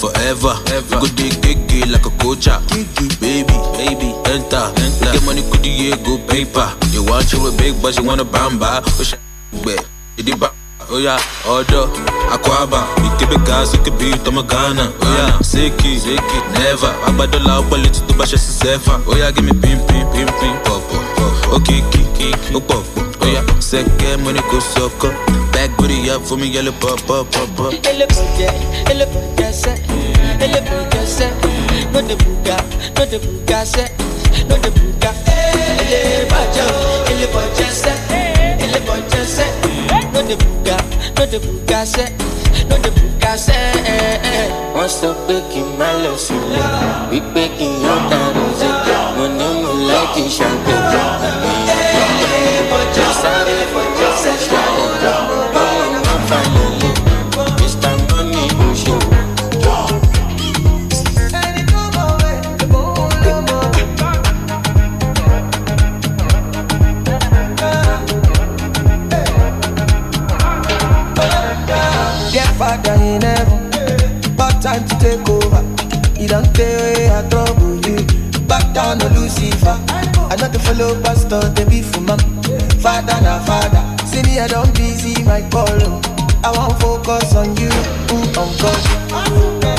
forever. Ever. You go dig gigi like a coacha, Baby, baby, enter. enter. Get money, could you go paper? You want you a big, but you want a bamba. Wish oh, you did Oh yeah, order, aquaba, ikebe kazi ikebe toma Ghana. Oh yeah, seki, seki, never. Abadola upaliti tubasha sisefa. Oh yeah, give me pim pim pim pim pop pop pop. Okay, kiki, oh, pop pop oh yeah. Second money go so up. Back booty up for me, yellow pop up, pop up. Yellow booty, yellow booty set, yellow booty set. No the booga, no the booga set, no the booga. Yellow booty, yellow booty set, yellow booty set. No de booga, no the booga set. No the booga set. Wọ́n sọ pé kí n má lọ sílẹ̀, wípé kí n yọ̀ǹda lọ sí, mo ní mo láì kí n ṣàgbẹ̀. I I not to follow pastor, they be for mom. Father na father, see me I don't busy my call. Oh. I won't focus on you, ooh, on God.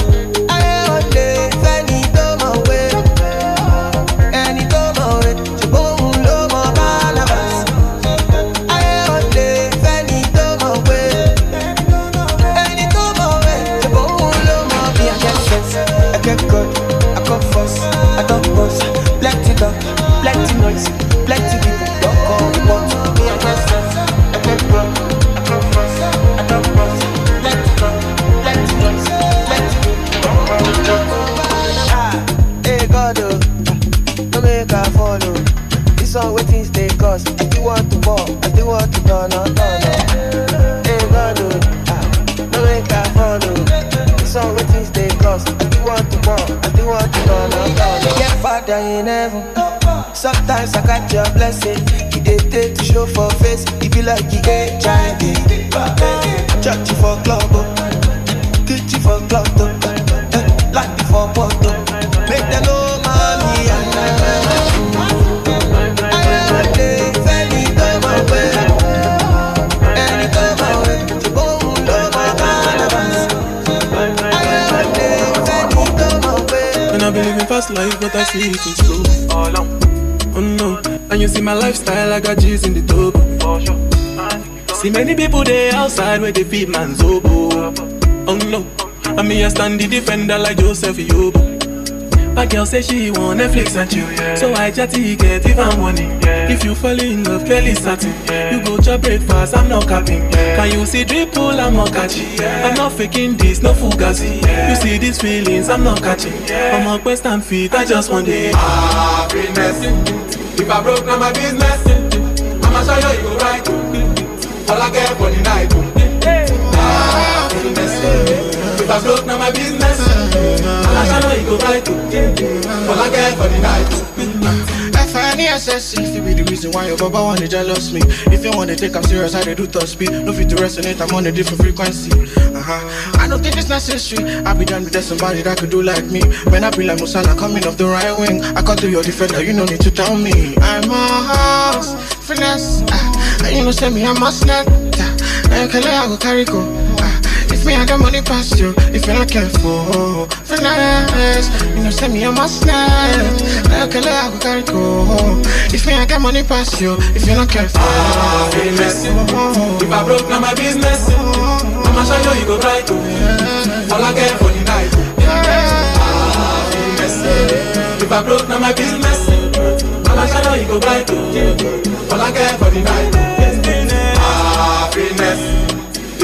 than you never. Sometimes I catch your blessing. You dey take to show for face. It be like ain't the HIV. Church for club, oh. you for club, oh. just like what I see in true. All Oh no, and you see my lifestyle, I got G's in the tub. See many people there outside where they feed man's oboe. Oh no, I mean I stand the defender like Joseph Yobo. My girl say she want Netflix and chill, so I chatty get even money. If you fall in love, clearly certain. You go chop breakfast, I'm not capping. Can you see drip pull, I'm not catching. I'm not faking this, no fugazi. You see these feelings, I'm not catching. I'm on quest and fit, I just want it. Happiness. If I broke, now my business. I'ma show you, it go right. All I get for the night. Happiness. If I broke, now my business. I'ma show you, it go right. All I get for the night. find me access if you be the reason why your baba wanna jealous me. If you wanna take I'm serious, I do thought speed. No fit to resonate, I'm on a different frequency. Uh-huh. I don't think it's necessary. I be done with that somebody that could do like me. When I be like Musala coming off the right wing, I cut to your defender, you no need to tell me. I'm a house, finesse. Uh, you know, send me, I'm a snack. Uh, now you can let I go carry go. If me, I got money past you, if you're not careful, finesse. You know, send me on my snap. Like a I could carry go. If me, I got money past you, if you're not careful. Ah, finesse. Oh, if I broke, now my business. Oh, i am show you, you go right to me. All I care for the night. Yeah. Ah, finesse. If I broke, now my business. mama am going show you, you go right to All I care for the night. Ah,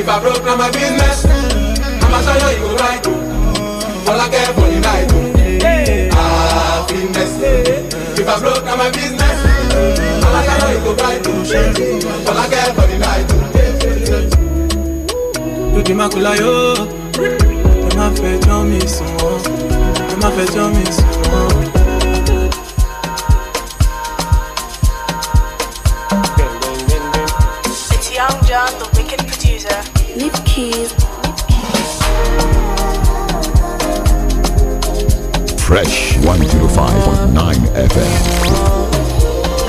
If I broke, now my business. I'ma show you you go right. All I care for you night. Happiness. If I broke, now my business. I'ma show you you go right. All I care for you night. Lódì máa kú láyò, ẹ má fẹ́ jọ́ mi sùn wọ́n, ẹ má fẹ́ mi sùn Young John, lip keys. Fresh 105.9 FM.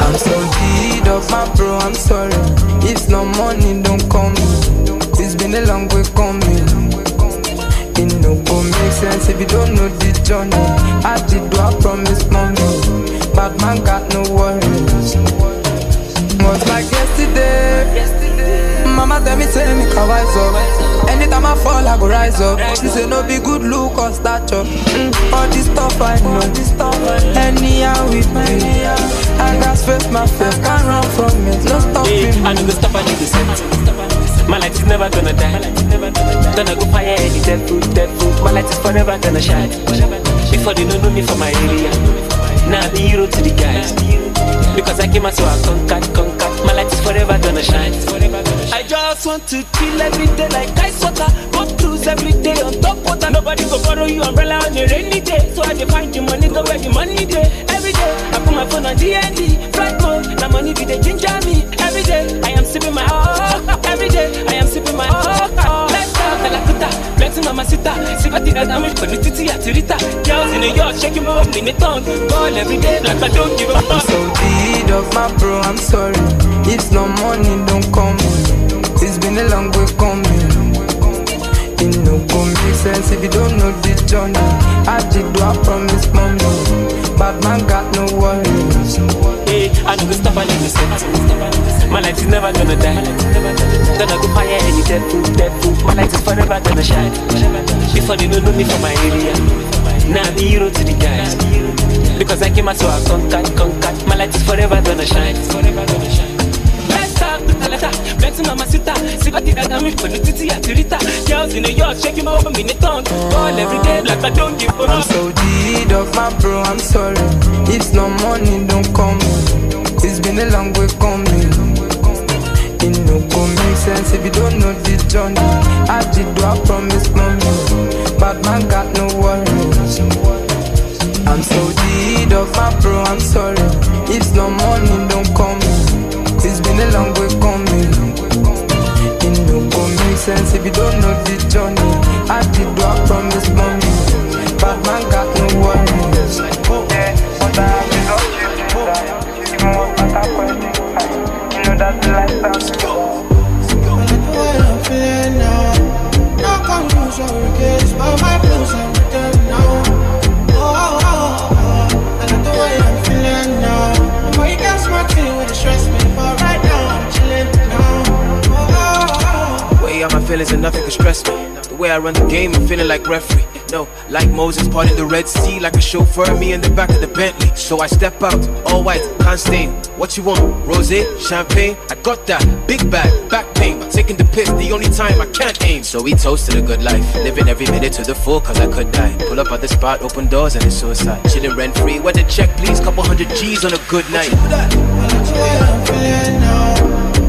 I'm so deed of my bro, I'm sorry. If no money, don't call me. It's been a long way coming. It no go make sense if you don't know the journey. I did what I promised, mommy. Bad man got no worries. Was like yesterday mama tell me say me can rise up. Anytime I fall, I go rise up. She say no be good look or stature. Mm, all this stuff I know. Anyhow we play, I got face my face, can't run from it. No stopping me. I know the stuff I need to set. My light is never gonna die. Gonna go fire any devil, devil. My light is forever gonna shine. Before they don't know me for my area. Now the hero to the guys. Because I came out so I conquered, conquered. My light is forever gonna shine. I just want to chill every day like ice water. Go cruise every day on top water. Nobody go borrow you umbrella on a rainy day. So I can find the money, go where the money day. Every day I put my phone on DND. Flight mode, now money be the ginger me. Every day I am sipping my oh. Every day I am sipping my oh kàlákùtà blessing on my sister silver tea that damage pẹ̀lú títí àti rita girls in new york shaking me up in the town call every day like i don't give a fuck. so the of my bro i'm sorry if no money don't come it's been a long way coming. It no go make sense if you don't know the journey. I did what I promised, mama bad man got no worries. Hey, eh, I know the stuff I need to set. My life is never gonna die. Gonna go fire any dead devil. My life is forever gonna shine. Before they know me for my area. Now I'm hero to the guys. Because I came out so I conquered, conquered. My life is forever gonna shine talata Bẹ́ntì mamacita Sípàtì dàdàmí pẹ̀lú títí àti ríta Girls in New York shaking my woman in tongue All every day like I don't give a I'm so deed of my bro, I'm sorry It's no money don't come It's been a long way coming It no go make sense if you don't know the journey I did what I promised mommy But man got no worries I'm so deed of my bro, I'm sorry It's no money don't come it's been a long way coming. It no go make sense if you don't know the journey. I did what I promised, mommy. Bad man got no worries. Yeah, oh, eh, but I have been up oh, you what know that's the life that's go. I'm feeling now. No confusion, regrets, but my feelings feelings and nothing can stress me. The way I run the game, I'm feeling like referee. No, like Moses parting the Red Sea, like a chauffeur, me in the back of the Bentley. So I step out, all white, can't stain. What you want? Rose, champagne? I got that. Big bag, back pain. Taking the piss, the only time I can't aim. So we toast to the good life. Living every minute to the full, cause I could die. Pull up at the spot, open doors, and it's suicide. Chilling rent free, the check, please. Couple hundred G's on a good night.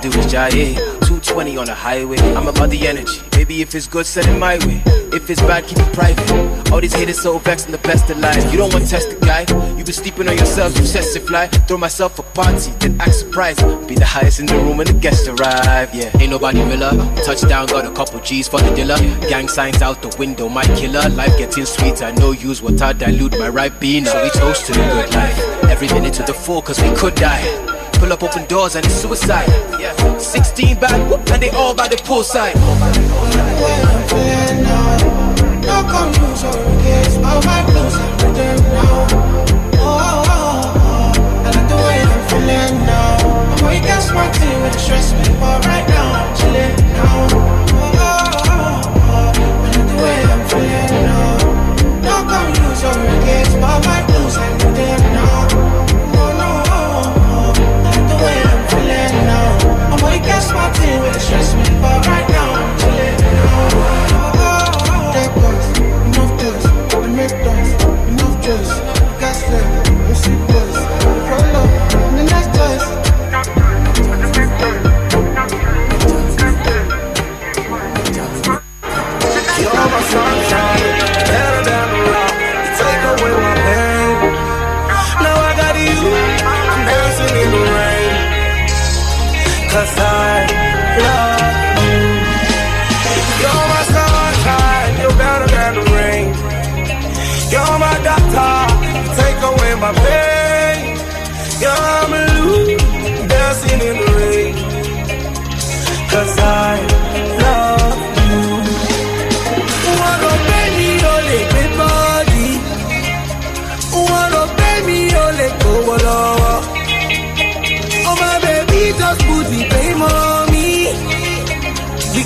do is jive. 220 on the highway. I'm about the energy. Maybe if it's good, send it my way. If it's bad, keep it private. All these haters so vexed the best of lies. You don't want to test the guy. You been sleeping on yourself, you sense fly. Throw myself a party, then act surprised. Be the highest in the room when the guests arrive. Yeah, ain't nobody Miller. Touchdown, got a couple G's for the dealer. Gang signs out the window, my killer. Life getting sweet. I know use what I dilute my right being. So we toast to the good life. Every minute to the full, cause we could die. Pull up open doors and it's suicide. 16 bad, and they all by the poolside. No confusion, it's all my blues now. Oh, oh, oh, oh, I like the way I'm feeling now. I'm awake and smarting the stress right now. I'm chilling now. Oh, I like the way I'm feeling now. my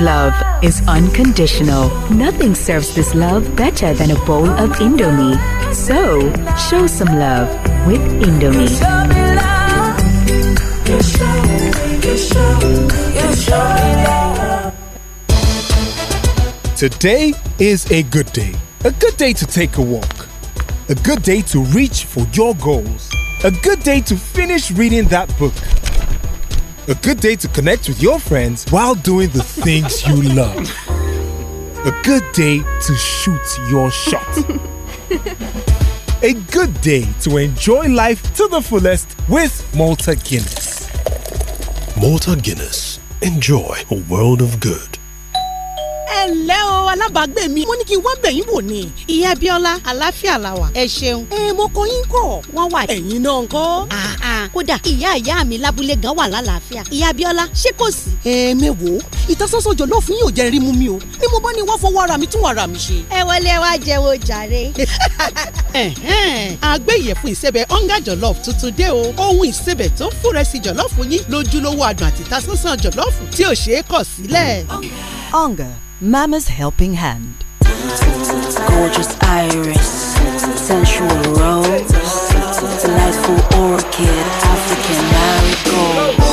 love is unconditional. Nothing serves this love better than a bowl of Indomie. So, show some love with Indomie. Today is a good day. A good day to take a walk. A good day to reach for your goals. A good day to finish reading that book. A good day to connect with your friends while doing the things you love. A good day to shoot your shot. A good day to enjoy life to the fullest with Malta Guinness. Malta Guinness. Enjoy a world of good. ẹlẹ́ o alábàágbé mi mo ní kí n wá bẹ̀yìn wò ni. ìyá Bíọ́lá àláfíà la wà. ẹ ṣeun. ẹ mo kọ yín kọ. wọ́n wà ẹ̀yin náà ńkọ́. Ah, ah. kódà ìyá ìyá mi lábúlé gan wà lálàáfíà. ìyá Bíọ́lá ṣé kò sí. ẹ mẹ́wòó ìtasọ́sọ́jọ ló fún yín ò jẹ́ rí mú mi o ni mo bá ní wá fọwọ́ ara mi tún ara mi ṣe. ẹ wọlé wá jẹ́wọ́ jàre. àgbẹ̀ ìyẹ̀fun ìsẹ̀bẹ̀ ọ̀ngá jọ̀lọ́f tuntun dé o ohun ìsẹ̀bẹ̀ tó fúnrẹ́sì jọ̀lọ́f yín lójúlówó adùn àti ìtasọ́sọ́ jọ̀lọ́f tí ò ṣeé kọ̀ sílẹ̀. ọ̀ngá Mama's Helping Hand. Gorgeous iris, sensual rose, delightful orchid, African marigold.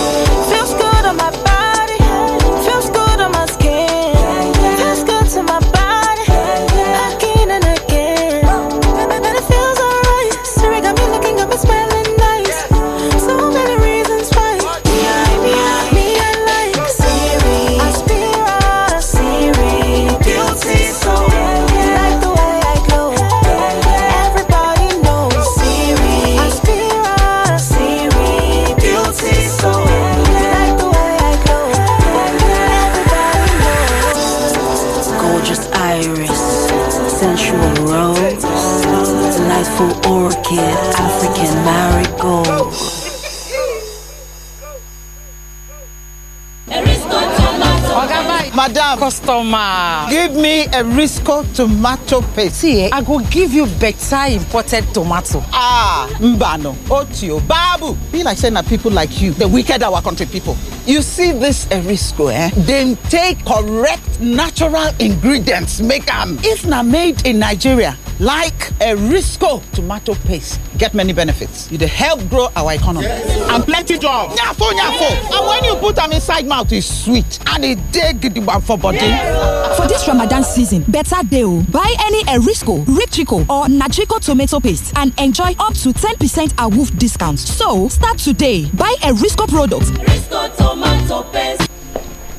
Madam. Customer. Give me a Risco tomato paste. See, eh, I go give you better imported tomato. Ah, Mbano, Otio, Babu. Be like saying that people like you, the wicked our country people. You see this Erisco, eh? They take correct natural ingredients, make them. If not made in Nigeria, like a Risco tomato paste, get many benefits. It help grow our economy. Yes. And plenty jobs. Nyafo, nyafo. Yes. And when you put them inside mouth, it's sweet. And it dig the for body. Yes. For this Ramadan season, better deal. Buy any Erisco, Ritrico, or Natrico tomato paste and enjoy up to 10% awoof discount. So, start today. Buy Erisco products. product. Risco tomato paste.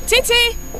Titi!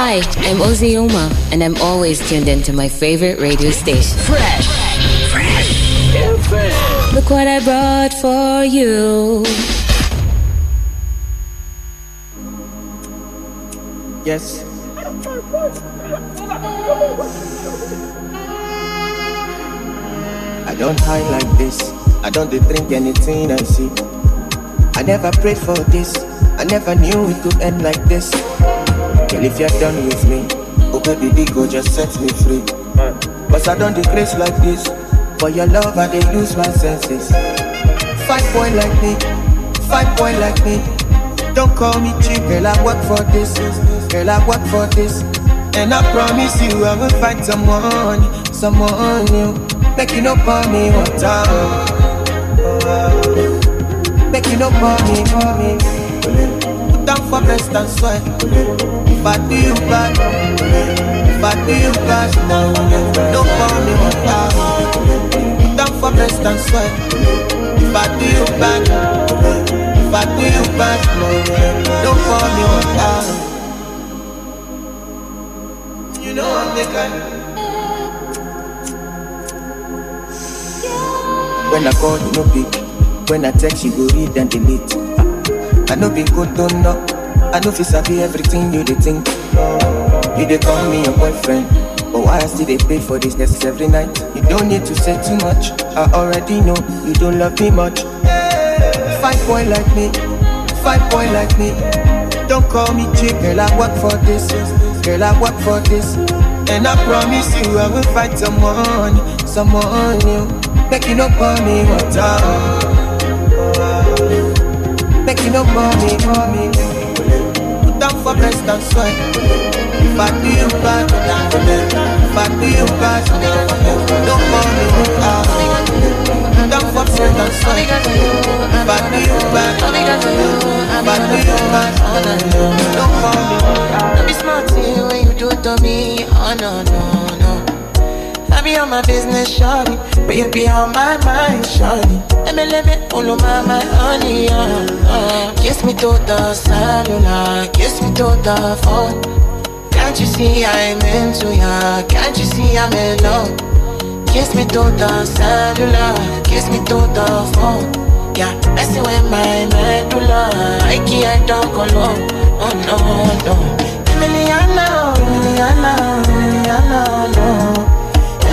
Hi, I'm Ozioma, and I'm always tuned into my favorite radio station. Fresh. Fresh. Fresh. Fresh. Look what I brought for you. Yes. I don't hide like this. I don't drink anything I see. I never prayed for this. I never knew it could end like this. Girl, if you're done with me, oh baby, big go just set me free. But Cause I don't disgrace like this. For your love, I they lose my senses. Fight boy like me, fight boy like me. Don't call me cheap, girl. I work for this, girl. I work for this. And I promise you, I will find someone, someone new. Make you no call me one time. Make you no call me, call me for breast and sweat. If I do you bad, Bad I you bad, now no money will pass. Down for breast and sweat. If Bad do you bad, if I do you bad, no money will pass. You know I'm the guy. When I call, you no pick. When I text, you go read and delete. I know be good don't know. I know fi sabi everything you dey think. You dey call me your boyfriend, but why I still dey pay for this guest every night? You don't need to say too much. I already know you don't love me much. Five boy like me, five boy like me. Don't call me chick, girl. I work for this, girl. I work for this, and I promise you I will find someone, someone new. Make you no call me what you no money. Put down for breast and sweat. If I do you bad, if I do you bad, no money. Put down for breast and sweat. If I do you bad, if I do you bad, no money. Don't be smart eh, when you do to me. Oh no no no be on my business, shawty But you be on my mind, shawty MLM, all of my, my honey, yeah, uh, uh. Kiss me to the cellular Kiss me to the phone Can't you see I'm into ya Can't you see I'm in love Kiss me to the cellular Kiss me to the phone yeah, messing with my medulla. I can't talk alone. Oh no, no. Emiliana, Emiliana, Emiliana, no.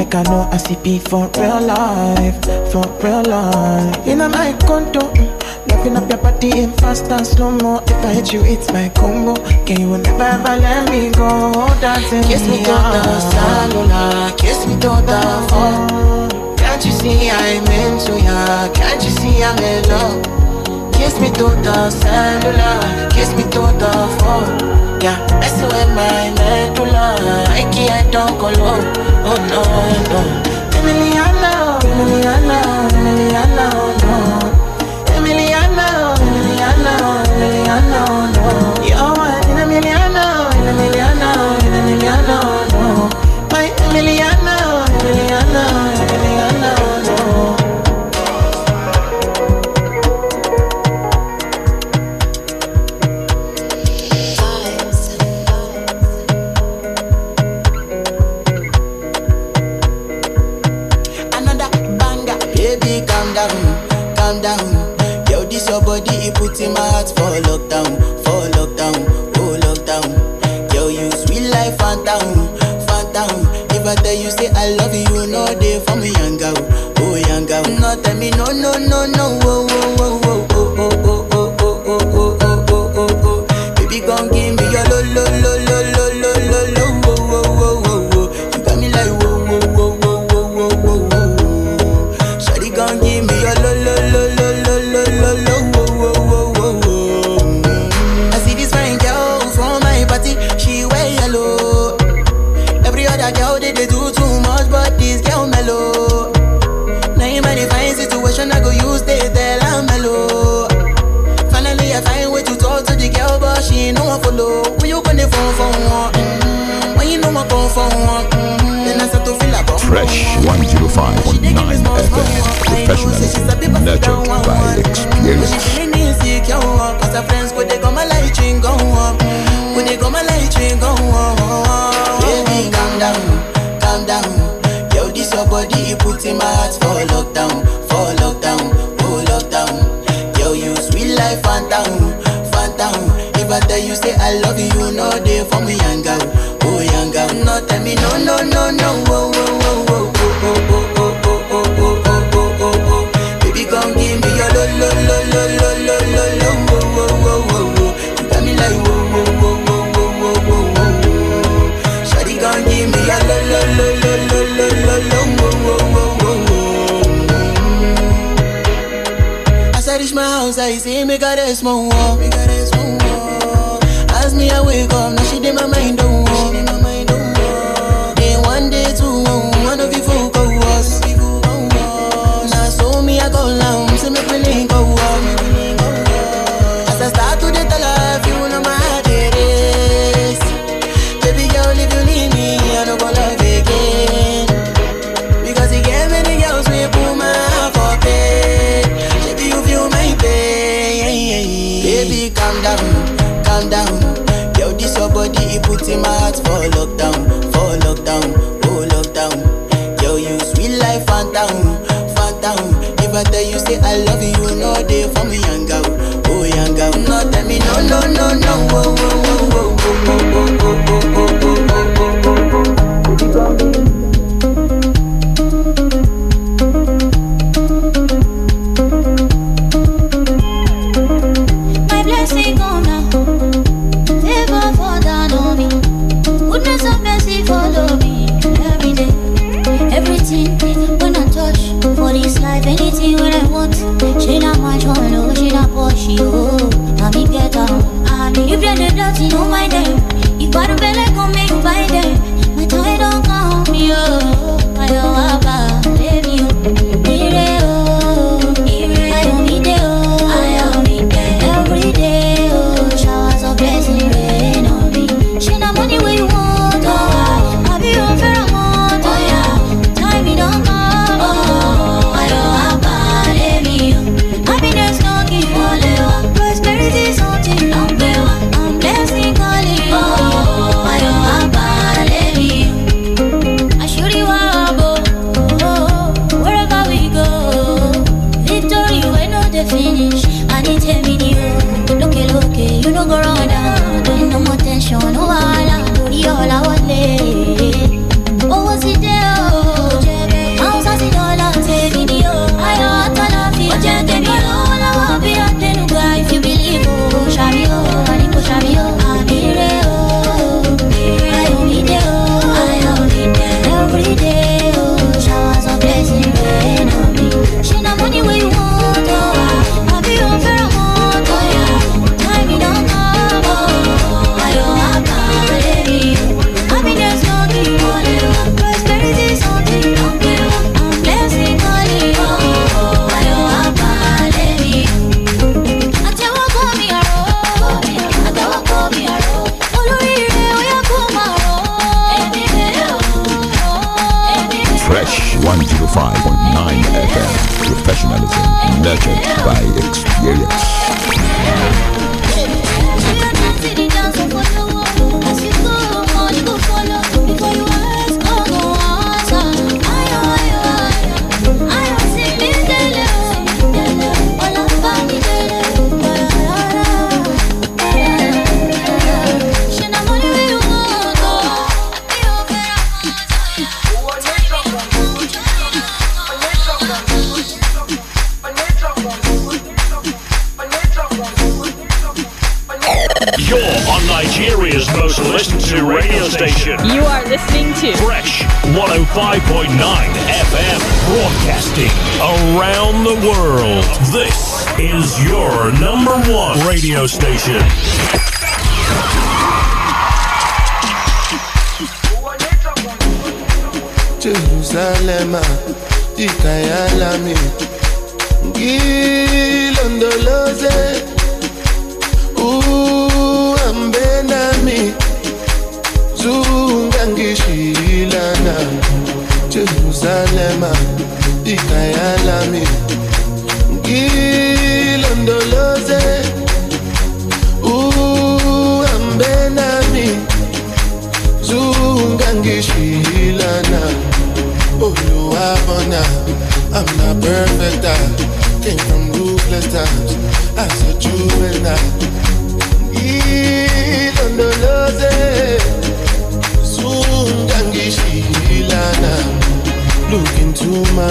Like I know I see people for real life, for real life. In a my condo, loving up your body in fast and slow mo. If I hit you, it's my combo. Can you never ever let me go? Dancing kiss me to the cellular, oh kiss me to the phone. Can't you see I'm into ya? Can't you see I'm in love? Kiss me to the cellular, oh kiss me to the phone. Yeah, messing when my medulla, I can't don't go low oh no, no. Emiliana, Emiliana, Emiliana, oh no. Emiliana, Emiliana, Emiliana, oh no. You're one in a million, in a million. body, he put in my heart for lockdown, for lockdown, oh lockdown. Girl, you sweet life, phantom, phantom. If I tell you, say I love you, no day for me, young girl, oh young girl. No, tell me, no, no, no, no, oh, oh, oh, oh. for me yanga, oh yanga. No tell me no no no no, oh oh oh oh Baby come give me your lo lo lo lo lo lo lo You got me like give me your lo lo lo lo lo lo lo my house, I see me got a small wall.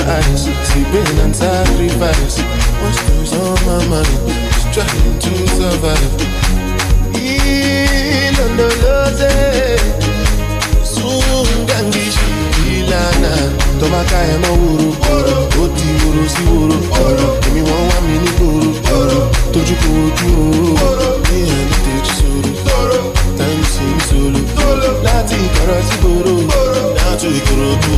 eyes. See pain and sacrifice. What's those on my mind? Just trying to survive. Ilondoloze Sungangishi ìlànà Tọ́maka ẹ̀ mọ́ woro Ó ti woro sí woro Èmi wọ́n wá mi ní gbòòrò Tójú kò ojú ooró Ní ẹni tètè sòrò Táìmù sí ń sòrò Láti ìkọ̀rọ̀ sí gbòòrò Láti ìkòròdú.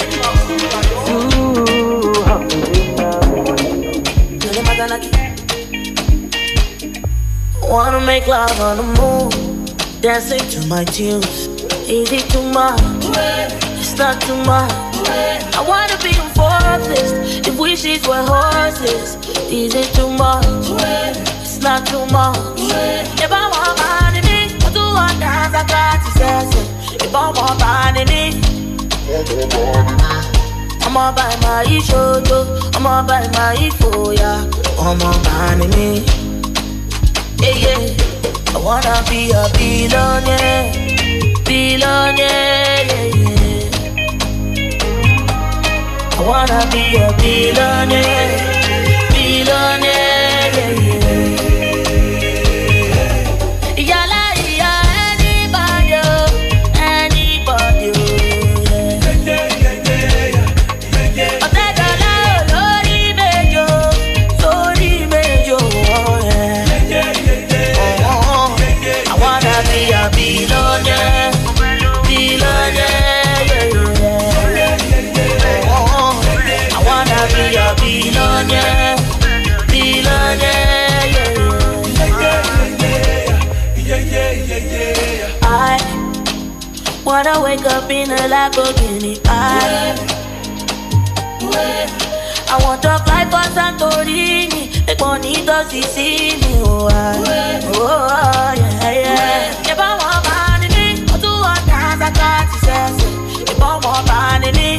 Wanna make love on the moon, dancing to my tunes. Easy too much, it's not too much. I wanna be a forest if wishes were horses. Easy too much, it's not too much. If I want money, I do what dance, I got say. If I want money, I'm all by my shoulder, I'm all by my foyer, I'm all by me wanna be a billionaire, billionaire. Yeah, yeah. I wanna be a billionaire, billionaire. Yeah, yeah. Wanna wake up in a Lamborghini. I, I want to fly for Santorini. Make money to me. Oh, I, oh, yeah, yeah. If I want money, I do want dance. I got success. If I want money, me,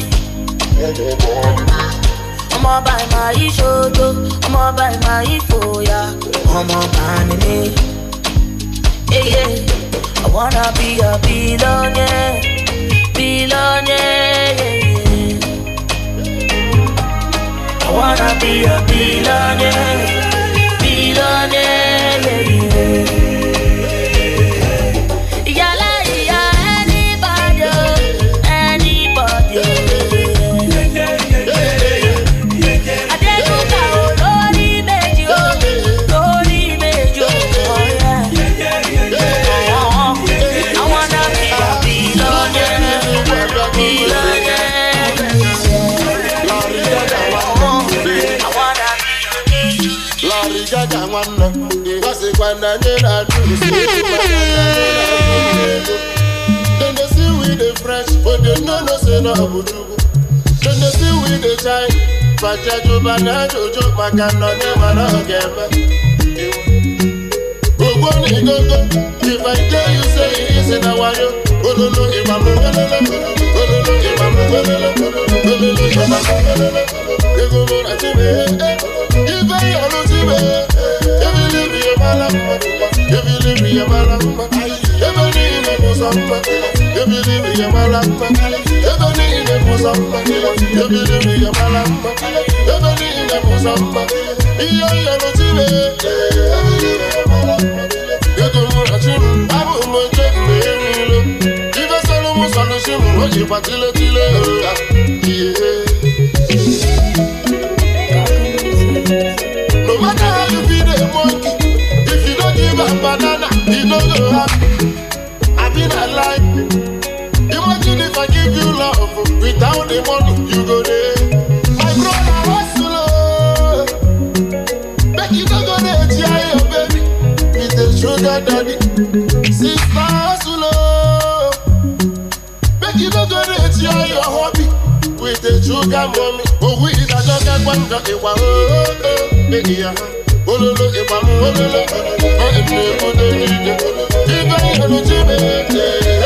ọmọ bàìmà ìṣòro ọmọ bàìmà ìfòyà ọmọ bàìmà yeah. mí. I wanna be a billionaire, billionaire. I wanna be a billionaire, billionaire. acheju bana jojo maka nọ n'ịma na ọ ogbo na if i tell you say he is na wayo ololo imamu ololo ololo imamu ololo ololo imamu ololo ego mo na ti ife yọrọ ti me ebili bi yamala kuma ebili bi yamala kuma niile muzamba ebiriri ya malamba ebe niile muzamba ebiriri ya malamba ebe niile muzamba ihe yalotire ego murachuru abụm oche mgbe erilo ibe solomon solusimu o ji patiletile ihe No matter how you feed a monkey, if you don't give a banana, you don't go happy. the money you go there. My brother hustle, make you no go there try your baby with the sugar daddy. Sister hustle, make you no go there try your hobby with the sugar mommy. Oh, we is a sugar wonder, it was oh oh, baby yeah. E, ololo ìpamọ́ oh ọ̀ ẹ̀mí ọ̀dọ́ ìdílé, ìgbà yẹn ló jí mi dé.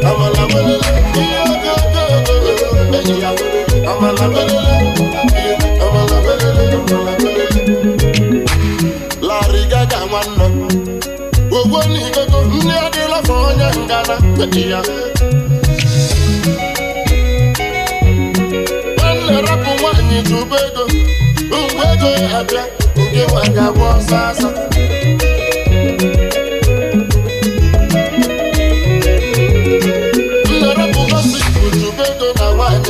Larry Gaga nwanne ogwo n'igego ndị adịla ma onye ngana eji ya nwanne rapụ nwaanyị tụba ego mgbe ego ya abịa oge nwa ga-agba ọsọ asọ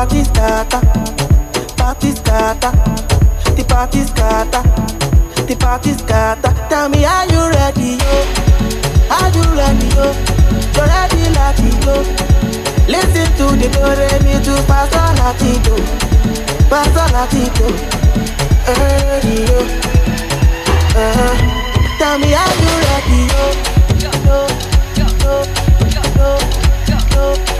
party scatter, party scatter, the party scatter, the party scatter. Tell me, are you ready, yo? Are you ready, yo? You ready, Latino? Listen to the do re mi to Pastor Latino, Pastor Latino, ready, yo. uh Tell me, are you ready, yo? Yo, yo, yo, yo, yo, yo.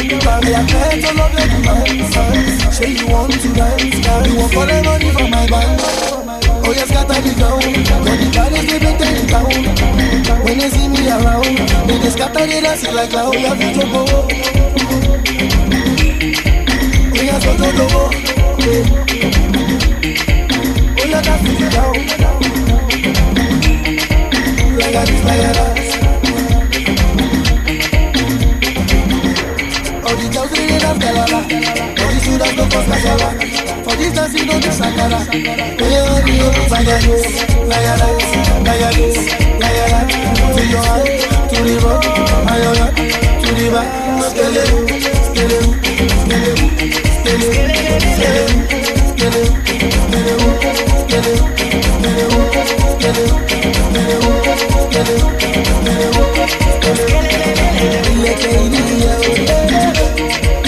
You buy me a pet, I love like my Say you want to dance, girl You won't want calling money for my bank Oh yes, got the down When the bodies, they been taking down When you see me around They just scatter, they dancing like loud We have to go We have to go Oh yeah, that's it down Like I just like that la For por no no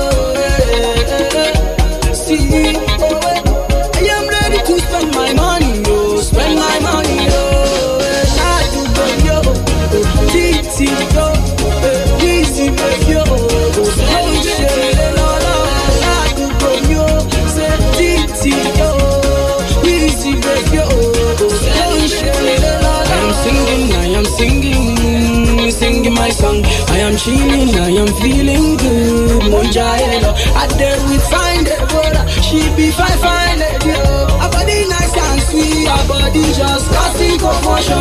I'm chilling, I am feeling good. Monjaelo, I dare we find it, but She be fine, fine, let me Her body nice and sweet, her body just casting confusion.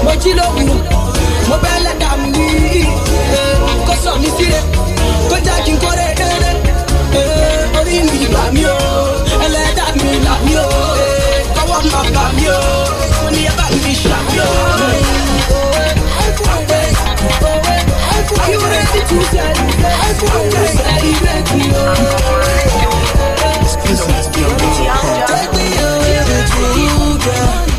But you know, mobile than me. Cause I'm still there. Cause I can go there. Eh, only me, love me, oh. And let that me love me, Come oh. eh, on, love me, oh. Only about me, shut me, oh. Tuesday, Tuesday, take me away with girl.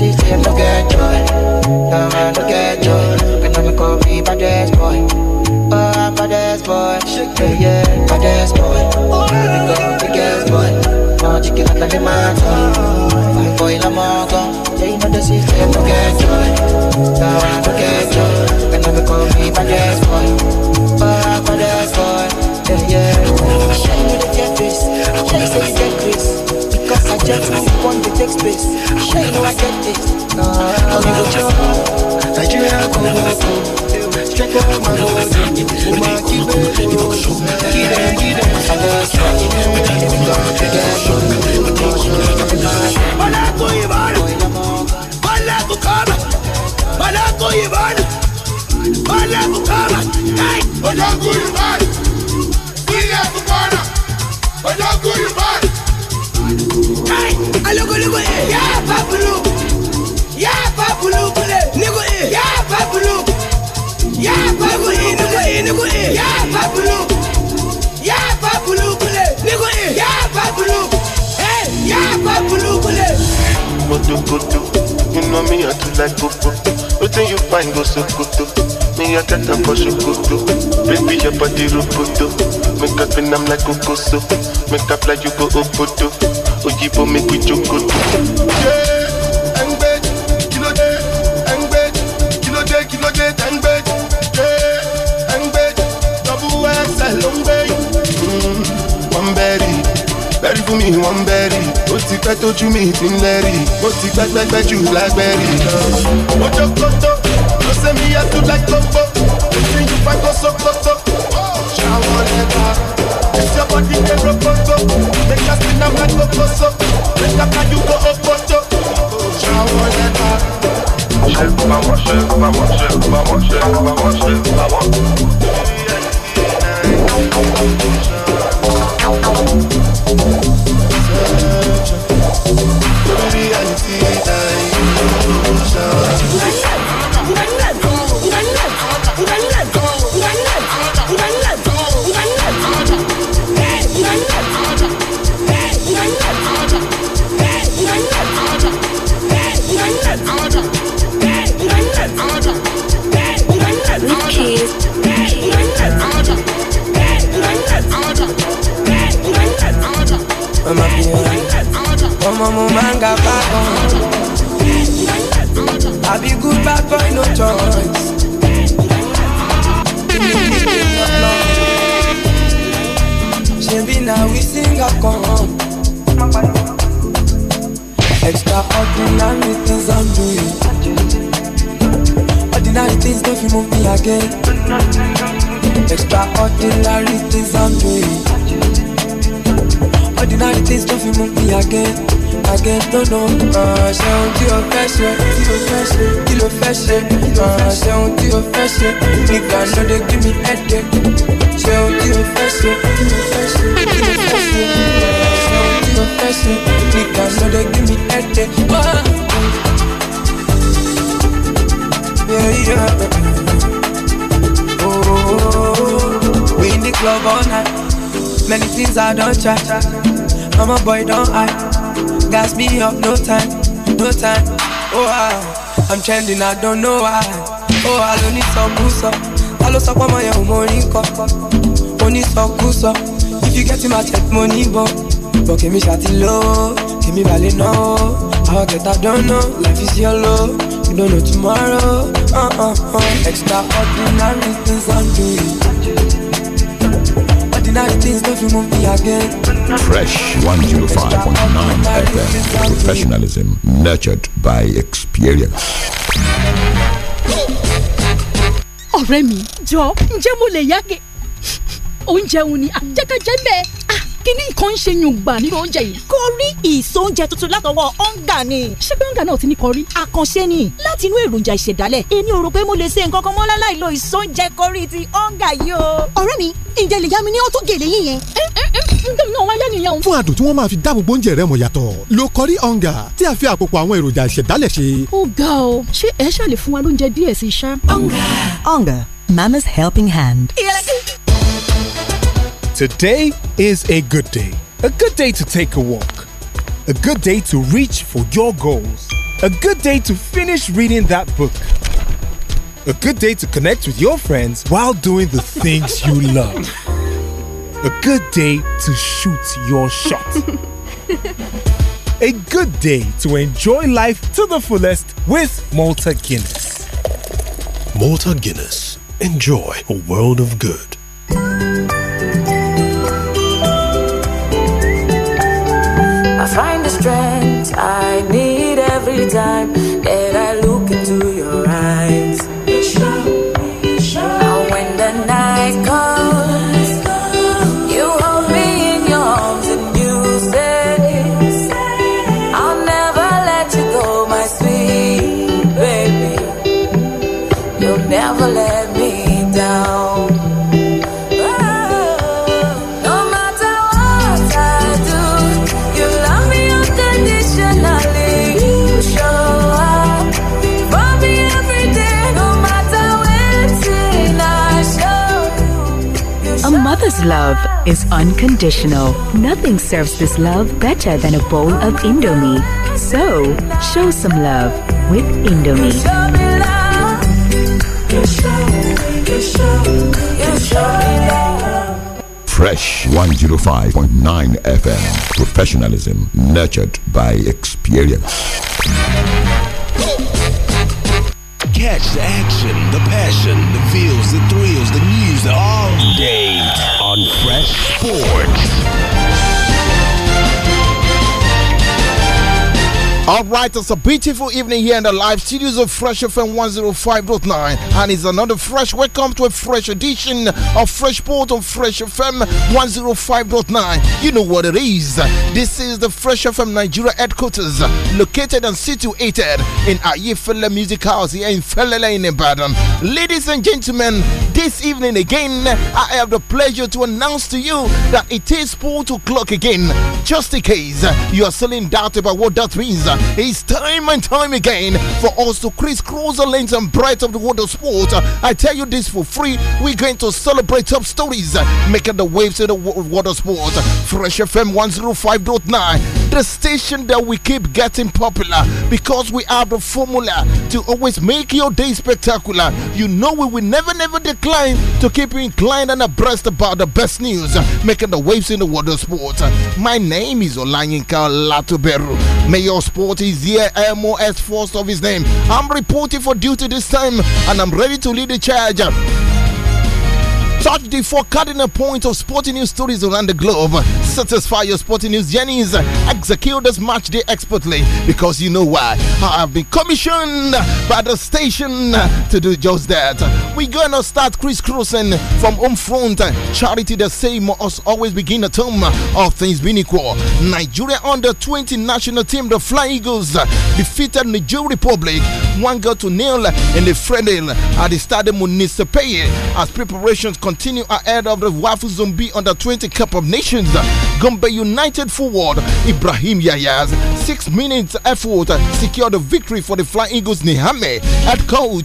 see Jane no get joy. No man no get joy. Can oh, I call me baddest boy? Oh, I'm baddest boy. Yeah, yeah, baddest boy. Let me go biggest boy. No chicken at the matter. Fine boy, I'm all gone. Jane no the see Jane no get joy. No man no get joy. Can I call me baddest boy? Oh, I'm baddest boy. Yeah, yeah. I shine with your face. I just say you get grace because I just want. Take space. I'm sure you know I get this. Hollywood Chapo, Nigeria come Congo, check out my home. Uma kibe yo, kide kide. Bala ko ibana, bala ko kama, bala ko ibana, bala ko kama. Hey, bala ko ibana, bala ko kama, bala ko ibana alogologo eh. ye yaa ba bulu yaa ba bulu kule nigo ye yaa ba bulu yaa ba bulu nigo ye nigo ye yaa ba you know me I do like gogo. Wetin you find go Sokoto? Me I get am for Baby your body roboto, make up spin like Okoso, make I fly you go Obodo. òyìnbó make we joko. ṣé ẹ ń gbé kí ló dé ẹ ń gbé kí ló dé kí ló dé tẹ ń hmm, bẹ́ẹ̀rì fún mi wọ́n bẹ́ẹ̀rì ó ti pẹ́ tójú mi ti ń lẹ́rì ó ti pẹ́ pẹ́pẹ́ jù lágbẹ́rì lọ. ojú kótó ló ṣe mi yá tó lágbógbó èyí yìí fagosókótó ṣàwọn lẹ́ka. If your body they up, Make a spin and man go bust up. Make a can you go up, bust up. Shower let up. Shit, my watch, shit, my watch, shit, my watch, shit, my watch, shit, my watch. Yeah, yeah, yeah. ọmọ mo máa ń ga bákan. àbí good bad boy no choice. ṣebí na we sing a song. Extraordinary things I'm doing. Ordinary things don't fit move me again. Extraordinary things I'm doing. Ordinary things don't fit move me again. I get ton nom, ah, c'est un tir aux fesses, tir aux fesses, tir aux fesses, ah, c'est un tir aux fesses, nigga, no they give me headache. C'est un tir aux fesses, tir aux fesses, tir aux fesses, ah, c'est un tir aux fesses, nigga, no they give me headache. Yeah, yeah. Oh, oh, oh, we in the club all night. Many things I don't try. I'm a boy, don't I? gas me up, no time, no time. Oh, I, ah. I'm trending, I don't know why. Oh, I don't need some boost up. I lost up on my own morning cup. Only some boost up. If you get in my check money, boy. but give me shawty low, give me valley no. How I get, I don't know. Life is yellow, you don't know tomorrow. Uh uh uh. Extraordinary things I'm doing. Nothing that change, nothing move me again. Fresh 105.9 FM. Professionalism nurtured by experience. ọ̀rẹ́ mi jọ ǹjẹ́ mo lè yáge oúnjẹ òun ni àjẹkẹjẹ ah, ń bẹ ah, kíní nǹkan ń ṣe yùngbà nínú oúnjẹ yìí. kọrí ìsọ oúnjẹ tuntun látọwọ́ ọǹgà ni. ṣé pé ọǹgà náà ti ní kọrí. àkànṣe ni láti inú èròjà ìṣẹ̀dálẹ̀ èmi ò rò pé mo lè ṣe nǹkan kan mọ́ láláì lo ìsọ oúnjẹ kọrí ti ọǹgà yìí o. ọ̀rẹ́ mi ǹjẹ́ lè yá mi ní ọtún gèlè yín yẹn. náà wáyé nìyẹn o. fún adùn tí wọ́n máa fi dáàbò bo rẹ mọ̀ yàtọ̀ lo kọrí ọ̀ǹgà tí a fi àpòpọ̀ àwọn èròjà ìṣẹ̀dálẹ̀ ṣe. ó ga o ṣé ẹ ṣàlè fún wa lóúnjẹ díẹ̀ sí i ọ̀ǹgà ọ̀ǹgà mama's helping hand. Today is a good day. A good day to take a walk. A good day to reach for your goals. A good day to finish reading that book. A good day to connect with your friends while doing the things you love. A good day to shoot your shot. A good day to enjoy life to the fullest with Malta Guinness. Malta Guinness. Enjoy a world of good. I find the strength I need every time that I look into your eyes. love is unconditional. Nothing serves this love better than a bowl of Indomie. So, show some love with Indomie. Fresh 105.9 FM. Professionalism nurtured by experience. Catch the action, the passion, the feels, the thrills, the news, the all Sports. All right, it's a beautiful evening here in the live studios of Fresh FM 105.9, and it's another fresh welcome to a fresh edition of Fresh Port on Fresh FM 105.9. You know what it is. This is the Fresh FM Nigeria headquarters, located and situated in Ayefele Music House here in Felele in Ibadan. Ladies and gentlemen, this evening again, I have the pleasure to announce to you that it is 4 o'clock again, just in case you are still in doubt about what that means it's time and time again for us to crisscross the lanes and brighten of the world of sport. I tell you this for free. We're going to celebrate top stories, making the waves in the world of sport. Fresh FM 105.9 the station that we keep getting popular because we have the formula to always make your day spectacular. You know, we will never, never decline to keep you inclined and abreast about the best news making the waves in the world of sports. My name is Olanyinka Latuberu. your Sport is here, MOS first of his name. I'm reporting for duty this time and I'm ready to lead the charge Touch the four cardinal points of sporting news stories around the globe. Satisfy your sporting news journeys. Execute this match day expertly because you know why. I have been commissioned by the station to do just that. We're gonna start crisscrossing from home front. Charity the same must always begin at home. All things being equal. Nigeria under 20 national team, the Fly Eagles, defeated Nigeria Republic one goal to nil in the friendly at the Stadium Municipal as preparations continue continue ahead of the Wafu Zombie Under 20 Cup of Nations. Gombe United forward Ibrahim Yayaz, six minutes effort, secured the victory for the Flying Eagles Nihame. Head coach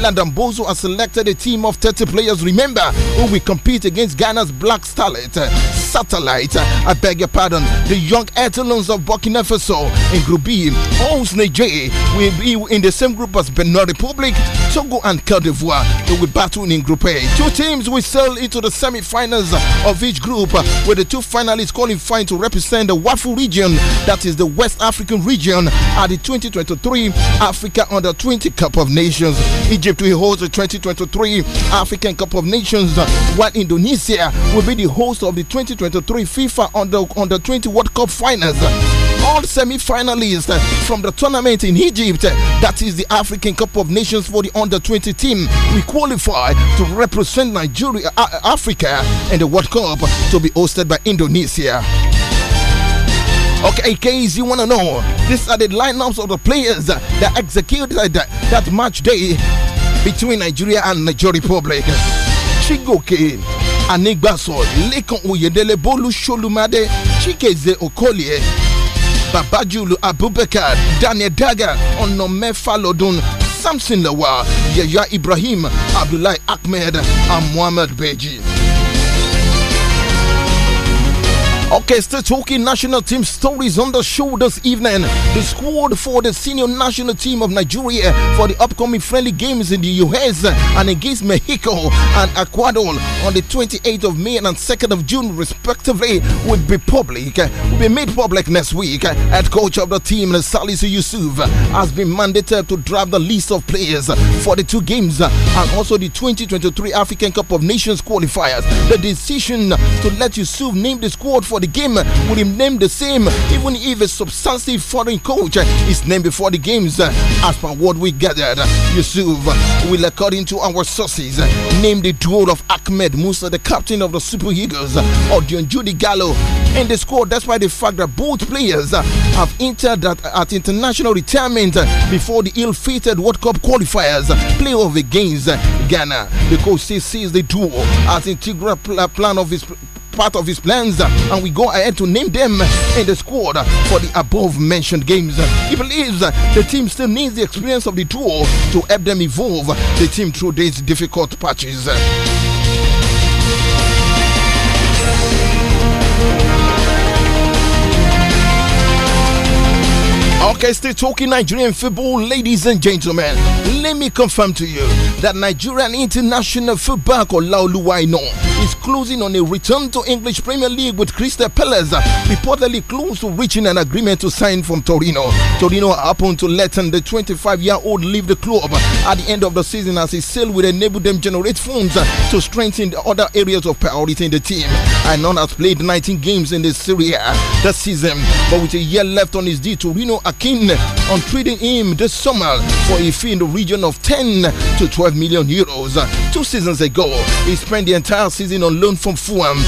Landambozo has selected a team of 30 players, remember, who will compete against Ghana's Black Starlet, Satellite, I beg your pardon, the young Etalons of Burkina Faso in Group B. Host Niger will be in the same group as Benin Republic, Togo, and Cote d'Ivoire. They will battle in Group A. Two teams will Sell into the semi-finals of each group, with the two finalists qualifying to represent the Wafu region, that is the West African region, at the 2023 Africa Under 20 Cup of Nations. Egypt will host the 2023 African Cup of Nations, while Indonesia will be the host of the 2023 FIFA Under Under 20 World Cup Finals semi finalist from the tournament in Egypt, that is the African Cup of Nations for the under 20 team, We qualify to represent Nigeria, Africa, and the World Cup to be hosted by Indonesia. Okay, case you want to know, these are the lineups of the players that executed that match day between Nigeria and Nigeria Republic. Chigoke, Anigbaso, Lekan Oyedele, Bolu Sholumade, Chikeze Okolie, babajulu abubakar daniel daga ọ̀nà mẹ́fà lọ́dún samson lawal yẹ̀yà ibrahim abdullahi ahmed and muhammad beji. Okay, still talking national team stories on the show this evening. The squad for the senior national team of Nigeria for the upcoming friendly games in the US and against Mexico and Ecuador on the 28th of May and 2nd of June, respectively, will be public. Will be made public next week. Head coach of the team, Salisu Yusuf, has been mandated to draft the list of players for the two games and also the 2023 African Cup of Nations qualifiers. The decision to let Yusuf name the squad for the game will him named the same, even if a substantive foreign coach is named before the games. Uh, as per what we gathered, Yusuf will, according to our sources, name the duo of Ahmed Musa, the captain of the Super Eagles, or Dion Judy Gallo in the squad, why the fact that both players uh, have entered at, at international retirement before the ill fated World Cup qualifiers playoff against uh, Ghana. The coach sees the duo as integral plan of his part of his plans, uh, and we go ahead to name them in the squad for the above mentioned games. He believes the team still needs the experience of the tour to help them evolve the team through these difficult patches. Okay, still talking Nigerian football, ladies and gentlemen. Let me confirm to you that Nigerian international football called Lauluwaino is closing on a return to English Premier League with Crystal Palace, reportedly close to reaching an agreement to sign from Torino. Torino happened to let the 25-year-old leave the club at the end of the season as his sale would enable them generate funds to strengthen the other areas of priority in the team. Anon has played 19 games in the Serie A this season, but with a year left on his deal, Torino are keen on trading him this summer for a fee in the region of 10 to 12 million euros. Two seasons ago, he spent the entire season Magazine und lernt vom Fuhren.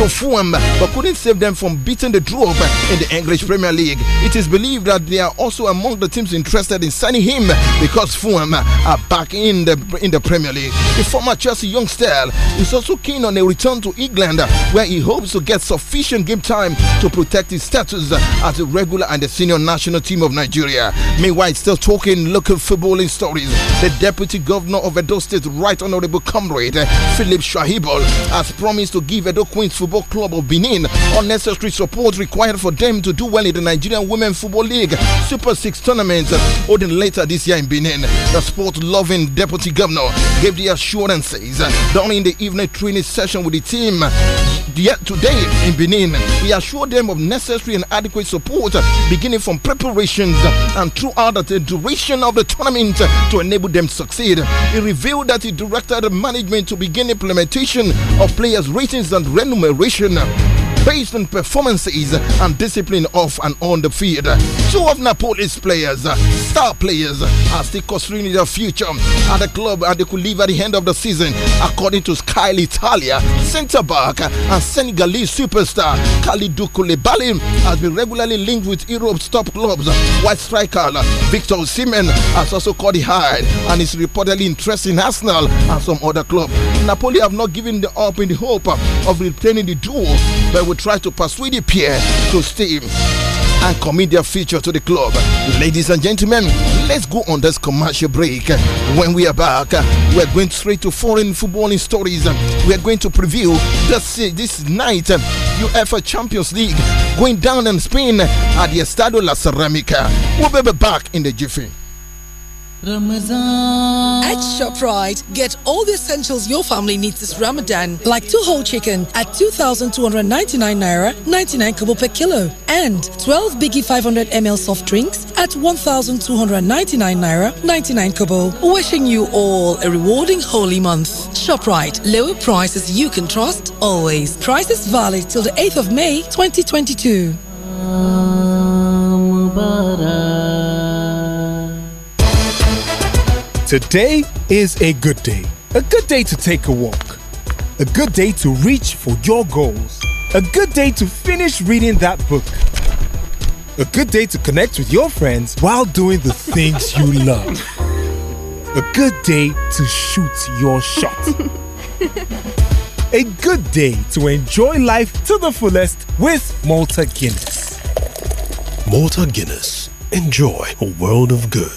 but couldn't save them from beating the drop in the English Premier League. It is believed that they are also among the teams interested in signing him because Fulham are back in the in the Premier League. The former Chelsea youngster is also keen on a return to England, where he hopes to get sufficient game time to protect his status as a regular and a senior national team of Nigeria. Meanwhile, still talking local footballing stories. The deputy governor of Edo State, Right Honorable Comrade Philip Shahibol, has promised to give Edo Queens football Football Club of Benin. Unnecessary support required for them to do well in the Nigerian Women Football League Super Six tournament holding later this year in Benin. The sport loving deputy governor gave the assurances during the evening training session with the team yet today in Benin. He assured them of necessary and adequate support beginning from preparations and throughout the duration of the tournament to enable them to succeed. He revealed that he directed management to begin implementation of players' ratings and renown acceleration based on performances and discipline off and on the field. Two of Napoli's players, uh, star players, uh, are still considering their future at the club and they could leave at the end of the season, according to Sky Italia. Centre back uh, and Senegalese superstar Kalidou Koulibaly has been regularly linked with Europe's top clubs. White striker Victor Simen has also caught the hide and is reportedly interested in Arsenal and some other club. Napoli have not given up in the hope of retaining the duo, but will try to persuade the pair to stay and comedian feature to the club. Ladies and gentlemen, let's go on this commercial break. When we are back, we're going straight to foreign footballing stories. We are going to preview this, this night UEFA Champions League going down in Spain at the Estadio La Ceramica. We'll be back in the jiffy. Ramadan. At ShopRite, get all the essentials your family needs this Ramadan, like two whole chicken at 2,299 naira, 99 kobo per kilo, and 12 biggie 500 ml soft drinks at 1,299 naira, 99 kobo. Wishing you all a rewarding holy month. ShopRite, lower prices you can trust always. Prices valid till the 8th of May 2022. Today is a good day. A good day to take a walk. A good day to reach for your goals. A good day to finish reading that book. A good day to connect with your friends while doing the things you love. A good day to shoot your shot. a good day to enjoy life to the fullest with Malta Guinness. Malta Guinness. Enjoy a world of good.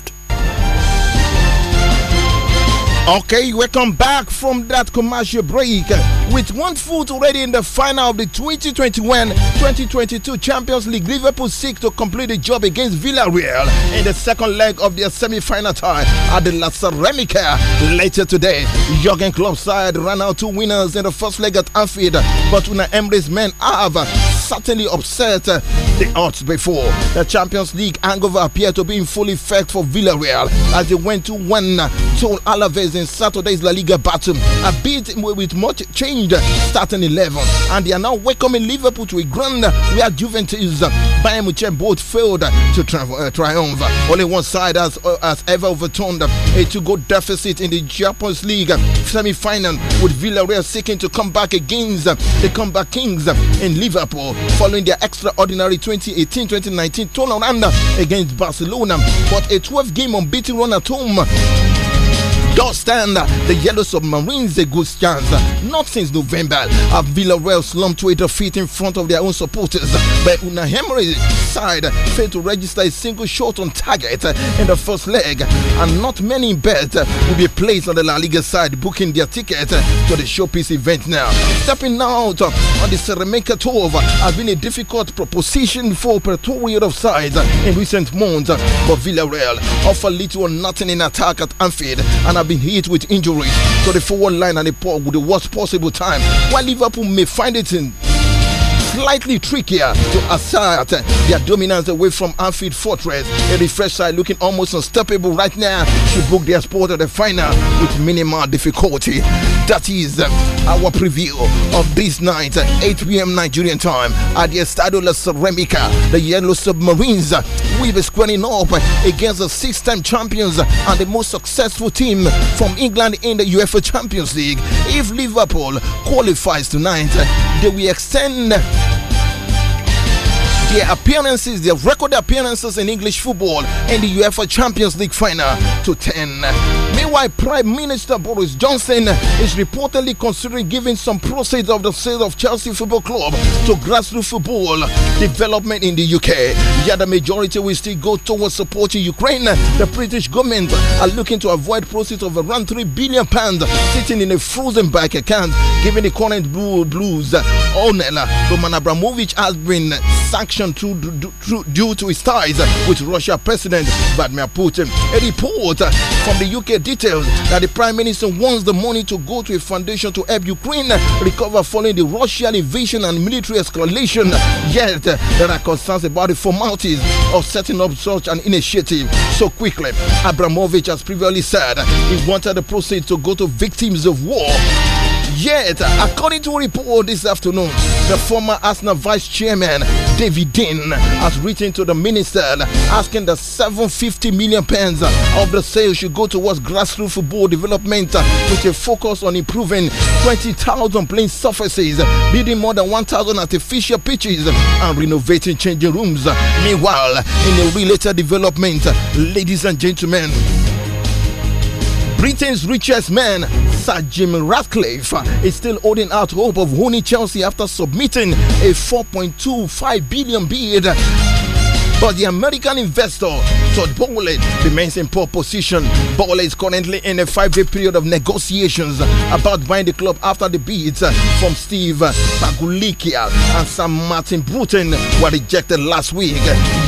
Okay, welcome back from that commercial break with one foot already in the final of the 2021-2022 Champions League. Liverpool seek to complete the job against Villarreal in the second leg of their semi-final tie at the La Ceramica later today. Jurgen Klopp's side ran out two winners in the first leg at Anfield, but Una Emery's men have certainly upset the odds before. The Champions League hangover appeared to be in full effect for Villarreal as they went to 1 to Alaves in Saturday's La Liga battle. A bit with much change starting 11, and they are now welcoming Liverpool to a ground where Juventus, Bayern Munich both failed to uh, triumph. Only one side has, uh, has ever overturned a two-goal deficit in the Champions League semi-final, with Villarreal seeking to come back against the comeback kings in Liverpool following their extraordinary 2018 2019 turnaround against Barcelona, but a 12 game unbeaten run at home not stand. The Yellow Submarines a good chance. Not since November have Villarreal slumped to 8 feet in front of their own supporters. But Una Emery's side failed to register a single shot on target in the first leg, and not many bets will be placed on the La Liga side booking their ticket to the showpiece event now. Stepping out on the Ceramica Tour has been a difficult proposition for Pretoria of sides in recent months, but Villarreal offer little or nothing in attack at Anfield and have been been hit with injuries to the forward line and the, the worst possible time, while Liverpool may find it in slightly trickier to assert their dominance away from Anfield Fortress. A refreshed side looking almost unstoppable right now should book their spot at the final with minimal difficulty. That is uh, our preview of this night, uh, 8 p.m. Nigerian time, at the Estadio La Ceramica. The Yellow Submarines uh, Weave is squaring up against the six time champions and the most successful team from England in the UEFA Champions League. If Liverpool qualifies tonight, they will extend their appearances, their record appearances in English football in the UEFA Champions League final to 10. Meanwhile, Prime Minister Boris Johnson is reportedly considering giving some proceeds of the sale of Chelsea Football Club to grassroots football development in the UK. Yet the majority will still go towards supporting Ukraine. The British government are looking to avoid proceeds of around three billion pounds sitting in a frozen bank account, given the current blue blues owner Roman Abramovich has been sanctioned to, to, due to his ties with Russia President Vladimir Putin. A report from the UK details details that the Prime Minister wants the money to go to a foundation to help Ukraine recover following the Russian invasion and military escalation. Yet, there are concerns about the formalities of setting up such an initiative so quickly. Abramovich has previously said he wanted the proceeds to go to victims of war. Yet, according to a report this afternoon, the former Arsenal vice chairman David Dean has written to the minister asking that 750 million million of the sale should go towards grassroots football development with a focus on improving 20,000 playing surfaces, building more than 1,000 artificial pitches, and renovating changing rooms. Meanwhile, in a related development, ladies and gentlemen, Britain's richest man, Sir Jim Ratcliffe, is still holding out hope of winning Chelsea after submitting a 4.25 billion bid but the American investor Todd Bowlett remains in poor position. Bowlett is currently in a five-day period of negotiations about buying the club after the bids from Steve Bagulikia and Sam Martin Bruton were rejected last week.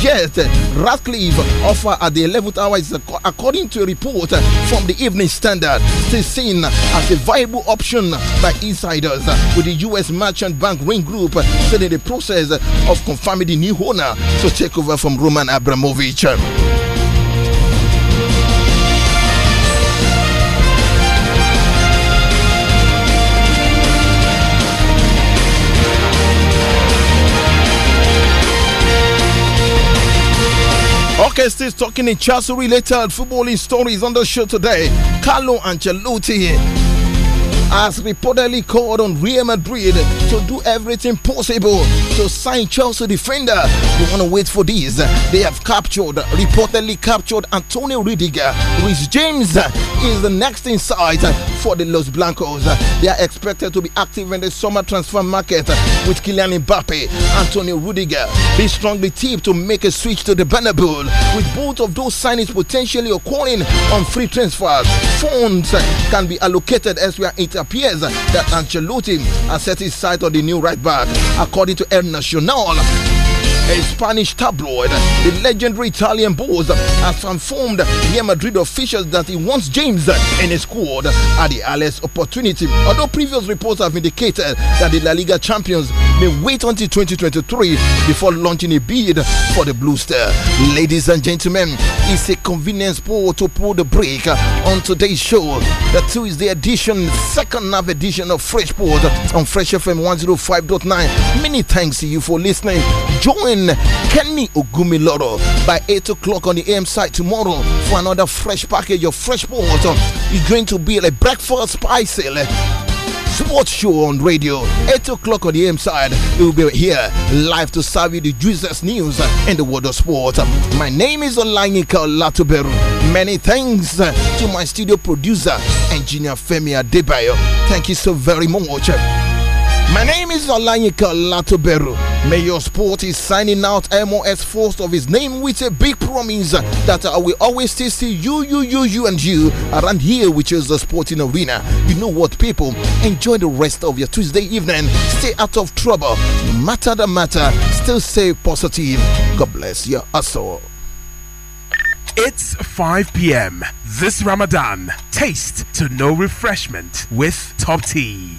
Yet Ratcliffe offer at the 11th hour is according to a report from the Evening Standard still seen as a viable option by insiders with the U.S. merchant bank Ring Group still in the process of confirming the new owner to take over offer from Roman Abramovich. Okay, still talking in Chelsea related footballing stories on the show today. Carlo Ancelotti has reportedly called on Real Madrid to do everything possible to sign Chelsea defender. You want to wait for this? They have captured, reportedly captured Antonio Rudiger. Rich James is the next in sight for the Los Blancos. They are expected to be active in the summer transfer market with Kylian Mbappe, Antonio Rudiger. They strongly tipped to make a switch to the Bernabeu with both of those signings potentially occurring on free transfers. Funds can be allocated as we are appears that Ancelotti has set his sight on the new right back, according to El Nacional a Spanish tabloid, the legendary Italian boss has informed Real Madrid officials that he wants James in his squad at the earliest opportunity. Although previous reports have indicated that the La Liga champions may wait until 2023 before launching a bid for the Blue Star. Ladies and gentlemen, it's a convenience pull to pull the break on today's show. The the edition, second half edition of Fresh Port on Fresh FM 105.9. Many thanks to you for listening. Join again Kenny Ogumiloro by 8 o'clock on the AM side tomorrow for another fresh package of fresh sports. Uh, it's going to be a like breakfast spicy. sports show on radio 8 o'clock on the AM side we will be here live to serve you the Jesus news and uh, the world of sports. Uh, my name is Olanyika Latuberu many thanks to my studio producer engineer Femi Adebayo thank you so very much my name is Olanyika May Mayor Sport is signing out MOS first of his name with a big promise that I will always still see you, you, you, you, and you around here, which is the sporting arena. You know what, people? Enjoy the rest of your Tuesday evening. Stay out of trouble. Matter the matter, still stay positive. God bless you. Also, It's 5 p.m. This Ramadan. Taste to no refreshment with Top Tea.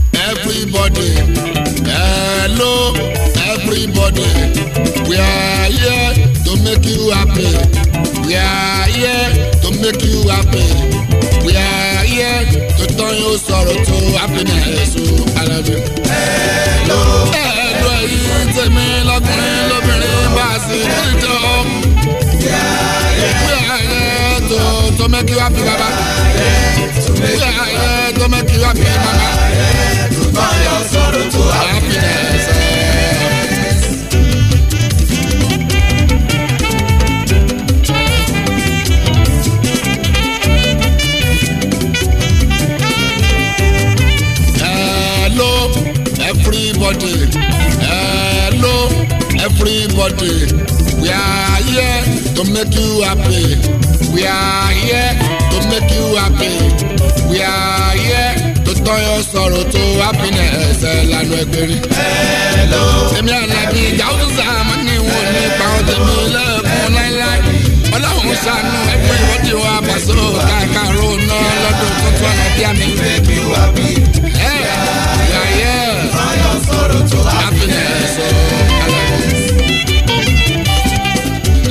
everybody. Hello, everybody. We are here to make you happy. We are here to make you happy. We are here to turn your sorrow to happiness. I love you. Hello. Hello, ẹ̀yin tèmi lọ́kùnrin lóbìnrin bá a sì ń jọ. to make you happy, Baba. to make you happy, Mama turn your sorrow to happiness. everybody. We are here to make you happy. We are here to make you happy. We are here. Turn your sorrow to happiness lanu ẹgbẹrin. Èmi àlàbí ìjà òkúta àmọ́ ní wọn ní pàwọn tèmi lẹ́ẹ̀kún láíláí. Ọlọ́run ṣàánú ẹgbẹ́ ìwọ́de wa pàṣẹ kàkà rònà lọ́dún tuntun ọ̀nà bí àmì. Yàyẹ́ turn your sorrow to happiness.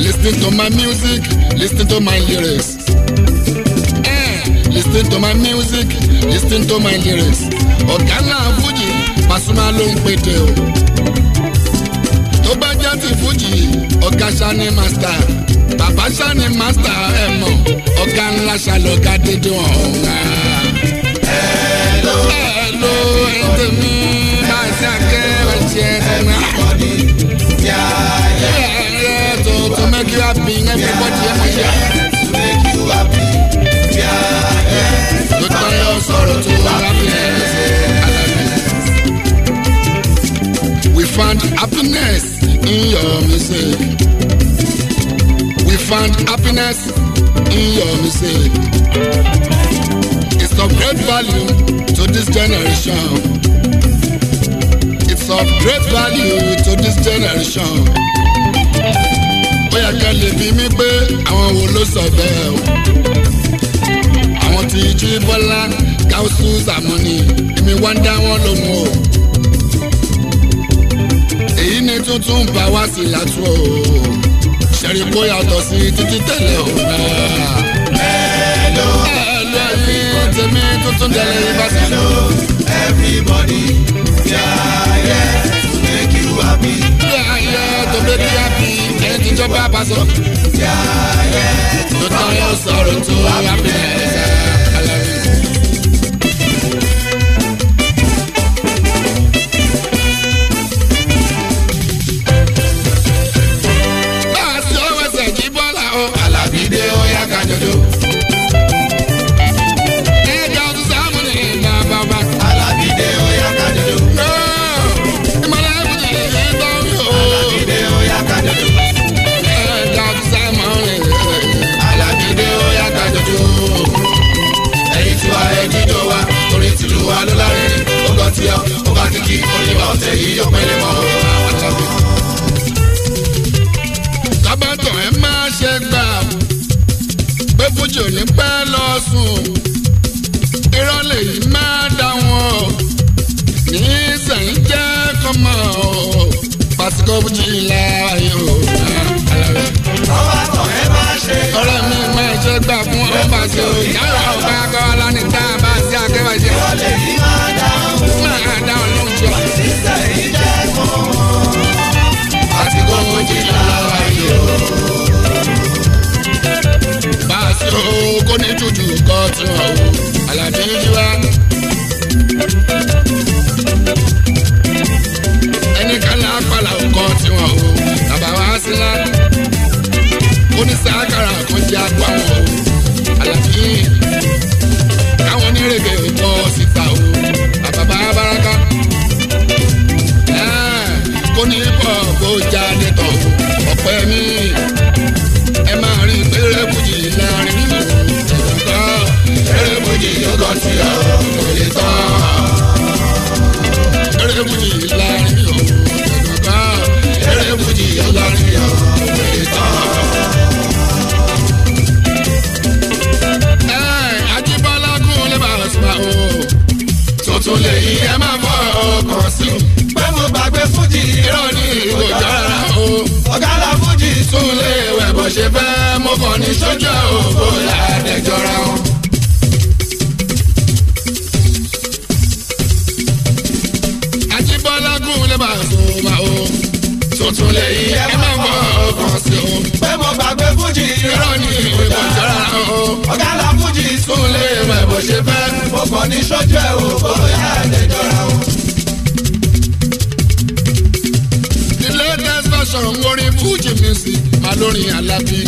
Listen to my music, listen to my lyrics listen to my music listen to my lyrics ọ̀gá náà fújì Pasuma ló ń pété o tó bá jẹ́ ti fújì ọ̀gá sani master bàbá sani master ẹ̀ mọ̀ ọ̀gá ńlá ṣàlọ́gá dédé ọ̀hún. hello hello ẹ̀ tẹ̀mí máa ṣe akẹ́wà ṣe ẹ̀ tẹ̀mí. Yeah, yeah, yeah, to, to make you happy, everybody, yeah, yeah. sọ̀rọ̀ tó wà We found happiness in your music. We found happiness in your music. It's of great value to this generation. It's of great value to this generation. Bóyá kẹ́lẹ́ bí mi pé àwọn wo ló sọ bẹ́ẹ̀ o àwọn ti jí bọ́lá gáúsù sàmúnì èmi wá ń dá wọn lóhùn o. èyí ni tuntun bá wá sí látú o ṣẹ̀rí kó yàtọ̀ sí títí tẹ̀lé o náà. hello everybody tèmi tuntun tẹ̀lé ibà sí. hello everybody yeah yeah to make you happy. yeah yeah to make you happy ẹni tíjọba bá sọ. yeah yeah to tán yóò sọ̀rọ̀ tó happiness. ọ̀tẹ̀ yìí yọ pẹ́lẹ́ mọ́ àwọn tàbí. lábàtàn ẹ máa ṣe gbà pé fújì ò ní pẹ́ lọ sùn irọ́ lèyí máa dá wọn ní sẹ́yìn jẹ́ kọ́mọ pàṣípò fújì láàyò aláwẹ̀. lábàtàn mi máa ṣe gbà fún ọba tí ó yára ọba kọ́ lánìí tá a bá sí akẹ́wàjẹ́. irọ́ lèyí máa dá máa dá kó ní jújù kọ́ tí wọ́n wò alábí jíwá. ẹni kálá pàlà kọ́ tí wọ́n wò bàbá wa sílá. ó ní sákàrà kó jẹ́ àgbà wọn o alábí. káwọn onírèké bọ́ sí kó ní pọ̀pù já nìtọ̀ ọ̀pẹ mi ẹ máa rí i pé láàrin nínú ìgbà rẹ́bùjì yóò kọ́ sí ọ kò lè tán rẹ́bùjì láàrin nínú ìgbà rẹ́bùjì yóò kọ́ sí ọ kò lè tán. tuntun lè yí ẹ máa fọ ọkàn ṣe fẹ́ mo kàn ní sójú òfò ládẹjọra wọn. Àjíbọ́lá gùn lè máa sùn máa o tuntun lè ẹ máa bọ̀ ọkàn sí o. pé mo gbàgbé fújì irọ́ ni ìbò jọra o. ọ̀gá la fújì sùn lè mọ̀ bó ṣe fẹ́ mo kàn ní sójú òfò ládẹjọra wọn. sọ̀rọ̀ orin fújì music balórin alábí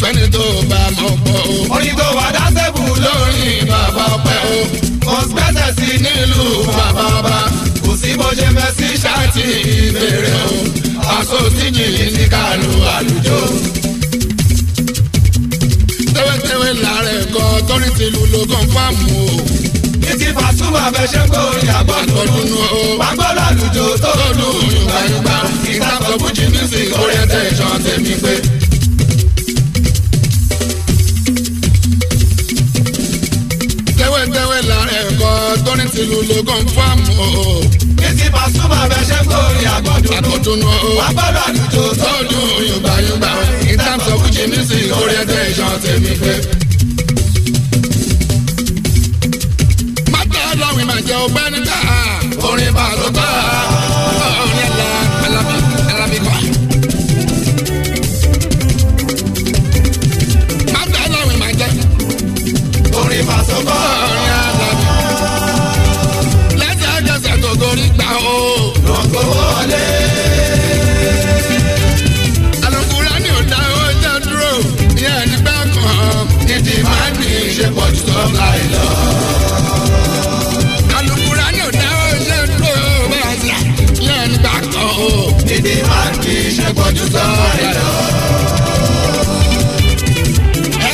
fẹ́ni tó bá mọ̀ pọ̀ o. orin tó wà dáṣẹ́bù lórin bàbá ọpẹ́ o. kò gbẹ́sẹ̀ sí nílùú bàbá ọba kò sí bó ṣe fẹ́ sí ṣáàtì ìbéèrè o. aṣọ òsínjì ní kàlù àlùjọ. tẹ́wẹ́tẹ́wẹ́ làárẹ̀ kan torí tìlú ló kàn fáàmù o títí fàtúmọ̀ fẹsẹ̀ kó ìyàbọ̀ lọ́dún o. Pàgbọ́dọ̀ àlùjọ tó lù yùgbàyùgbà. Ìtàkùn bùjì music orientation tèmi pé. tẹ́wẹ́tẹ́wẹ́ la ẹ̀kọ́ tóní tìlú ló kàn fáàmù o. Kìsì Pasuma fẹ́ ṣe kórè àgọ́dùnú. Àgọ́dùnú o. Wà gbọ́dọ̀ àlùjọ sọ́dún yùgbàyùgbà. In terms of which music orientation tèmi pé. Má tẹ́ ọ́ lọ́wìn màjẹ́ ọgbẹ́ni ká. Orin bàtọ́ ká. fojú sọ àìlọ.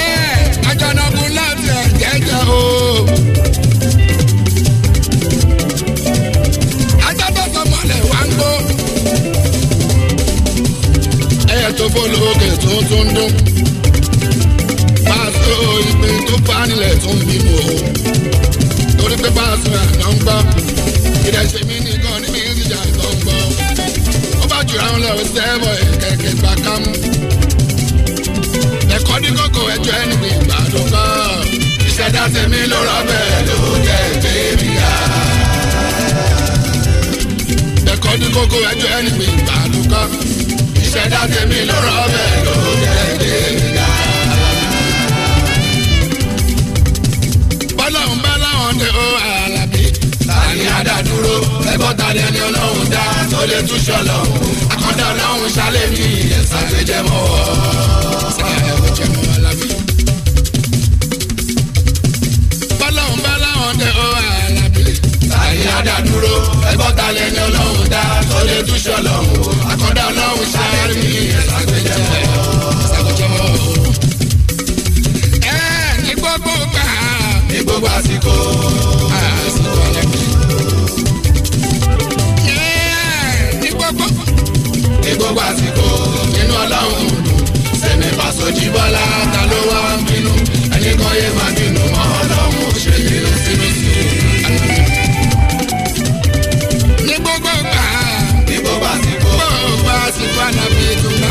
ẹ àjọ̀nàkùn láti ẹ̀jẹ̀jẹ̀ o. ajábọ̀sọ mọ̀lẹ̀ wá ń gbó. ẹyẹ tó fọlọ́ọ̀kẹ́ tó tún dún. pàṣẹ ìpín tó fanilẹ̀ tún bímọ. torí pé pàṣẹ àná ń gbọ́. ìrẹsì mi ní. lọ sẹ́wọ̀ kẹ̀kẹ́ gbà kámú. ẹ̀kọ́ ní kókó ẹjọ́ ẹni pé ìgbàdùn kan. ìṣẹ̀dá tèmi ló rọ́bẹ̀ ló jẹ́ bébí yá. ẹ̀kọ́ ní kókó ẹjọ́ ẹni pé ìgbàdùn kan. ìṣẹ̀dá tèmi ló rọ́bẹ̀ ló jẹ́ bébí yá. bọ́lá ń bá láwọn dé ó à ní àdádúró ẹgbọ́n ta ni ẹni ọlọ́run dá tó lè tún ṣọlọ àkọ́dá ọlọ́run ṣálẹ̀ mi ẹ̀sà tó jẹ mọ́ ọ. bọ́lọ́hún bọ́lọ́hún tẹ ó àlàbí. Àyè àdádúró ẹgbọ́n ta ni ẹni ọlọ́run dá tó lè tún ṣọlọ àkọ́dá ọlọ́run ṣálẹ̀ mi ẹ̀sà tó mọ́ ẹ ní gbogbo gbà ní gbogbo àsìkò àsìkò ẹlẹ́kọ̀ọ́. gbogbo àsìkò inú ọlọ́run dùn sẹ̀mí Fásójì Bọ́lá ta ló wá ń bínú ẹni kan yé máa bínú mọ́ ọlọ́run ò ṣe bínú sínú sí i. ní gbogbo gbà ní gbogbo àsìkò gbogbo àsìkò ànàbí ìdúgbà.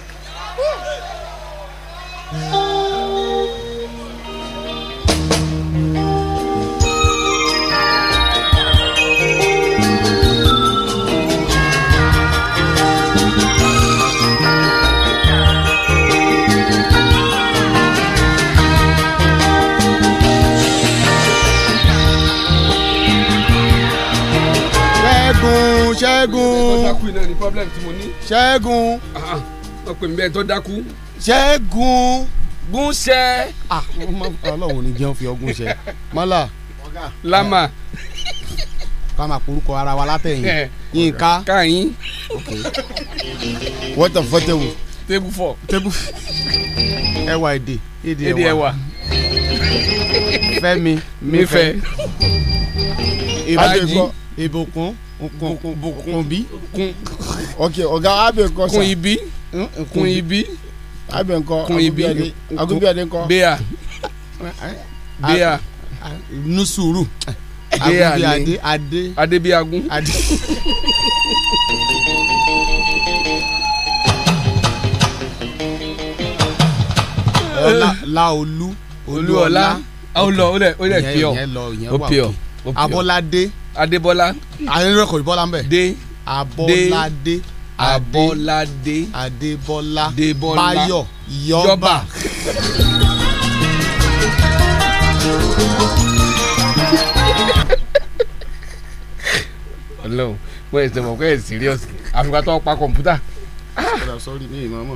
ṣẹ́gun ṣẹ́gun ṣẹ́gun. Ah, ah, wọ́n pè mí bẹ́ẹ̀ tó dákú. ṣẹ́gun gúnṣẹ́. Ah, ọlọ́run ní jẹun fi ọ gúnṣẹ́ mọ́là. lama. ká máa porúkọ ara wa látẹ̀yìn eh, yínká. káyín. what the fuck table. table four. table ẹwà èdè èdè ẹwà. fẹ́mi mi fẹ́. ìbájú ìbùkún kun ok ọ̀gá abẹ nkọ sa kun ibi abẹ nkọ kun ibi nkọ. bea bea nusuru bea ni ade adebiagun. laolu olúọlá ah, ó lọ ó lẹ ó lẹ pure ó pure abọ́ládé. Adébọ́lá. ayélujára kò rí bọ́lá ń bẹ̀. dé Abọ́ládé Abọ́ládé Adébọ́lá Báyọ̀ Yọba. Ọlọ́run wọ́n ẹ̀sìn mọ̀ pé ẹ̀ serious àfikún àtọ́ pa kọ̀ǹpútà. ọ̀dà sọ́ọ́rì mi ìmọ̀ ọmọ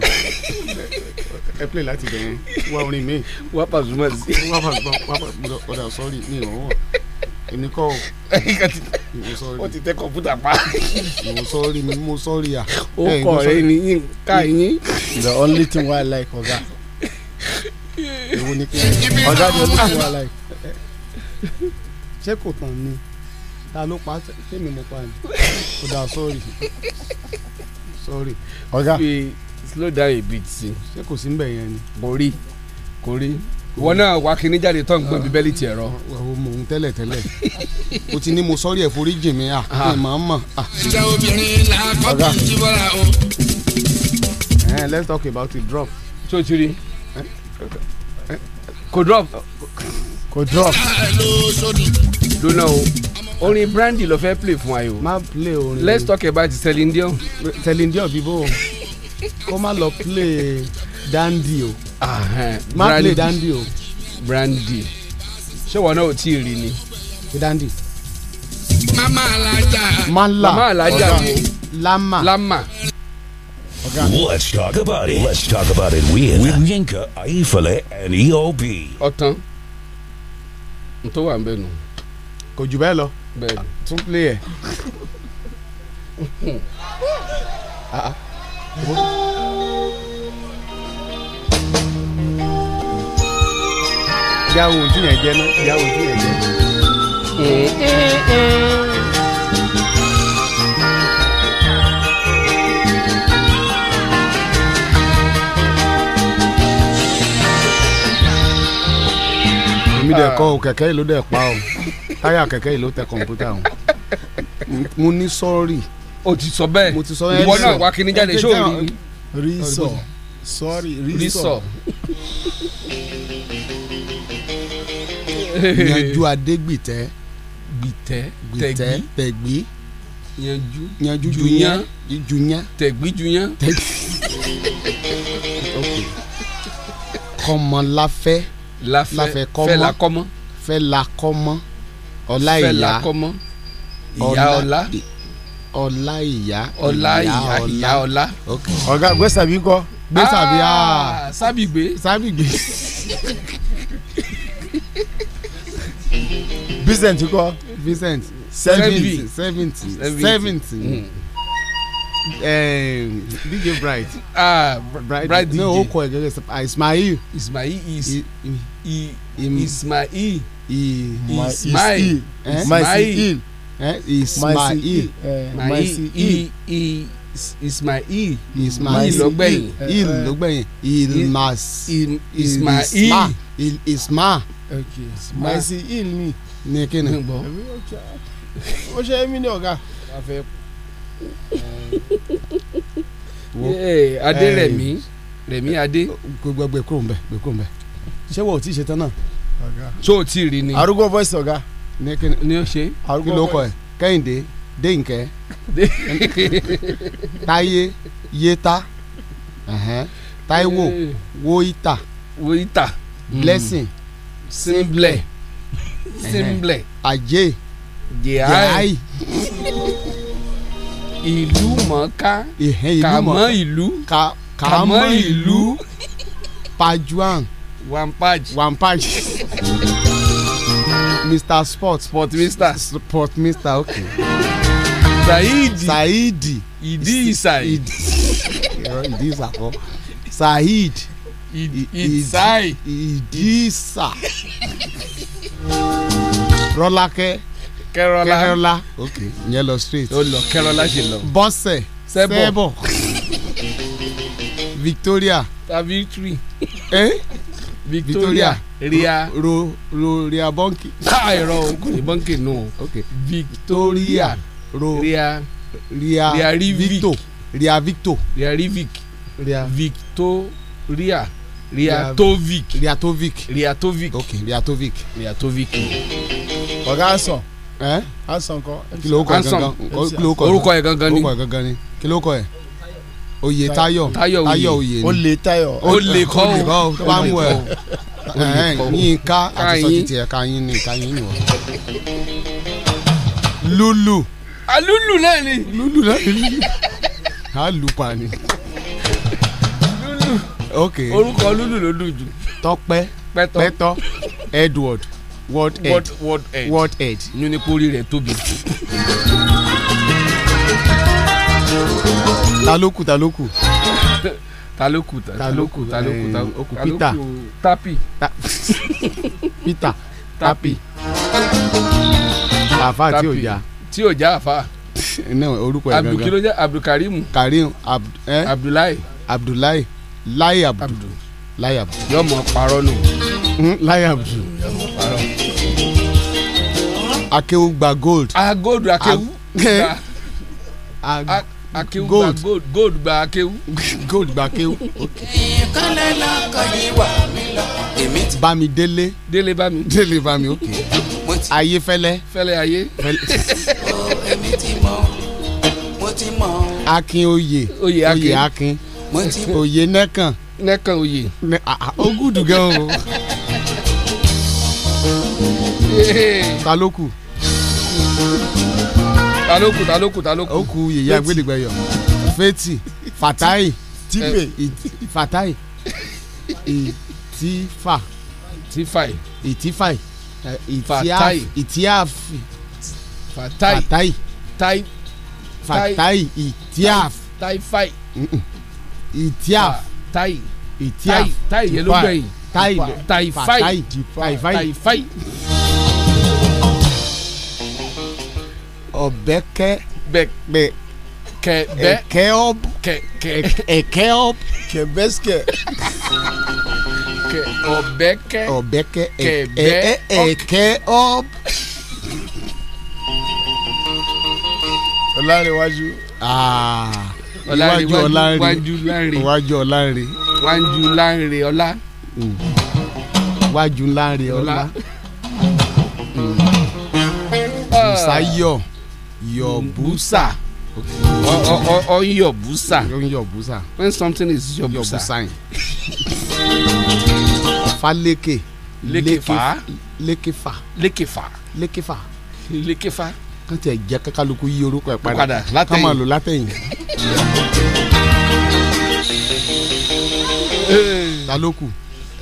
ẹ play láti bẹ̀rẹ̀ wá orin mi. wá pàṣùmọ̀ sí. wá pàṣùmọ̀ ọ̀dà sorry, mi ìmọ̀ ọmọ èmi kọ́ o. o ti tẹ kọ̀mpútà pa. mo sọ́ọ́rì mi mo sọ́ọ́rì à. o kọ̀ rẹ ni yín ká yín. the only thing wey i like ọ̀gá. èwo ni kí ọ̀gá the only thing wey i like. ṣé kò tán ni ta ló pa sẹ́mi mo pa ni kò dà Sorry, sọ́ọ̀rì ọ̀gá. slow down a bit. ṣé kò sí ń bẹ̀ yẹn ni. mo rí kò rí ìwọ náà wà kíní jáde tán gbọ́n bíbélì tiẹ̀ rọ. mò ń tẹ́lẹ̀ tẹ́lẹ̀ o ti ní mo sọ́rí ẹ̀ forí jì mí à kí n máa mọ̀. Ah. ìjà obìnrin là á kọ́ kí n bọ́ra o. Eh, let's talk about the drop. tó ti rí kò drop. kò drop. lónà o orin brandy ló fẹ́ play fún wa má play orin. let's talk about Celine Dion. Celine Dion bíbó kó má lọ play dandy o má play dandy o. brandy ṣé wọn náà ò tí ì rí ni. dandy. mama alaja. mala mama alaja ni. lama. lama. Let's talk about it. Let's talk about it with, with Yinka, Aifale and EOB. Ọ̀tán. N tó wà ń bẹ̀ nù. Kò jù bẹ́ẹ̀ lọ. Bẹ́ẹ̀ tún lé ẹ̀. ìyá ohun tí yẹn jẹ náà ìyá ohun tí yẹn jẹ. èmi dẹ̀ kọ́ o kẹ̀kẹ́ yìí ló dẹ̀ pa o táyà kẹ̀kẹ́ yìí ló tẹ kọ̀ǹpútà o mo ní sọ́ọ̀rì. o ti sọ bẹ́ẹ̀ ìwọ náà wá kíní jáde ṣó rí. rí sọ sọ́ọ̀rì rí sọ yanjú adégbìtẹ́ gbìtẹ́ tẹ̀gbí tẹ̀gbí yanjú yanjú juyan juyan tẹ̀gbí juyan tẹ̀gbí kọmọláfẹ́ láfẹ́ kọmọ fẹ́la kọmọ ọlá ìyá ìyá ọlá ọlá ìyá ọlá ìyá ọlá. ọ̀gá gbé sàbí kọ́ gbé sàbí. Ah, ah. sábì gbé. sábì gbé. Vincent kọ́. Vincent seventy seventy seventy hmm. eh, dj bright. ah bright, bright dj no o kọ ẹgẹgẹ ah ismail. ismail is i ismail. ismail ismail ismail ismail ismail ismail lọgbẹyin il lọgbẹyin eh, eh, ilmas ismail isma ismail ni. ní kíni. o ṣe é mí ní ọ̀gá adé rẹ̀mí rẹ̀mí adé. gbẹ kúrò ń bẹ gbẹ kúrò ń bẹ ṣé wọ́n ò tí ì ṣetán náà. ṣé o tí rí ni. arúgbó voice ọ̀gá. o ṣe kí ló kọ ẹ kẹ́hìndé hmm. simple. simble ajé jehai ìlú mọ̀ọ́ká kàmọ́ ìlú kàmọ́ ìlú pajuan wampaj wampaj mr sport sport mr sport mr okay saidi saidi Idi Saidi. Idi ìsàkọ saidi Idi ìsàì ìdí ìsà rọ́lákẹ́ kẹrọlá kẹrọlá ok ìyẹn lọ straight ó lọ kẹrọlá ṣe lọ bọ́sẹ̀ sẹ́bọ̀ victoria ta victory eh? victoria ria ro ro ria bọ́ǹkì. káàrọ̀ kò ní bọ́ǹkì nù. ok victoria ro ria ria ria rivik ria victor ria rivik ria victoria. Riatovic. Riatovic. Riatovic. ok Riatovic. Riatovic. ọ̀gá àsàn. ẹ́ àsàn kọ́. kí ló kọ ẹ gangan kí ló kọ ẹ orúkọ ẹ gangan ni orúkọ ẹ gangan ni kí ló kọ oyè tayo tayo oyè ni olè tayo olè kọ o samuel yínká àti sọtítì ẹka yín ni ẹka yín ni wọn. lulu. a lulu náà ni. lulu náà ni. a lupa ni ok orúkọ lulu ló dùn jù. tọpẹ pẹtọ edward world head world head yunifori rẹ tóbi. ta ló kù ta ló kù. ta ló kù ta ló kù ta ló kù ta ló kù eh, peter tapi peter tapi àfa tí ò já. tí ò já àfa. orúkọ yẹn gangan abdulkarim karim eh? abdulayi abdulayi láyé àbùdù láyé àbùdù. yóò mọ parọ́ nù. Hmm? láyé àbùdù. akéwù gba gold. a ah, gold akéwù. akéwù gba gold gold gba akéwù. gold gba akéwù. ẹ̀yìn kan lẹ́la kan yìí wà mí lọ. bámi délé. délé bámi. délé bámi ok. ayé fẹ́lẹ́. fẹ́lẹ́ ayé. ó èmi ti mọ̀ mo ti mọ̀. akin oyè oyè akin òye nẹ́kàn. nẹ́kàn òye. ó gùdù gan o. taloku taloku. kù. ta ló kù ta ló kù ta ló kù. ó kù yèyé agbẹ́dẹ́gbẹ́yọ̀ fẹ́tì fatai tíbe fatai ìtìfà ìtìfàì ìtìfàì ìtìàfì fatai fatai fatai ìtìàfì. taifai ìtíà ah, tai ìtíà tai yẹn ló gbẹ̀yìn tai tai fai tai fai fai. ọ̀bẹ́kẹ́ bẹ́ẹ̀ kẹ̀bẹ́ ẹ̀kẹ́ọ́b ẹ̀kẹ́ọ́b kẹ̀bẹ́sẹ̀ ọ̀bẹ́kẹ́ ọ̀bẹ́kẹ́ ẹ̀kẹ́ ẹ̀kẹ́ọ́b. ọ̀làríwájú. aa. Ah iwájú ọlárin iwájú ọlárin iwájú ọlárin ọlá iwájú ọlárin ọlá musayọ yọbusa. ọyọbusa. ọyọbusa. when something is fa, fa, faleke. fa, lekefa. fa, lekefa. fa kàn tiẹ̀ jẹ́ kálukú yí orúkọ ẹ̀ padà ká máa lò látẹ̀yìn. ta ló kù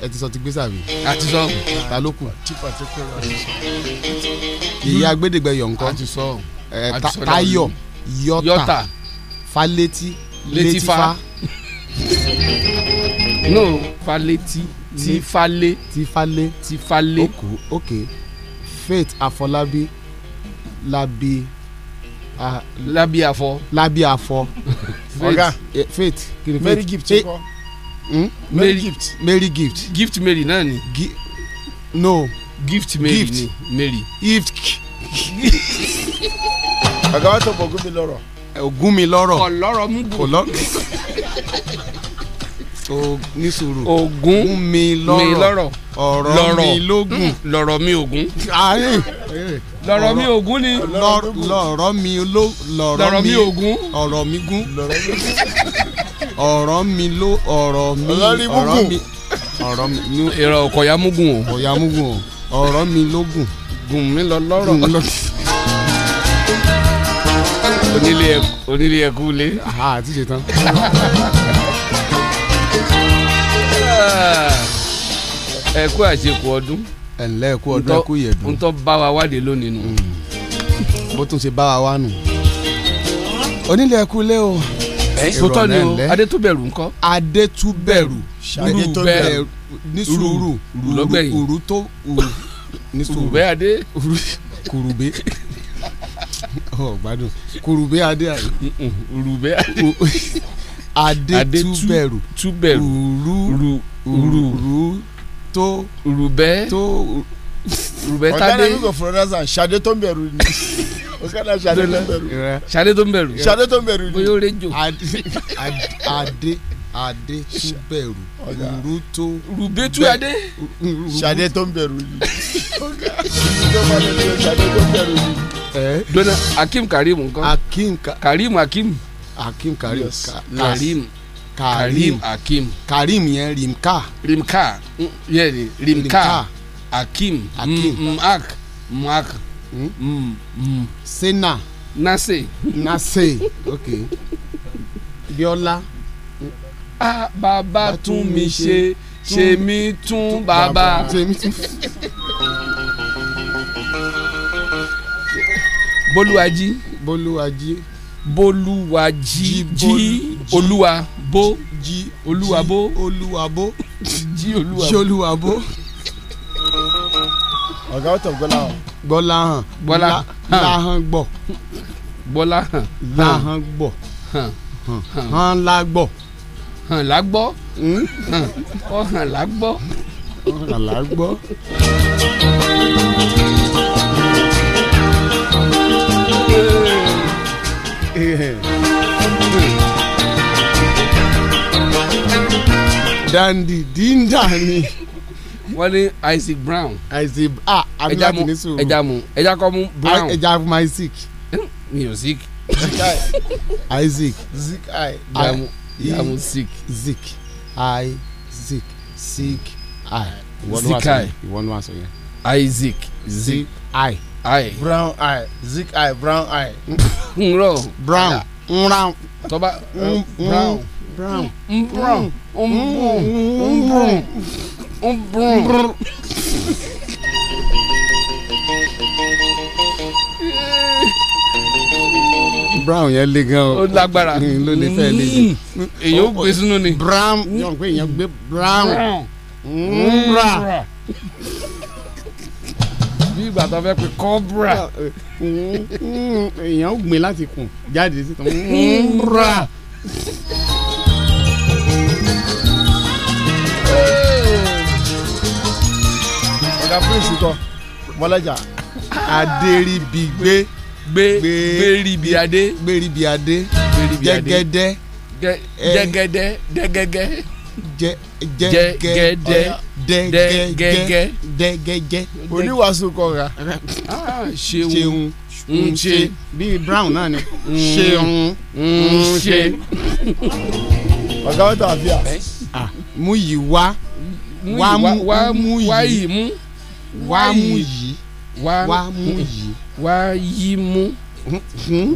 ẹ ti sọ ti gbèsè àbí. a ti sọ ta ló kù. ìyá gbẹdẹgbẹ yọǹkọ Táyọ̀ Yọ̀tà Faleti. Letifa. no Faleti. Fálétí Tífálé Tífálé Tífálé. ok ok Faith Afọlábí labi ah labi afọ. labi afọ. ọ̀gá faith kiri eh, faith. mary gift eh, kọ. Hmm? mary, mary gift. mary gift. gift mary náà ni. Gi no. gift mary gift. ni mary. gift. ọ̀gá wa tó bọ̀ gún mi lọ́rọ̀. ògún mi lọ́rọ̀. kò lọ́rọ̀ mú gùn. kò lọ́rọ̀ o ní sùúrù. ògún mi lọ́rọ̀ ọ̀rọ̀ mi lógún hmm. lọ́rọ̀ mi ògún. àárín lọ̀rọ̀ mi ògún ni. lọ̀rọ̀ mi ló lọ̀rọ̀ mi ògún. ọ̀rọ̀ mi gún. ọ̀rọ̀ mi ló ọ̀rọ̀ mi ọ̀rọ̀ mi ọ̀rọ̀ mi. ìrọ̀ kọ̀yámúgùn o. kọ̀yámúgùn o ọ̀rọ̀ mi ló gùn. gùn mi lọ lọ́rọ̀. onílé ẹkú onílé ẹkú lé. àti ṣe tán. ẹkú àṣekù ọdún ẹnlẹ́ ẹ̀kú ọdún ẹ̀kú yẹ̀dùn. ntọ́ bá wa wádìí lónìí nù. Hmm. bó tún ṣe bá wa wá nù. onílé ẹ̀kú lé o. sòtọ́ ni o adétúbẹ̀rù ńkọ́. adétúbẹ̀rù adétúbẹ̀rù ní sùúrù rùrù tó ní sùúrù. kùrùbẹ́ adé. kùrùbẹ́ ọ gbádùn kùrùbẹ́ adé. kùrùbẹ́ adé adétúbẹ̀rù rùrù rùrù tó rùbẹ́ tó rùbẹ́ tádé. ọ̀gá mi kò fọ̀rọ̀ náà ṣàdé tó ń bẹ̀rù ni ọ̀gá ṣàdé tó ń bẹ̀rù. ṣàdé tó ń bẹ̀rù. ṣàdé tó ń bẹ̀rù ni. bóyá ó rẹjò. adé adé tó bẹ̀rù rú tó. rùbẹ́ tó adé. ṣàdé tó ń bẹ̀rù ni. ọ̀gá ṣàdé tó ń bẹ̀rù ni. dọ́nà akim karim nǹkan. akim karim akim. akim karim. karim karim Akim karim yẹn rimka rimka mm, yẹn rimka hakim mak mm, mm, mak hmm? sena nase nase ok biola. a Baba tún mi ṣe ṣe mi tún bàbá. bolúwají. bolúwají. bolúwají olúwa bo jí olúwa bo olúwa bo jí olúwa bó jí olúwa bó. ọ̀gá ọ̀tọ̀ gbọ́lá hàn. gbọ́lá hàn gbọ́lá hàn láhàn gbọ̀. gbọ́lá hàn láhàn gbọ̀. hàn lágbọ̀. hàn lágbọ̀. ọ̀hàn lágbọ̀. ọ̀hàn lágbọ̀. Yeah. Dandy, dinda ni. wọ́n ní isaac brown. isaac ah abdulhadi ní sùúrù ẹja mu ẹja kọ́ mu brown. Ah, ẹja mu isaac. mi ò sick. isaac zik i yamu yamu sick. zik i zik sick i. zik i ìwọ ni wàá sọ yẹn. isaac zik i. i brown i zik i brown i. n rọ brown n ra tọba brown brown brown brown yẹn le gan o. ó lágbára ló lè fẹ́ le jù. èyí ó gbé sínú ni. brown yọ̀n pé èèyàn gbé brown. nra. bí ìgbà tó fẹ́ pe cobra. èèyàn ó gbìn láti kùn jáde síta. nra. caprice kọ mọlẹjà aderibigbé gberibiade gberibiade jẹgẹdẹ jẹgẹdẹ dẹgẹgẹ jẹgẹdẹ dẹgẹgẹ dẹgẹgẹ oníwàásù kọra ṣeun ń ṣe bíi brown náà ni ṣeun ń ṣe. ọ̀gá wọ́n tó àfíà. Ah, mú yìí wá wá mú yìí mú wá mú yìí wá mú yìí wá yí mú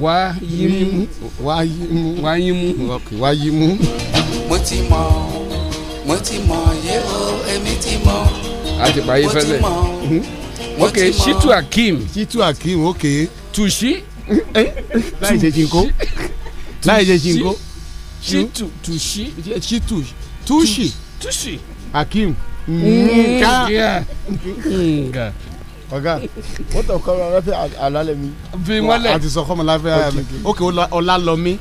wá yí mú wá yí mú wá yí mú wá yí mú. mo ti mọ̀ mo ti mọ̀ yé o èmi ti mọ̀. a ti parí fẹlẹ ok shitu akeem shitu akeem ok. tushi. Eh? láì ṣe ṣinko láì ṣe ṣinko. shitu tushi. shitu tushi. tushi. akeem nǹkan ọ̀gá wọ́n tọ̀ kọ́ ọ fẹ́ àlálẹ̀ mi. fi wọ́n lẹ̀ àti sọ kọ́mọ láfẹ́ ara mi. ok ọlálọ́mí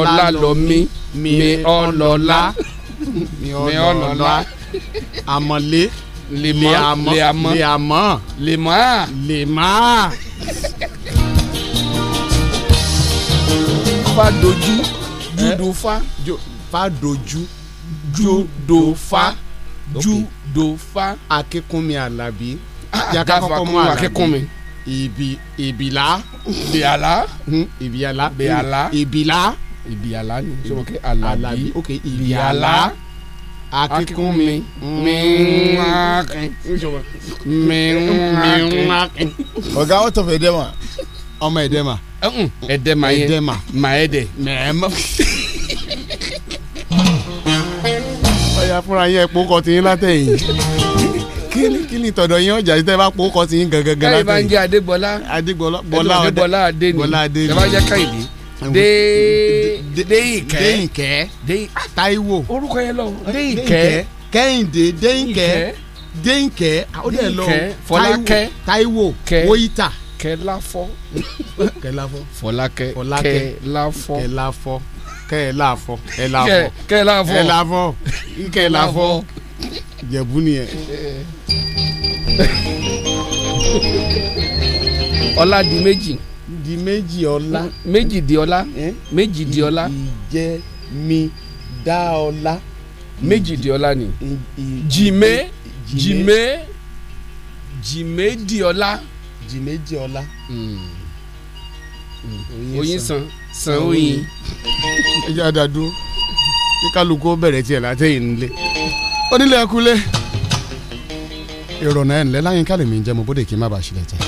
ọlálọ́mí mi ọlọ́lá mi ọlọ́lá àmọ̀lé lèmọ́ lèmọ́ lèmọ́ lèmọ́ lèmọ́. fadoju judofa fadoju judofa judofa. akínkúnmi alábí ah, jaka kọ́kọ́ mú akínkúnmi ibi ibìlá. bìàlá. ibìàlá. bìàlá. ibìlá. ibìàlá ni sọ alabi. alábí ok ibìàlá. akínkúnmi mìíràn mìíràn. Hmm. ọ̀gá ọ̀tọ̀ fẹ̀ dẹ́mà ọmọ ẹ̀dẹ́mà. ẹ̀dẹ́mà yẹn ẹ̀dẹ́mà. mà ẹ̀dẹ́. mẹ́ẹ̀mọ́. ya fúnra yín ẹ̀pọ̀ kọ́ ti yín látẹ̀yìn kíni kíni tọ̀dọ̀ yín ọjà yìí tẹ́ bá pọ̀ kọ́ ti yín gangan látẹ̀yìn. káyọ̀ bá ń jẹ́ Adébọ́lá Adébọ́lá Bọ́lá Adé ni Bọ́lá Adé ni ẹ bá jẹ́ Káyìdé Déyìnkẹ́ Déyìnkẹ́ Táíwò orúkọ yẹn lọ Déyìnkẹ́ Kẹ́hìndé Déyìnkẹ́ Déyìnkẹ́ ó dẹ̀ lọ Táíwò Wóyítà Kẹ́láfọ́ Kẹ́láfọ́ Fọlákẹ́ Kẹ́láfọ́ Kẹ́láfọ́ kẹ́ ẹ láàfọ ẹ láàfọ kẹ́ ẹ láàfọ ẹ láàfọ ọlá di méjì. di méjì ọlá. méjì di ọlá. méjì di ọlá. ìjẹ mi dá ọlá. méjì di ọlá ni. jìmé jìmé jìmé di ọlá. jìmé di ọlá. Hmm. oyin san sanwó yìí. ẹ jẹ́ àdàdú kí kálukú bẹ̀rẹ̀ tiẹ̀ látẹ̀yìn nílé. onílé ẹkúlé ìrọ̀nà ẹ̀ ńlẹ́ láyínká lèmi ń jẹ́ mo bóde kí n má bàa ṣílẹ̀ jẹ́.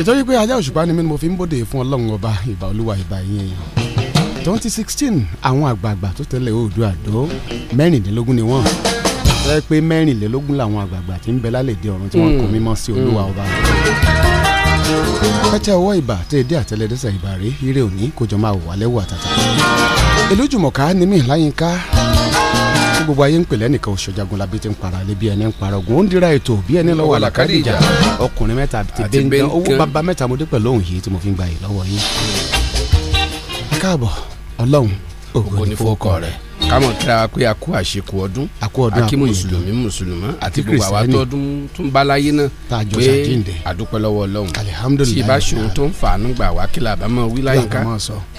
ìtọ́jú pé ajá òṣùpá ni mí ni mo fi ń bóde fún ọlọ́run ọba ìbà olúwa ìbà yín èèyàn. twenty sixteen àwọn àgbààgbà tó tẹ̀lé oòdùà àdó mẹ́rìndínlógún ni wọ́n rẹ pé mẹ́rìnlélógún làwọn àgbààgbà tí ń bẹ lálẹ́ ọ̀run tí wọ́n mm. kọ́ mímọ́ sí olúwa mm. ọba pẹ́tẹ́ ọwọ́ ìbà tẹ́ ẹ dé àtẹlẹdẹsẹ̀ ìbà rẹ̀ òní kò jọ máa wò wá àtàtà elójúmọ̀ká ni mí láyínká tí gbogbo ayé ń pè lẹ́nìkan òṣòjagun labí ti ń para lé bí ẹni ń para ogun ó ń dira ètò bí ẹni lọ́wọ́ àlàkàdì ìjà ọkùnrin mẹ́ta àti bẹ́ńkan owó bàbá mẹ́ta mo dé pẹ̀lú yìí tí mo fi ń gba lọ́wọ́ yín káàbọ̀ ọlọ́run ògo ni fún ọkọ rẹ̀ kámọ̀ kíra wa pé a kú àṣekù ọdún a kú ọdún àkú mùsùlùmí mùsùlùmá àti gbogbo àwa tọdún tún bá láyé náà pé àdúpẹ́ lọ́wọ́ ọlọ́run tí ibà ṣòun tó ń fàánú gbà wá kí la bá mọ wí láyìíká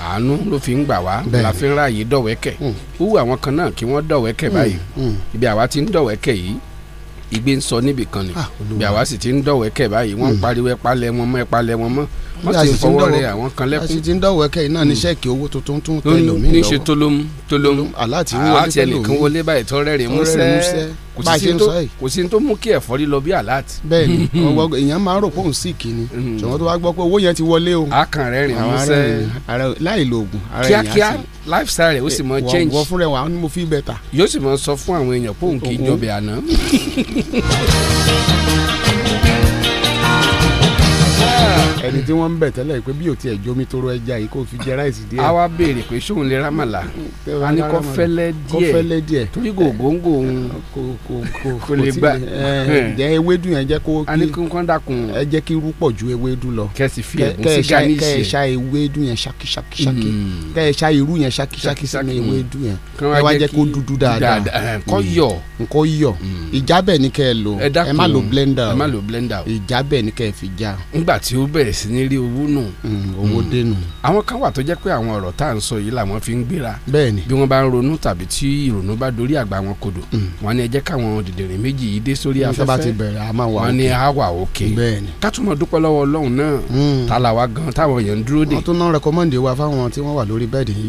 àánú ló fi ń gbà wá la fi ń ráàyè dọ̀wẹ́kẹ̀ wúwo mm. àwọn kan náà kí wọ́n dọ̀wẹ́kẹ̀ mm, báyìí mm. ibi àwa ti ń dọ̀wẹ́kẹ̀ yìí igbe ń sọ níbìkan ni ah, ibi àwa sì ti ń dọ̀wẹ́kẹ̀ báyìí wọ́n pariwo ẹ bí a sì ti ń dọ̀wọ́ a sì ti ń dọ̀wọ́ ẹ̀kẹ́ iná ní sẹ́ẹ̀kì hmm. owó tuntun tún tẹ lómi lọ́wọ́ níṣẹ́ tolóhùn tolóhùn aláàtì wọlé pẹ̀lú omi wọlé báyìí tọ́ rẹ́rìn músẹ́ kò sí tó mú kí ẹ̀fọ́rí lọ bí aláàtì. bẹ́ẹ̀ni ọwọ́ èèyàn máa ń rò pòun sí ìkíni hmm. ṣùgbọ́n tó wá gbọ́ pé owó yẹn ti wọlé o. a kàn rẹ́rìn músẹ́ láì lo oògùn kíákíá lifestyle ó sì eh, mọ change. wọ́n fúnra wa ni mo fi bẹ́ẹ̀ ta. yóò sì mọ sọ fún àwọn èèyàn pòun kì í jọbẹ̀ àná. ẹni tí wọ́n ń bẹ̀ tẹ́lẹ̀ pé bí o tiẹ̀ jomi toro ẹja yìí kò fi jẹ ráìsì díẹ̀. a wá béèrè pé sóun lè rámàlà a ní kó fẹ́lẹ́ díẹ̀ kó fẹ́lẹ́ díẹ̀ torí kò góńgó òun kò lè gbà jẹ́ ewédú yẹn jẹ́ kó a ní kó dákun ẹ jẹ́ kí irú pọ̀ ju ewédú lọ kẹ́sì fi ẹ̀gún sí kánísì kẹ́ ẹ ṣá ewédú yẹn ṣakíṣakíṣakí hmm. kẹ́ ẹ ṣá irú yẹn ṣakíṣakí sínú ewédú yẹn ẹ wá jẹ́ kó dúdú dáadáa hmm. kó yọ̀ kó yọ̀ blender hmm. ìjábẹ̀ ni kẹ́ ẹ bẹ̀rẹ̀ sí ní rí owó nù. Mm, owó mm. dénú. àwọn kan wà tó jẹ́ pé àwọn ọ̀rọ̀ tá à ń sọ yìí làwọn fi ń gbéra. bẹ́ẹ̀ni. bí wọ́n bá ń ronú tàbí tí ìrònú bá dorí àgbà wọn kodò. Mm. wọ́n ní ẹ jẹ́ káwọn dìdìrín méjì yìí dé sórí afẹ́fẹ́. nígbà tí bẹ̀rẹ̀ a máa wà òkè. wọ́n ní a wà òkè. bẹ́ẹ̀ni. ká tún lọ́wọ́ Ọlọ́run náà. ta la wa gan táwọn èèyàn ń dúró dè. wọ́n wa fáwọn tí wọ́n wà lórí bẹ́ẹ̀dì ní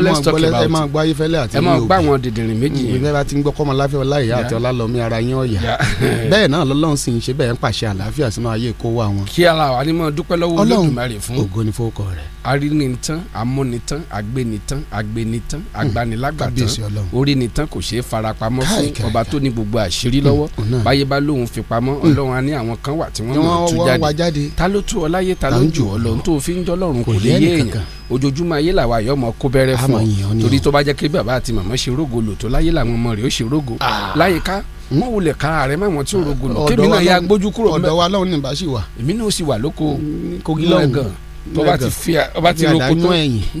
let's talk about. ẹ máa gbọ́ ayífẹ́lẹ́ àti ilé òbí. ẹ máa gbọ́ àwọn dìdìrín méjì yẹn. ìgbẹ́ bá ti ń gbọ́ kọ́mọ láfẹ́ ọláìyá àti ọlálọ́mí ara yín ọ̀yà. wa wọn. kí ara wa ni mo dúpẹ́ lọ́wọ́ olódùmarè fún. ògo ni fowókọ rẹ̀. arínitán amúnitán agbénitán agbénitán hmm, agbanilágbàtán orínitán kò ṣeé farapamọ́ fún ọba tó ní gbogbo àṣírí hmm, lọ́wọ́ báyé bá lóun fi pamọ́ hmm. ọlọ́run á ní àwọn kan wà tí wọ́n lò tú jáde ta ló tú ọ láyé ta ló jù ọ lọ tó fi ń jọlọ́run kò lè yé èèyàn ojoojúmọ́ ayé làwa yọ ọmọ kó bẹ́rẹ́ fún ọ torí tó bá jẹ́ kí bàbá àti màmá ṣe rógo lò tó láyé làwọn ọmọ rẹ̀ ó ṣe rógo ah. láyé ká mọ wulẹ̀ kára rẹ máwọn tí orogo nù kébì náà ya gbójú kúrò mẹ wa lọ́wọ́ ni bá sì wà. èmi náà sì wà lóko mm, kogi lọ́wọ́ gan ti fi ọ ti lóko tó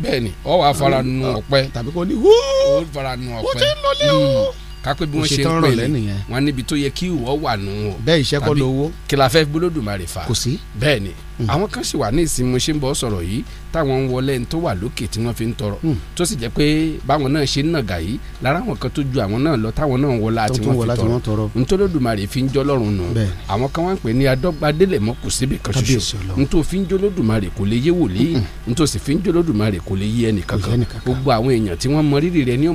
bẹ́ẹ̀ ni ọ wà mm, fara nu ah, ọ̀pẹ tàbí kò ní wúúú fara nu ọ̀pẹ mm. kápẹ́ bí wọ́n ṣe ń pè ní wọn níbi tó yẹ kí ìwọ wà nù o. bẹ́ẹ̀ iṣẹ́ lówó. kí la fẹ́ gbólódùmarè kò sí. bẹ́ẹ̀ ni àwọn kan sì wà ní ìsinmi ṣe ń bọ́ sọ̀rọ̀ yìí táwọn ń wọlé tó wà lókè tí wọ́n fi ń tọrọ hmm. tó sì jẹ́ pé báwọn náà ṣe ń nàgà yìí lára àwọn kan tó ju àwọn náà lọ táwọn náà ń wọlá tí wọ́n fi tọrọ ntọ́lódùmarè fi ń jọ́ lọ́rùn nù àwọn kan wá ń pè ní adọ́gbadélẹ̀mọ́ kò síbi kan ṣoṣo ntọ́ fi ń jọ́lódùmarè kò lè yé wòlíì hmm. ntọ́ sì fi ń jọ́lódùmarè kò lè yé ẹnìkankan gbogbo àwọn èèyàn tí wọ́n mọ rírì rẹ ní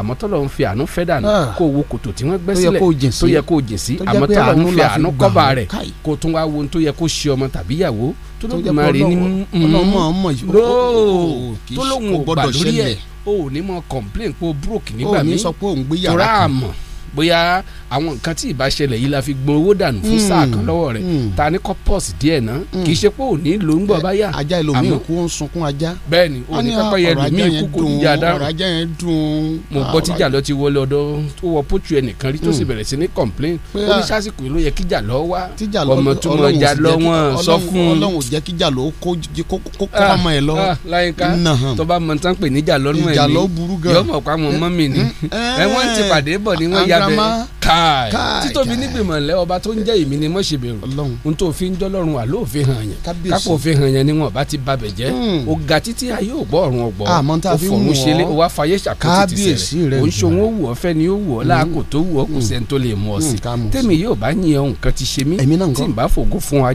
àmọ́ tọ́lọ̀ ń fi àánú fẹ́ dànù ah. kó wo kòtò tí wọ́n gbẹ́ sílẹ̀ tó yẹ kó jìn sí àmọ́ tọ́lọ̀ ń fi àánú kọ́ba rẹ̀ kó tún wá wo tó yẹ kó ṣe ọmọ tàbí ìyàwó tó ló gbìmọ̀ rẹ̀ ní tó lóun mm-hmm. ò gbọdọ̀ ẹ̀ o ò ní mọ complain pé broke nígbà míì tó rà á mọ̀ bóyá àwọn nǹkan tí ìbá ṣẹlẹ̀ yìí la fi gbọn owó dànù fún hmm. sáà kan lọ́wọ́ rẹ̀ hmm. ta ni kọ́ pọ́ọ̀sì díẹ̀ ná hmm. kì í ṣe pé òní ló ń gbọ́ eh, báyà. ajá ìlòmí òkú ń sunkún ajá. bẹ́ẹ̀ni òní pápá ah, yẹn lòmí ikú kò ní yá dáhùn. ọ̀rọ̀ ajá yẹn dùn. mo ah, gbọ́ tíjà lọ ti wọlé ọ̀dọ̀ tó wọ pótù ẹnìkan rí tó sì bẹ̀rẹ̀ sí ní complain oníṣàsìkò ló yẹ kíjà lọ wá ọmọ tó mọ ọjà lọ wọn sọ fún un. ọlọ́run ò jẹ́ kíjà lọ kó kó ah, ọmọ ẹ lọ. láyínká tó bá mọ mọ́ káì títóbi nígbìmọ̀ lẹ́ ọba tó ń jẹ́ èmi ni mọ̀ ṣe bẹ̀rù n tó fi ń jọlọ́run wà ló fi hàn yẹn kápò fi hàn yẹn ni wọn bá ti babẹ̀ jẹ́ o hmm. ga títí ayé ò gbọ́ ọ̀run ọgbọ́ o fọ̀run ṣe lé o wá fayé ṣàkóso ti sẹ̀rẹ̀ o ń ṣòwò wù ọ́ fẹ́ ni ó wù ọ́ láàkó tó wù ọ́ kò hmm. sẹ́ni tó lè mú ọ sí hmm, tèmi yóò bá yin ẹ̀ nǹkan ti ṣe mí tí n bá fògo fún wa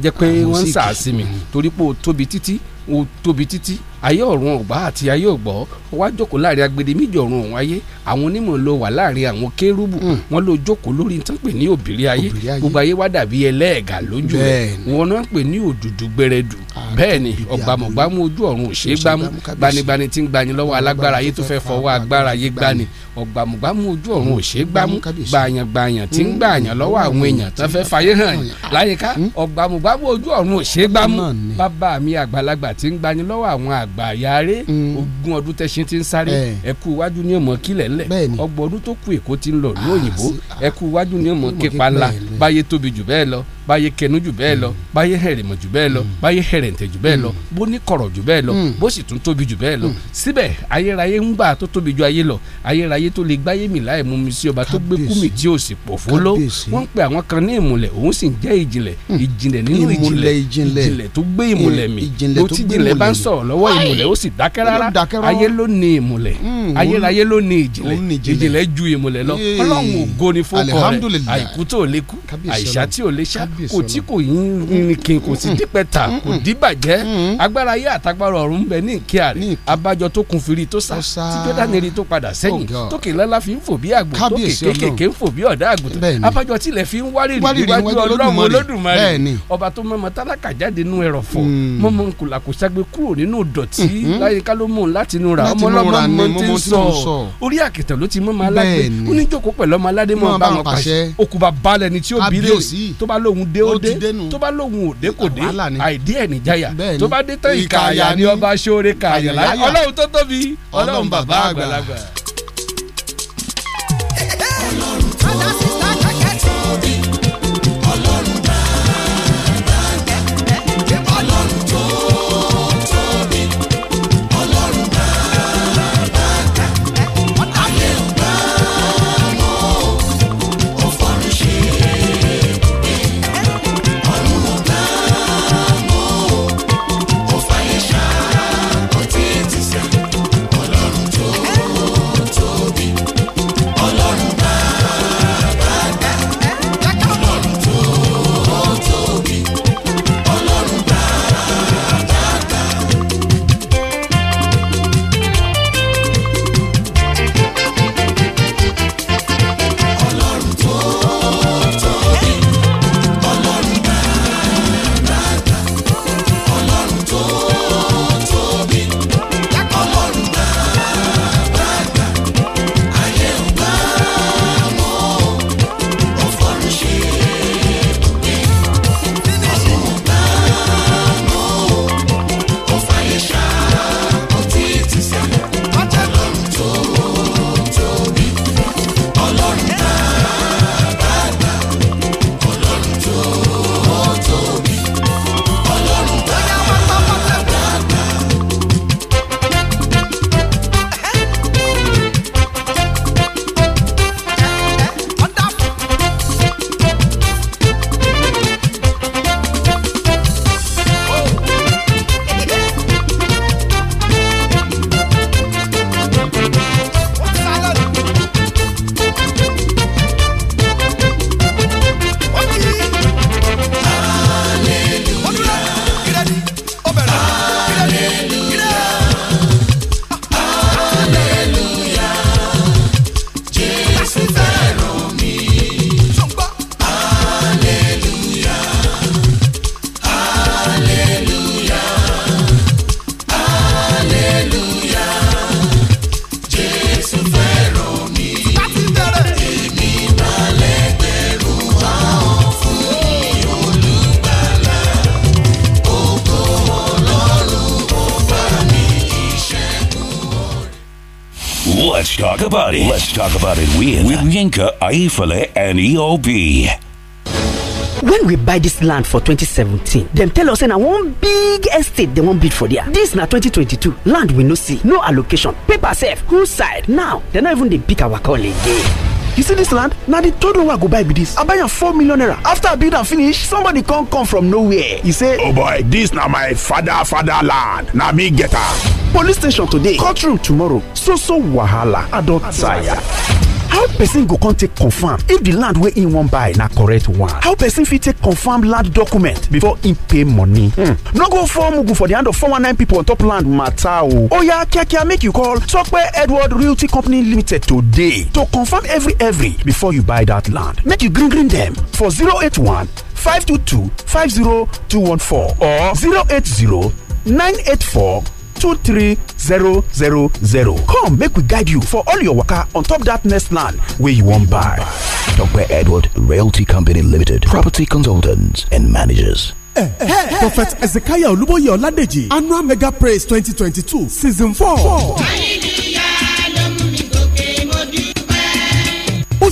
jẹ́ àwọn onímọ̀ ló wà láàrin àwọn kérúbù hmm. wọn ló jókòó lórí tán pè ní òbírí ayé gbogbo ayé wá dàbí ẹlẹ́ẹ̀gà lójú rẹ̀ wọn náà pè ní òdùdù gbẹrẹdù ah, bẹ́ẹ̀ ni ọ̀gbàmọ̀gbàmù ojú ọ̀run òṣè gbámú gbanigbani tí ń gbani lọ́wọ́ alágbára ayé tó fẹ́ fọwọ́ agbára ayé gbani ọ̀gbàmọ̀gbàmù ojú ọ̀run òṣè gbámú gbàyàngbàyàn tí ń hmm. gbàyàn lọ́wọ́ àwọn hmm. èèyàn tó fẹ́ fayé hàn láyìíká ọ̀gbàmọ̀gbàmù ojú ọ̀run òṣè gbámú bàbá mi àgbàlagbà tí ń gbani lọ́wọ́ àwọn àgbà yàrá ogún ọdún tẹ̀sí ti ń sáré ẹ̀kú iwájú ní ọmọ kílẹ̀ tẹ́lẹ̀ ọgbọ̀n ọdún tó kù èkó ti ń lọ ní ah, òyìnbó ah, ẹkú iwájú ni ó mọ̀ képa ńlá báyé tóbi jù bẹ́ẹ̀ lọ báyé kẹnu jù bẹ́ẹ̀ lọ mm. báyé hẹ̀rẹ̀mọ̀ jù bẹ́ẹ̀ lọ mm. báyé hẹ̀rẹ̀ǹtẹ̀ jù bẹ́ẹ̀ lọ mm. bó ní kọ̀rọ̀ jù bẹ́ẹ̀ lọ bó sì tún tóbi jù bẹ́ẹ̀ lọ síbẹ̀ ayérayé ń gbà tó tóbi ju ayé lọ ayérayé tó lè gbáyé mi láì mú mi sí ọba tó gbé kúmi tí ò sì pọ̀ fún wọ́n ń pe àwọn kan ní ìmùlẹ̀ òun sì ń jẹ́ ìjìnlẹ̀ ìjìnlẹ̀ nínú ìmùlẹ̀ ìjìnlẹ̀ tó gbé ìmùlẹ̀ mi bó tí ìjìnlẹ̀ bá ń sọ̀rọ̀ lọ́wọ́ ìmùlẹ̀ ó sì dákẹ́ rárá ayé ló ní ìmùlẹ̀ ayérayé ló ní ni fún kọ́ rẹ̀ àìkú kò tí kò yín irinkin kò sí dípẹ́ta kò díbàjẹ́ agbára ayé àtagbára ọ̀run ń bẹ ní ìkíà rẹ̀ abájọ tó kun firi tó sá tí jọ́dánì rí tó padà oh sẹ́yìn tókè lọ́lá fi ń fò bí àgbò tókè kékèké ń fò bí ọ̀dà àgùntàn abájọ tilẹ̀ fi ń wárìrì níwájú ọlọ́run olódùmarè ọba tó mọ̀mọ́ tálákà jáde nú ẹrọ̀fọ̀ mọ̀mọ́ mm. nkùlà kò ságbe kúrò nínú dọ̀tí láyé ká ló mú lóun dé ó dé tó bá lóun ò dé kò dé àìdí ẹ̀ níjàyà tó bá dé tán ìkàyà ni ọba ṣoore kàyà láyà ọlọ́run tó tóbi ọlọ́run bàbá àgbàlagbà. Aifale, and EOB. when we buy this land for 2017 them tell us and a one big estate won't bid for there This now 2022 land we no see no allocation paper safe who side now they not even they pick our call again you see this land now they told one wey i go buy this? i buy your four million naira after i build and finish somebody come come from nowhere He say oh boy this now my father father land Now me get am police station today courtroom tomorrow so so wahala i don't say. person go come take confirm if the land wey im wan buy na correct one. How person fit take confirm land document before im pay money? Hmm. No go fall mugu for the hand of 419 people on top land matter o. kia kia make you call Sope Edward Realty Company Limited today to confirm every every before you buy that land. Make you green green them for 081 522 50214 or 080 984 23000 come make we guide you for all your waka on top that next land where you wan buy dr edward realty company limited property consultants and managers Hey, eh, eh, hey, eh. hey, prophet ezekiah olúbóyè ọládèjì annual mega praise twenty twenty two season four. four.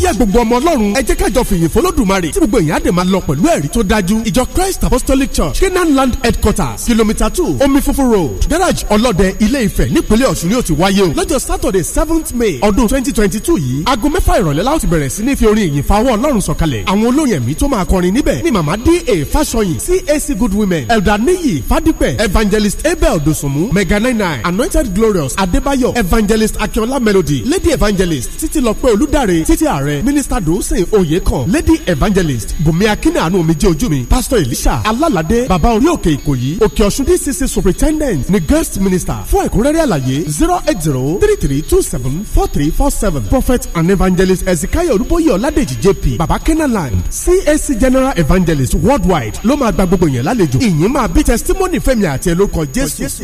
yẹ gbogbo ọmọ ọlọ́run ẹ jẹ́ kájọ fìyìn fọlọ́dùmarè tí gbogbo èèyàn á dè máa lọ pẹ̀lú ẹ̀rí tó dájú ìjọ christ apostolic church canaan land headquarters kilomita two omi funfun road garage ọlọ́dẹ ilé ifẹ̀ nípínlẹ̀ ọ̀ṣun ni ó ti wáyé o lọ́jọ́ saturday seventh may ọdún twenty twenty two yìí aago mẹ́fà ìrọ̀lẹ́ láti bẹ̀rẹ̀ sí ní fi orin ìyìn fa ọlọ́run sọ̀kalẹ̀ àwọn olóyè mi tó máa kọrin níbẹ̀ ni màmá d a fásọyìn cac good women elder niyi evangelist abel dosunmu mega nine nine anointed glorious adébáyọ̀ evangelist akínọlá melody lady evangelist títí lọ́pẹ́ olúdáre títí ààrẹ olórin minister dose oyekan lady evangelist bùnmi akínàánú omijé ojú mi pastor elisha alálàdé bàbá orí òkè ìkòyí òkè ọ̀ṣun dcc superintendent ni guest minister fún ẹ̀kúnrẹ́rẹ́ àlàyé zero eight zero three three two seven four three four seven prophet and evangelist ezekiel olúbóyè ọ̀ládèjì jp baba kenaland cac general evangelist worldwide ló máa gba gbogbo yẹn lálejò ìyìn máa bí testimony fẹ́mi àti ẹ̀ jésù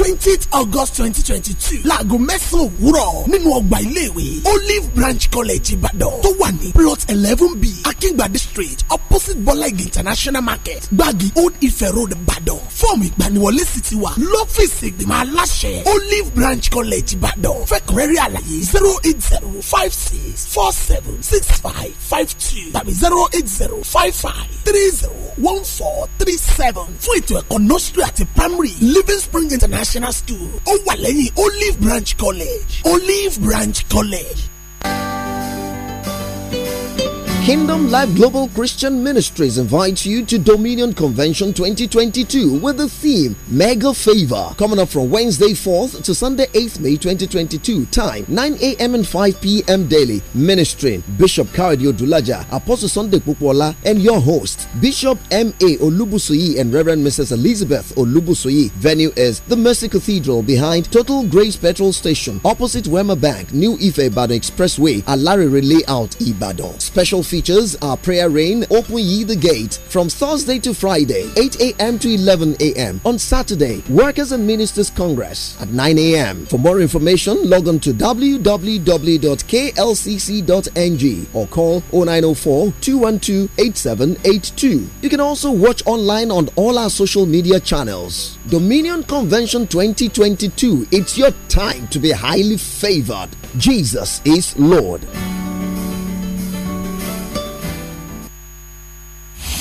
twentieth august twenty twenty two láago mẹ́sàn-án òwúrọ̀ nínú ọgbà iléèwé olive branch college ìbàdàn tó wà ní plot eleven b akíngbàdé street opposite bọ́láìgì international market gbági old ife road ìbàdàn fọ́ọ̀mù ìgbaniwọlé sì ti wà lọ́fíìsì ìgbìmọ̀ aláṣẹ olive branch college ìbàdàn fẹ́kùrẹ́rì àlàyé zero eight zero five six four seven six five five two tàbí zero eight zero five five three zero one four three seven fún ètò ẹ̀kọ́ nursery àti primary living spring international international school ó wà lẹ́yìn olive branch college olive branch college Kingdom Life Global Christian Ministries invites you to Dominion Convention 2022 with the theme Mega Favor. Coming up from Wednesday 4th to Sunday 8th May 2022, time 9 a.m. and 5 p.m. daily. Ministering Bishop Karadio Dulaja, Apostle Sunday Pupola, and your host, Bishop M.A. Olubusui and Reverend Mrs. Elizabeth Olubusui. Venue is the Mercy Cathedral behind Total Grace Petrol Station, opposite Wema Bank, New Ife Ibadan Expressway, Alari Layout, Ibadan. Special features are prayer rain Open Ye the Gate from Thursday to Friday, 8 a.m. to 11 a.m. On Saturday, Workers and Ministers Congress at 9 a.m. For more information, log on to www.klcc.ng or call 0904 212 8782. You can also watch online on all our social media channels. Dominion Convention 2022, it's your time to be highly favored. Jesus is Lord.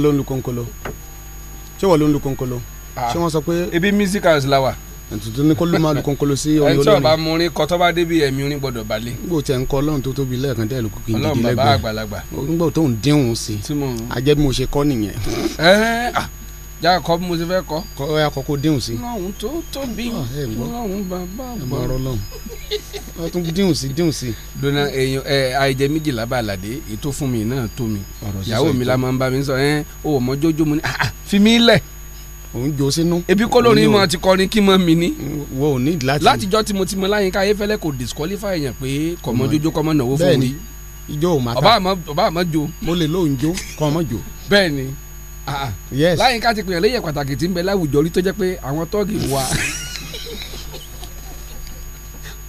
wọ́n ló ń ṣé wọ́n ló ń ah. ṣé wọ́n sọ pé. ebi music house la wà. tuntun ni kó ló máa lu kòǹkòló sí orin olórin. ẹni tí ọba mu orin kọ tó bá débi ẹ̀mí orin gbọ́dọ̀ balẹ̀. n gbọ́dọ̀ tẹ̀ ń kọ ọlọ́run tó tóbi lẹ́ẹ̀kan dẹ́ ìlú kìkì ìdílé gbẹ ọlọ́run bàbá àgbàlagbà. n gbọ́dọ̀ tó ń dínwó sí i mo ṣe kọ́ nìyẹn. Jacob mo ti fẹ́ kọ́. kọ ẹ àkọ́kọ́ déhùn sí. lọ́hùn tó tóbi ah, lọ́hùn bàbá àgbà. ọmọ ọlọ́hùn ọ tún déhùn sí déhùn sí. dona èèyàn ẹ àìjẹ méjìlá bá àlàdé ètò fún mi náà tó mi ìyàwó mi la máa ń bá mi sọ ẹ o mọ jójó mu ni ah, ah, fi mí lẹ. òun jó sínú. ebi kọlórin mọ ti kọrin kí mọ mi ni. wo ò ní láti. látijọ́ tí mo ti mọ láyínká ayéfẹ́lẹ́ kò disqualify yẹn pé kọ̀mọ́ jójó kọ́mọ́ náà ó fún mi. ijó ò máa ta ọba àmọ́ jó. mo lè lóun Ah, láyìnká ti pèyàn léyìn pàtàkì tí ń bẹ láwùjọ rí tó jẹ́ pé àwọn tọ́ọ̀gì wà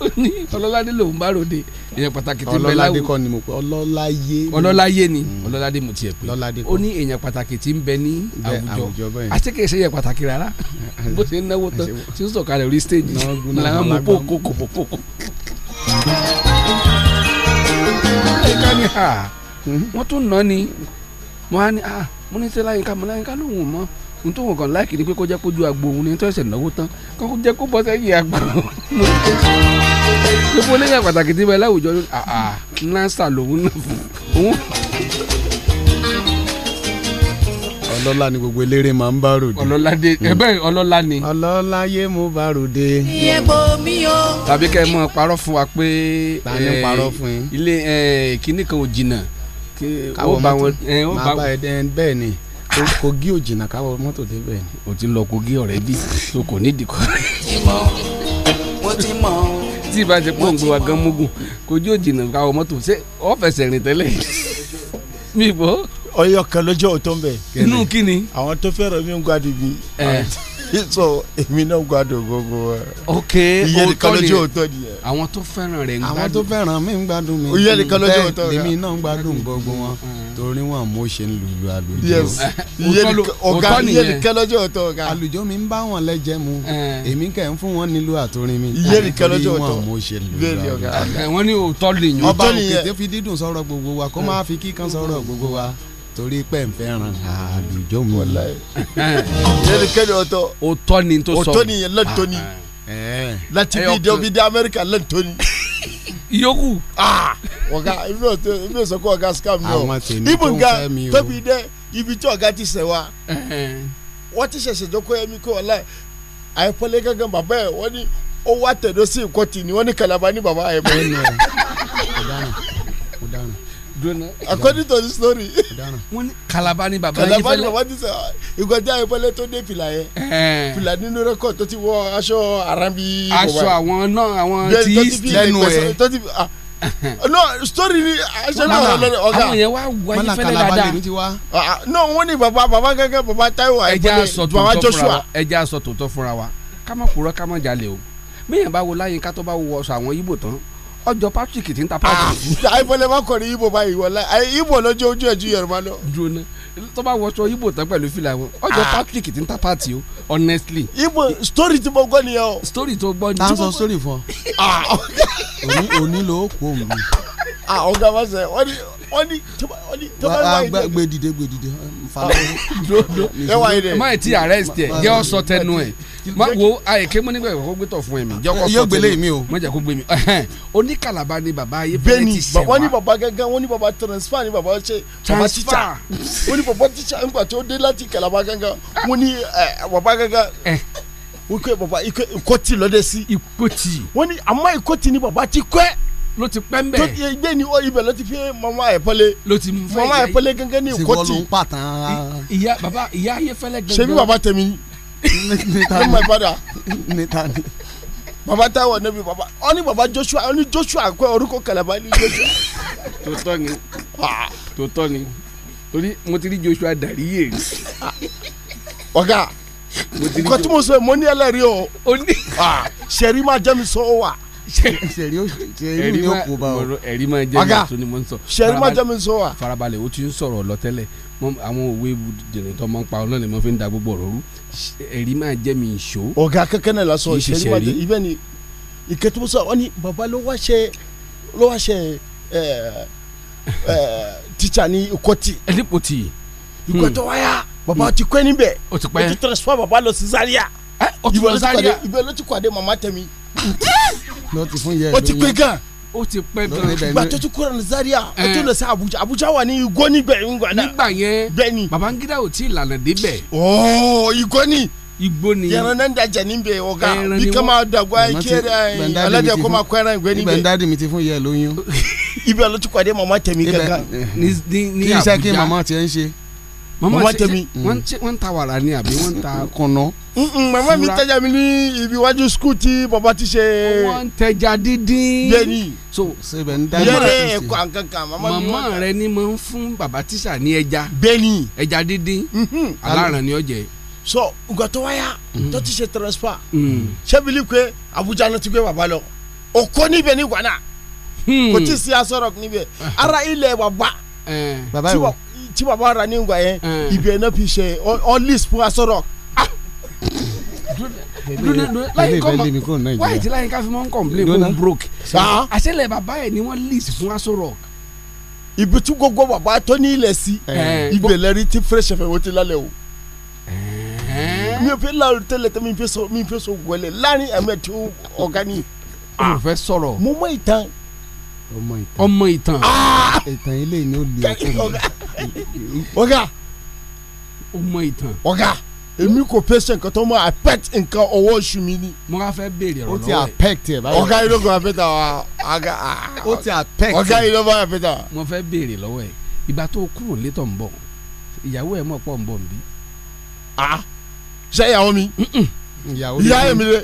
ó ní ọlọ́ládé lòún bá ròde èèyàn pàtàkì tí ń bẹ láwùjọ ọlọ́ládé kọ́ ni mo pe ọlọ́láyé ọlọ́láyé ni mm. ọlọ́ládé mo tiẹ̀ pé ó ní èèyàn pàtàkì tí ń bẹ ní àwùjọ àti kì í ṣe èèyàn pàtàkì rárá bó ṣe ń náwó tán tí ń sọ̀kalẹ̀ orí stage làwọn mú pòkó kòkòkò mm-hmm. wọ́n tún ná ni wọ́n á ní ah mo ní sẹ́ láyínká mo láyínká lòun mọ́ ohun tó wọ̀n kàn láìkì ni pé kó jẹ́ kó ju àgbo òun ní tó ẹ̀sẹ̀ náwó tán kó kó jẹ́ kó bọ́ sẹ́yìn àgbo gbogbo lẹ́yìn pàtàkì tí mo láwùjọ ní lòun náà fún òun. ọlọ́lá ni gbogbo eléré máa ń bá ròde. ọlọ́lá dé hmm. ẹ̀bẹ́ ọlọ́lá ni. ọlọ́lá yé mo bá ròde. iye bo mi o. tàbí kẹ́ ẹ mọ̀ parọ́ fún wa pé. ta ni eh, parọ́ fún yín. ilé eh, kínní kan ò jìnnà káwọ mọ́tò máa bá ẹ dẹ́n bẹ́ẹ̀ ni kogi ò jìnnà káwọ mọ́tò dé bẹ́ẹ̀ ni. o ti lọ kogi ọ̀rẹ́ bí so kò ní ìdíkọ. tí ìbá ṣe pọ́n gbé wa gan mugun kogi ò jìnnà káwọ mọ́tò ṣé ọ fẹsẹ̀ rìn tẹ́lẹ̀ mi bọ́. ọyọ kan lójú ọ̀tọ̀ ń bẹ̀. inú kí ni. àwọn tó fẹ́ràn mi ń gbádùn mi. so èmi náà gbádùn gbogbo ẹ. ok iye nìkan lójú òótọ́ ni ẹ. àwọn tó fẹ́ràn rẹ̀ ń gbádùn. àwọn tó fẹ́ràn mi ń gbádùn mi. iye nìkan lójú òótọ́ rẹ̀. èmi náà ń gbádùn gbogbo wọn mm. torí wọn mo ṣe ń lùlù àlùjọ. yes iye eh, ọ̀gá iye nìkan lójú òótọ́ ọ̀gá. àlùjọ mi ń bá wọn lẹ́jẹ̀ mu eh. èmi kẹ́ ń fún wọn nílò àtòrin mi. iye nìkan lójú òótọ́ torí wọn mo ṣe lùlù àlùjọ. Eh, wọ́n ní òótọ́ lè yàn. ọba òkè torí pé n àlùjọ mu. lẹ́nu kẹ́ni ọ̀tọ̀. o tọ́ ni tó sọ. o tọ́ ni yẹn lẹ́nu ah, eh. láti eh, bí ìdí omi di amẹ́ríkà lẹ́nu yòókù. Ah, ọ̀gá ibi ò sọ pé ọ̀gá scam ni o. àwọn tèmi tó ń fẹ́ mi o. tóbi dẹ ibi tí ọ̀gá ti sẹ̀ wa. Eh. wọ́n ti ṣẹ̀ṣẹ̀ jókòó ẹ̀mí kó ọ̀la àìpọ́lẹ́ gángan bàbá ẹ̀ wọ́n ní ó wá tẹ̀dọ́ sí ìkọ́tì ni wọ́n ní kalaba ní bàbá ẹ̀ bọ́ according to the story. wọ́n ní kalaba ni baba yìí fẹ́lẹ́. kalaba ni baba ti sọ ìgbàjá ìfẹ́lẹ́ tó dé fìlà yẹn. fìlà nínú rẹ́kọ̀d tó ti wọ aṣọ arambi. aṣọ àwọn náà àwọn ti east lẹ́nu ẹ̀. Ah. no story ni aṣọ ah, náà lọ ọ̀gá. àwọn yẹn wá wá yìí fẹ́lẹ́ dáadáa. no wọ́n ní baba baba gẹ́gẹ́ baba Táíwò àìfẹ́lẹ́ baba Joshua. ẹja sọ tòótọ́ fúnra wa ká má kúrò ká má jalè o bí yẹn bá wo láyé ká tó bá wọ ọsọ àwọn Ìgbò tán ọjọ́ Patrick ti ń ta Patrick. àìfọlẹ́ má kọrin ibo báyìí wọlé ibo lọ́jọ́ ojú ẹ̀jú Yorùbá lọ. jona tó bá wọṣọ ibo tán pẹ̀lú fìlà wọn ọjọ́ ah. Patrick ti ń ta pati o honestly. ibo story tí mo gbọ́ nìyẹn o. story tó gbọ́ ni. tá a story fún ọ. Ah, òní òní ló kó mi. Ah, ọ̀gá ma sẹ́ wọ́n ní wọ́n ní wọ́n ní tó bá wà ní. gbẹdìde gbẹdìde nfa lọ́wọ́. ẹ wá yìí dẹ. má ì tí arrest ẹ jẹ́ ọ sọ tẹnu ẹ má wo àyèké mo nígbà kó gbé tọ̀ fún ẹ̀mí jẹ́ kó sọ tẹ̀lé mi o má jẹ́ kó gbé mi oníkàlàbà ni bàbá ayé bẹ́ẹ̀ ti sẹ̀ wá. wọ́n ní bàbá gángan wọ́n ní transfer ni bàbá ṣe bàbá tíṣà wọ́n ní bàbá tíṣà nígbà tí ó dé láti kàlàbà gángan wọ́n ní bàbá gángan wípé bàbá ìkọ́tì lọ́dẹ sí. ìkọ́tì. wọ́n ní àmọ́ ìkọ́tì ni bàbá ti kọ́ ló ti pẹ́ mbẹ́. tó ti gbé ni ibẹ̀ ló ti fi mama ẹ̀pẹ́lẹ́. ló ti mú fẹ́ mama ẹ̀pẹ́lẹ́ gẹ́gẹ́ ní ìkọ́tì. ṣèwọ́ ló ń pàtàn. ìyá bàbá ìyá ayé fẹ́lẹ́ gẹ́gẹ́. ṣebí bàbá tẹ̀mí ni my father baba táwọn níbi baba ọ ní baba joshua ọ ní joshua kọ orúkọ kalaba ní joshua. tó tọ́ ni tó tọ́ ni torí mo ti rí joshua dàrí yé. ọ̀gá nǹkan tí mo sọ yìí mo ní ẹlẹ́rìí o sẹ̀rí máa jẹ́ mi sọ ọ wà. sẹ̀rí yóò kó bá ọ ọ̀gá sẹ̀rí máa jẹ́ mi sọ wà. farabalẹ̀ o ti ń sọ̀rọ̀ lọ àwọn òwe jìnnà tó máa ń pa ọ náà ni mo fi ń da gbogbo ọ̀rọ̀ rú ẹ̀rí máa jẹ́ mi ìṣó. ọ̀gá kankan náà lásán ìṣẹ́rí máa jẹ ibẹ̀ ni ìkẹtùmọ́sọ ọ ni bàbá ló wá ṣe ló wá ṣe tíṣà ní ìkọ́tì. ẹ̀dínkùtì. ìkọ́tọ̀ hmm. wáyà bàbá hmm. ti kọ́ níbẹ̀ o ti transfer bàbá lọ sí Zaria. ibẹ̀ ló ti kọ́ adé màmá tẹ̀mí. o ti pẹ́ gan ó ti pẹ́ gan. ṣùgbọ́n tó ti kúrò ní Zaria eh. lọ sí Abuja Abuja wà ní igó níbẹ̀ nígbà náà. nígbà yẹn bẹ́ẹ̀ni Babangida ò tí ì lànà débẹ̀. ọ̀ọ́ oh, igó ni igbó ni. yẹran náà ń dajẹ níbẹ̀ ọ̀gá bí ká máa dàgbà kéré aládé kó máa kó ẹran ìgbẹ́ níbẹ̀. ibẹ̀ ń dáàdì mi ti fún yẹ lóyún. ibẹ̀ ló ti kọ́ adé màmá tẹ̀mí gángan. ní Abuja kí iṣẹ́ kí màmá tiẹ̀ ń ṣe mama tẹmi mm. wọn ta wàrà ni àbí wọn ta kọnà. mama mi tẹja mi ní ibi iwájú skul tí bàbá ti ṣe. wọn tẹja dídín. bẹ́ẹ̀ni so sẹbẹ n da yẹn rẹ ẹkọ àǹkankan mama mi. mama rẹ ni máa ń fún bàbá tíṣà ní ẹja. bẹ́ẹ̀ni ẹja dídín mm-hmm. aláràn ni ó jẹ. so nǹkan tó wáyà mm. tó ti ṣe transfer. sẹ́bìlì mm. pé Abuja náà ti gbé bàbá lọ òkò níbẹ̀ ní gwana hmm. kò tí ì sí asọ̀rọ̀ níbẹ̀ ah. ara ilẹ̀ wà bá. Eh. bàbá yìí wọ tí bàbá rà ní ìgbà yẹn eh. ibi ẹ̀ náà fi ṣe ọlísì fún aṣọ rock. wáyé tí láyé ká fi mọ́ ń kọ̀m̀plé kó ń broke àṣẹlẹ̀ bàbá yẹn ni wọ́n lease fún aṣọ rock ibi tí gbogbo bàbá tó ní ilẹ̀ sí eh. Eh, ibẹ̀ lẹ́rìí tí fresh fm ó ti lálẹ́ o mi ò fẹ́ láàrú tẹ́lẹ̀ tẹ́ mi fẹ́ sọ mi fẹ́ sọ wẹ̀lẹ̀ láàrin ẹ̀mẹ́ tí ọ̀gá ni. Ah. o fẹ́ sọ̀rọ̀. mo mọ ìtàn. ọmọ ìtàn. ọmọ ìtàn. Ah! ìtàn ilé ni ó lè ọkọ mi ọ̀gá. o mọ ìtàn. ọ̀gá èmi kò pèsè nǹkan tó mọ affect nǹkan ọwọ́ oṣù mi ni. mo ká fẹ́ béèrè ọ̀rọ̀ lọ́wọ́ ẹ̀. o ti affect ẹ̀ báyìí. ọ̀gá yìí ló kọ́ affect àwa. o ti affect. ọ̀gá yìí ló bá affect àwa. mo fẹ́ béèrè lọ́wọ́ ẹ̀ ìgbà tó kúrò létọ̀ ń bọ̀ ìyàwó ẹ̀ mọ̀ pọ̀ ń bọ̀ ń bí. a ṣe ìyàwó mi. ìyàwó mi ìyá mi lè.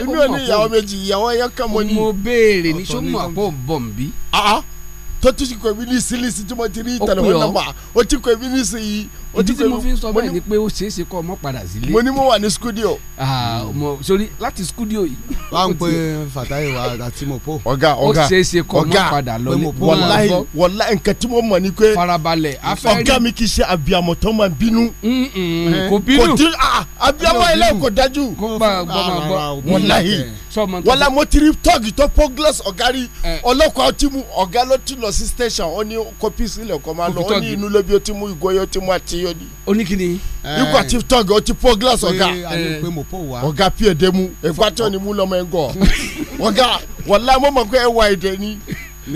èmi ò ní ìyàwó méjì ìyàwó ẹ̀yọ́ kàn mọ́ ni. mo béèrè ní sọ́mọ́ àpò ń bọ̀ ń bí tó ti kọ ibi ní sílíìsì tí mo ti rí tẹlifóònù nàmbà ó ti kọ ibi ní sí ìdí tí mo fi ń sọ báyìí ni pé ó ṣeé ṣe kọ́ ọmọ padà sílé. mo ní mo wà ní studio. mo sori láti studio yìí. wà ń pe fatayi wa àti mopo. ọ̀gá ọ̀gá ó ṣeé ṣe kọ́ ọmọ padà lọ́lé. wàláhì wàláhì nǹkan tí mo mọ̀ ni pé. farabalẹ̀ afẹ́rẹ́ ọ̀gá mi kì í ṣe abiyamọ tó máa bínú. kò bínú kò tí abiyamọ ilé kò dájú. kò gbà gbọ́ ma gbọ́. wàláhì wàlá mo ti rí tọ́ọ̀gì tó pọ́ glace ọ̀gá rí ọlọ́kọ̀ ọtí mu ọ̀gá ló ti lọ sí station ó ní kọ́pì sílẹ̀ kọ́ máa lọ ó ní inú lóbi ó ti mú ìgò yó ti mú àti àṣeyọrí. ó ní kíni. ikú àti tọ́gì ó ti pọ́ gíláàsì ọ̀gá ọ̀gá pí ẹ̀dẹ́ mu ẹ̀gbá tí wọ́n ní mú lọ́mọ ẹ̀ ń gọ̀ ọ̀gá wàlá mo mọ̀ pé ẹ wà ẹ̀dẹ̀ ni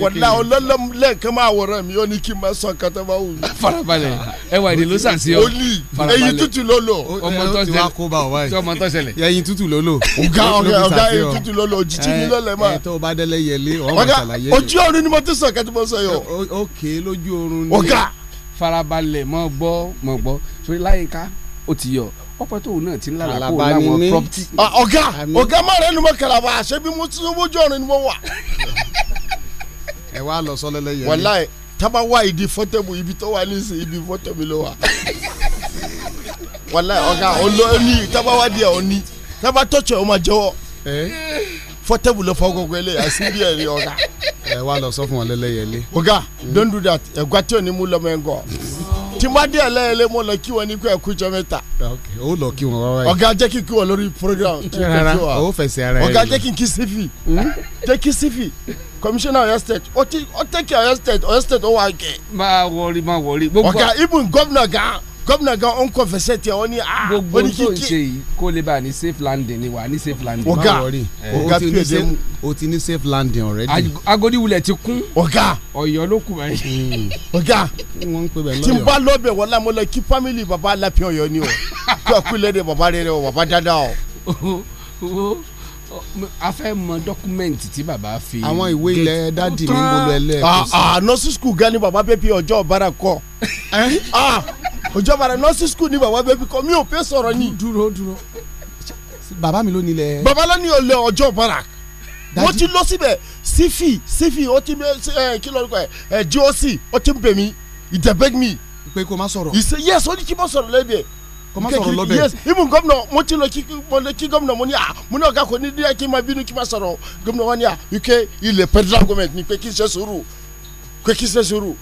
wàlá ọlọ́lọ́ lẹ́ẹ̀kan máa wọ̀rọ̀ mi ó ní kí n máa sọ nǹkan tó bá wù mí. farabalẹ̀ ẹ wà èdè ló sàn sí ọ. ó ní ẹyin tútù ló ọmọ tó ṣẹlẹ̀ tí ọmọ tó ṣẹlẹ̀. ẹyin tútù ló lò. ọ̀gá ẹyin tútù ló lò mi ló lẹ̀ ẹ tó o yẹlé ọmọ ṣàlàyé. ọ̀gá ojú oorun ni mo ti sọ kẹ́tí mo sọ yọ. ó kéé lójú oorun ni. ọ̀gá farabalẹ̀ mọ́ gbọ́ mọ́ gbọ́ sórí láyìíká ó ti yọ ọpẹ tóun náà ti ń lálàá kó láwọn property. Ah, ọ̀gá ọ̀gá má rẹ̀ ẹnu mọ́ kẹlàbà àṣẹ bí mo ti sọ́wọ́jú ọ̀rìn ni mo wà. ẹ wá lọ sọ lẹ́lẹ́ yẹn. wàláì tábà wá ìdí fọ́tẹ́bù ibi tó wà nísìnyí ibi fọ́tẹ́bù ló wà. wàláì ọ̀gá olóyún tábà wá díẹ̀ òní tábà tọ́jú ẹ̀ ó máa jẹ́wọ́ fọ́tẹ́bù ló fọ́ gbogbo ẹlẹ́yà síbí ẹ̀ rí ọ̀gá. ẹ wá lọ sọ fún wọn lẹ́lẹ́yẹlé. ọ̀gá don't do that ẹ̀gbá tí ò ní mú lọ́mọ ẹ̀ ń gọ̀ tí má dé ẹlẹ́yẹlé mo lọ kí wọn ní kó ẹ̀kú jọ mẹ́ta. ó lọ kí wọn wáwá yìí. ọ̀gá kí n kí wọn lórí program. rárá o fẹsẹ̀ ara ẹ̀ ọ̀gá jẹ́ kí n kí sífì jẹ́ kí sífì commissioner Ọ̀yọ́ state ó tẹ́kì Ọ̀yọ́ state Ọ̀yọ́ state ó wà gẹ̀. máa wọrí máa wọrí. ọ̀gá ibùn gómìnà gan gómìnà gan ọ̀n kọfẹsẹ̀ tiẹ̀ ọ ní a ah! gbogbo tó ń ṣe yìí kó lè bá ní safe landing ni wà ní safe landing. ọ̀gá ọ̀gá eh, tó yẹ dé mu o ti ní safe landing already. agodi wulẹ̀ ti kún. ọ̀gá ọ̀yọ́ ló kù báyìí. Hmm. ọ̀gá tí n bá lọ́bẹ̀ wọlé amọ̀lẹ́ kí family baba alápẹ̀ ọ̀yọ́ ni o kí ọkùnrin lẹ́dẹ̀ baba rẹ̀ o baba dada o. a fẹ́ mọ dọ́kúmẹ́ǹtì tí baba fi. àwọn ìwé ilẹ̀ dádì mi mo lọ ẹlẹ́ẹ̀kọ́. nọ́ọ̀sì ah, skul ah, gan ni bàbá bẹ́bí ọjọ́ bara kọ eh? ah, ọjọ́ bara nọ́ọ̀sì skul ni bàbá bẹ́bí kọ mi ò fẹ́ sọ̀rọ̀ ni. dúró dúró bàbá mi ló nílẹ̀. bàbá ló ní olè ọjọ́ bara wọ́n ti lọ síbẹ̀ sífì sífì ó ti ẹ kí ló ń ẹ jíọ́sì ó ti ń bẹ̀ mí ìdẹ̀bẹ̀ mi. pé kó má sọ̀rọ̀. ìṣe kọ́má sọ̀rọ̀ lọ́bẹ̀. yes even gómìnà mo ti lọ kí gómìnà mo ní à mo ní ah, ọ̀gá kò ní díẹ̀ kí n máa bínú kí n máa sọ̀rọ̀ gómìnà wa ní à wíkẹ́ ilẹ̀ federal government ni pé kí n ṣe sùúrù pé kí n ṣe sùúrù.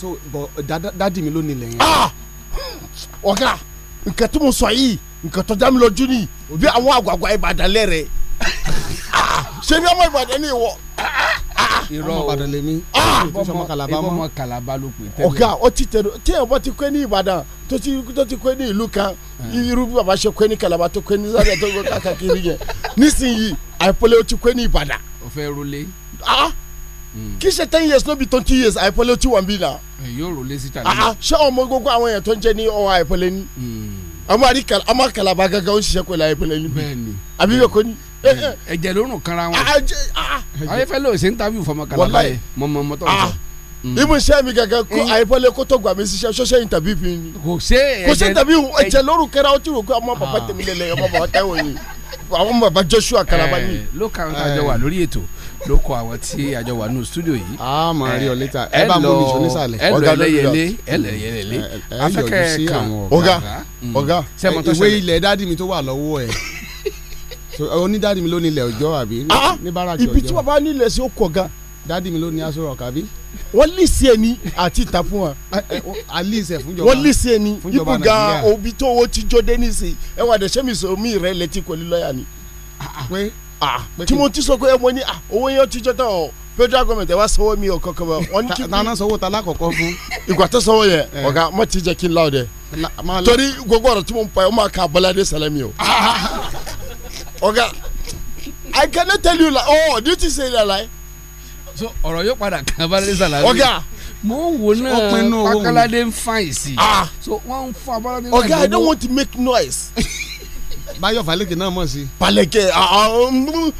so bọ uh, dadi mi ló nílẹ̀ yẹn. Ah! ọ̀gá nǹkan tí mo sọ yìí nǹkan tó dá mi lójú ni bí àwọn àgbààgbà Ìbàdàn lẹ́rẹ̀ẹ́ ṣé bí ọmọ ìbàdàn ni ìwọ. irọ́ ọmọ ìbàdàn lèmi ah! ọmọ kalaba mọ ọmọ kalaba pè tẹ́lẹ̀. ọ̀gá ó ti tẹ̀dọ̀ tí ẹ̀ ti kọ́ ní ìbàdàn tó ti kọ́ ní ìlú kan eh. irú bí baba ṣe kọ́ ní kalaba tó kọ́ ní sáré tó kọ́ káàkiri yẹn nísìnyí àìpọ́lẹ́ ó ti kọ́ ní ìbàdàn. o fẹ́ rọlé. Ah! Hmm. kì í ṣe ten years no be twenty years àìpọ́lẹ́ ó ti wà ń bí na. yóò rọlé síta lẹ́yìn. Ah, ṣé ọmọ gbogbo àwọn èèyàn tó ń jẹ ní ọwọ́ àìpọ́lẹ́ ni. Hmm. ọmọ àríkàlà ọmọ kalaba gángan ó ń ṣiṣẹ́ pẹ̀lú àìpọ́lẹ́ ni. bẹ́ẹ̀ àbí bẹ́ẹ̀ Eh, eh. ẹ̀jẹ̀ ló rùn kanra wọn. Ah, ah, ah, ayéfẹ́lẹ́ ò ṣe ń tàbí fọmọ kalaba yẹ mọ̀mọ́ mọ́tọ́ wọn. ibi iṣẹ́ mi gẹ́gẹ́ kó eh. ayéfẹ́lẹ́ kó tó gbà mí ṣiṣẹ́ ṣọ́ṣẹ́ ìtàbí mi ni. kò ṣe ẹ̀jẹ̀ kò ṣe tàbí ẹ̀jẹ̀ ló rùn kanra ó ti rò pé ọmọ bàbá tèmi lẹ́lẹ́ ọmọ bàbá táwọn yìí àwọn bàbá Joshua kalaba ni. ló kà ń tajọ wà lórí ètò ló kọ àwọn tí àjọ wà nù studio yìí. a máa rí ọ létà ẹ bá mú mi sọ nísàlẹ̀. ẹ lọ ẹlẹyẹlé ẹlẹyẹlé afẹkẹ kan ọ̀gá ọ̀gá ìwé ilẹ̀ dádì mi tó wà lọ́wọ́ ẹ̀ onídàdí mi ló nílẹ̀ ọjọ́ àbí ah, ah, ní báràkì ọjọ́ ibi tí bàbá nílẹ̀ sí ó kọ̀ gan. dádì mi ló ní aṣọ rọ̀ọ̀kà bí. wọ́n lísì ẹ̀ àti ìta fún wa. àlísẹ̀ fúnjọba wọ́n lísì ẹ̀ ibù gan òbí tó owó ti jóde nísìnyí ẹ wà dẹ̀ṣẹ́ mi sọ mí rẹ létí pẹ̀lú lọ́ọ̀yà ni. Ah, pé tí mo ti sọ pé ẹ mọ ní owó yẹn ti jọ tán ọ federal government ẹ wá sanwó mi ọ̀kọ̀ọ̀kan bọ̀ wọ́n ní kí. nana sanwó ta lákọ̀ọ́kọ́ fún. ìgbà tó sanwó yẹ eh. ọ̀gá má ti jẹ́ kí n láwọ̀ dẹ torí gbogbo ọ̀rọ̀ tí mo ń pa ẹ̀ ó máa ka Bọ́ládé Sàlámì o ọ̀gá i cannot tell you lie oh do you say that lie. so ọ̀rọ̀ yóò padà kan Abọ́ládé Sàlámì. ọ̀gá mo ń wo náà Pákáládé ń fa ah. ìsì. so wọ́n ń fún Abọ́ládé náà. ọ̀gá i don't want to make noise. Báyọ̀ Fálẹ́kẹ̀ náà mọ̀ sí. Fálẹ́kẹ̀ ah, ah, um, um,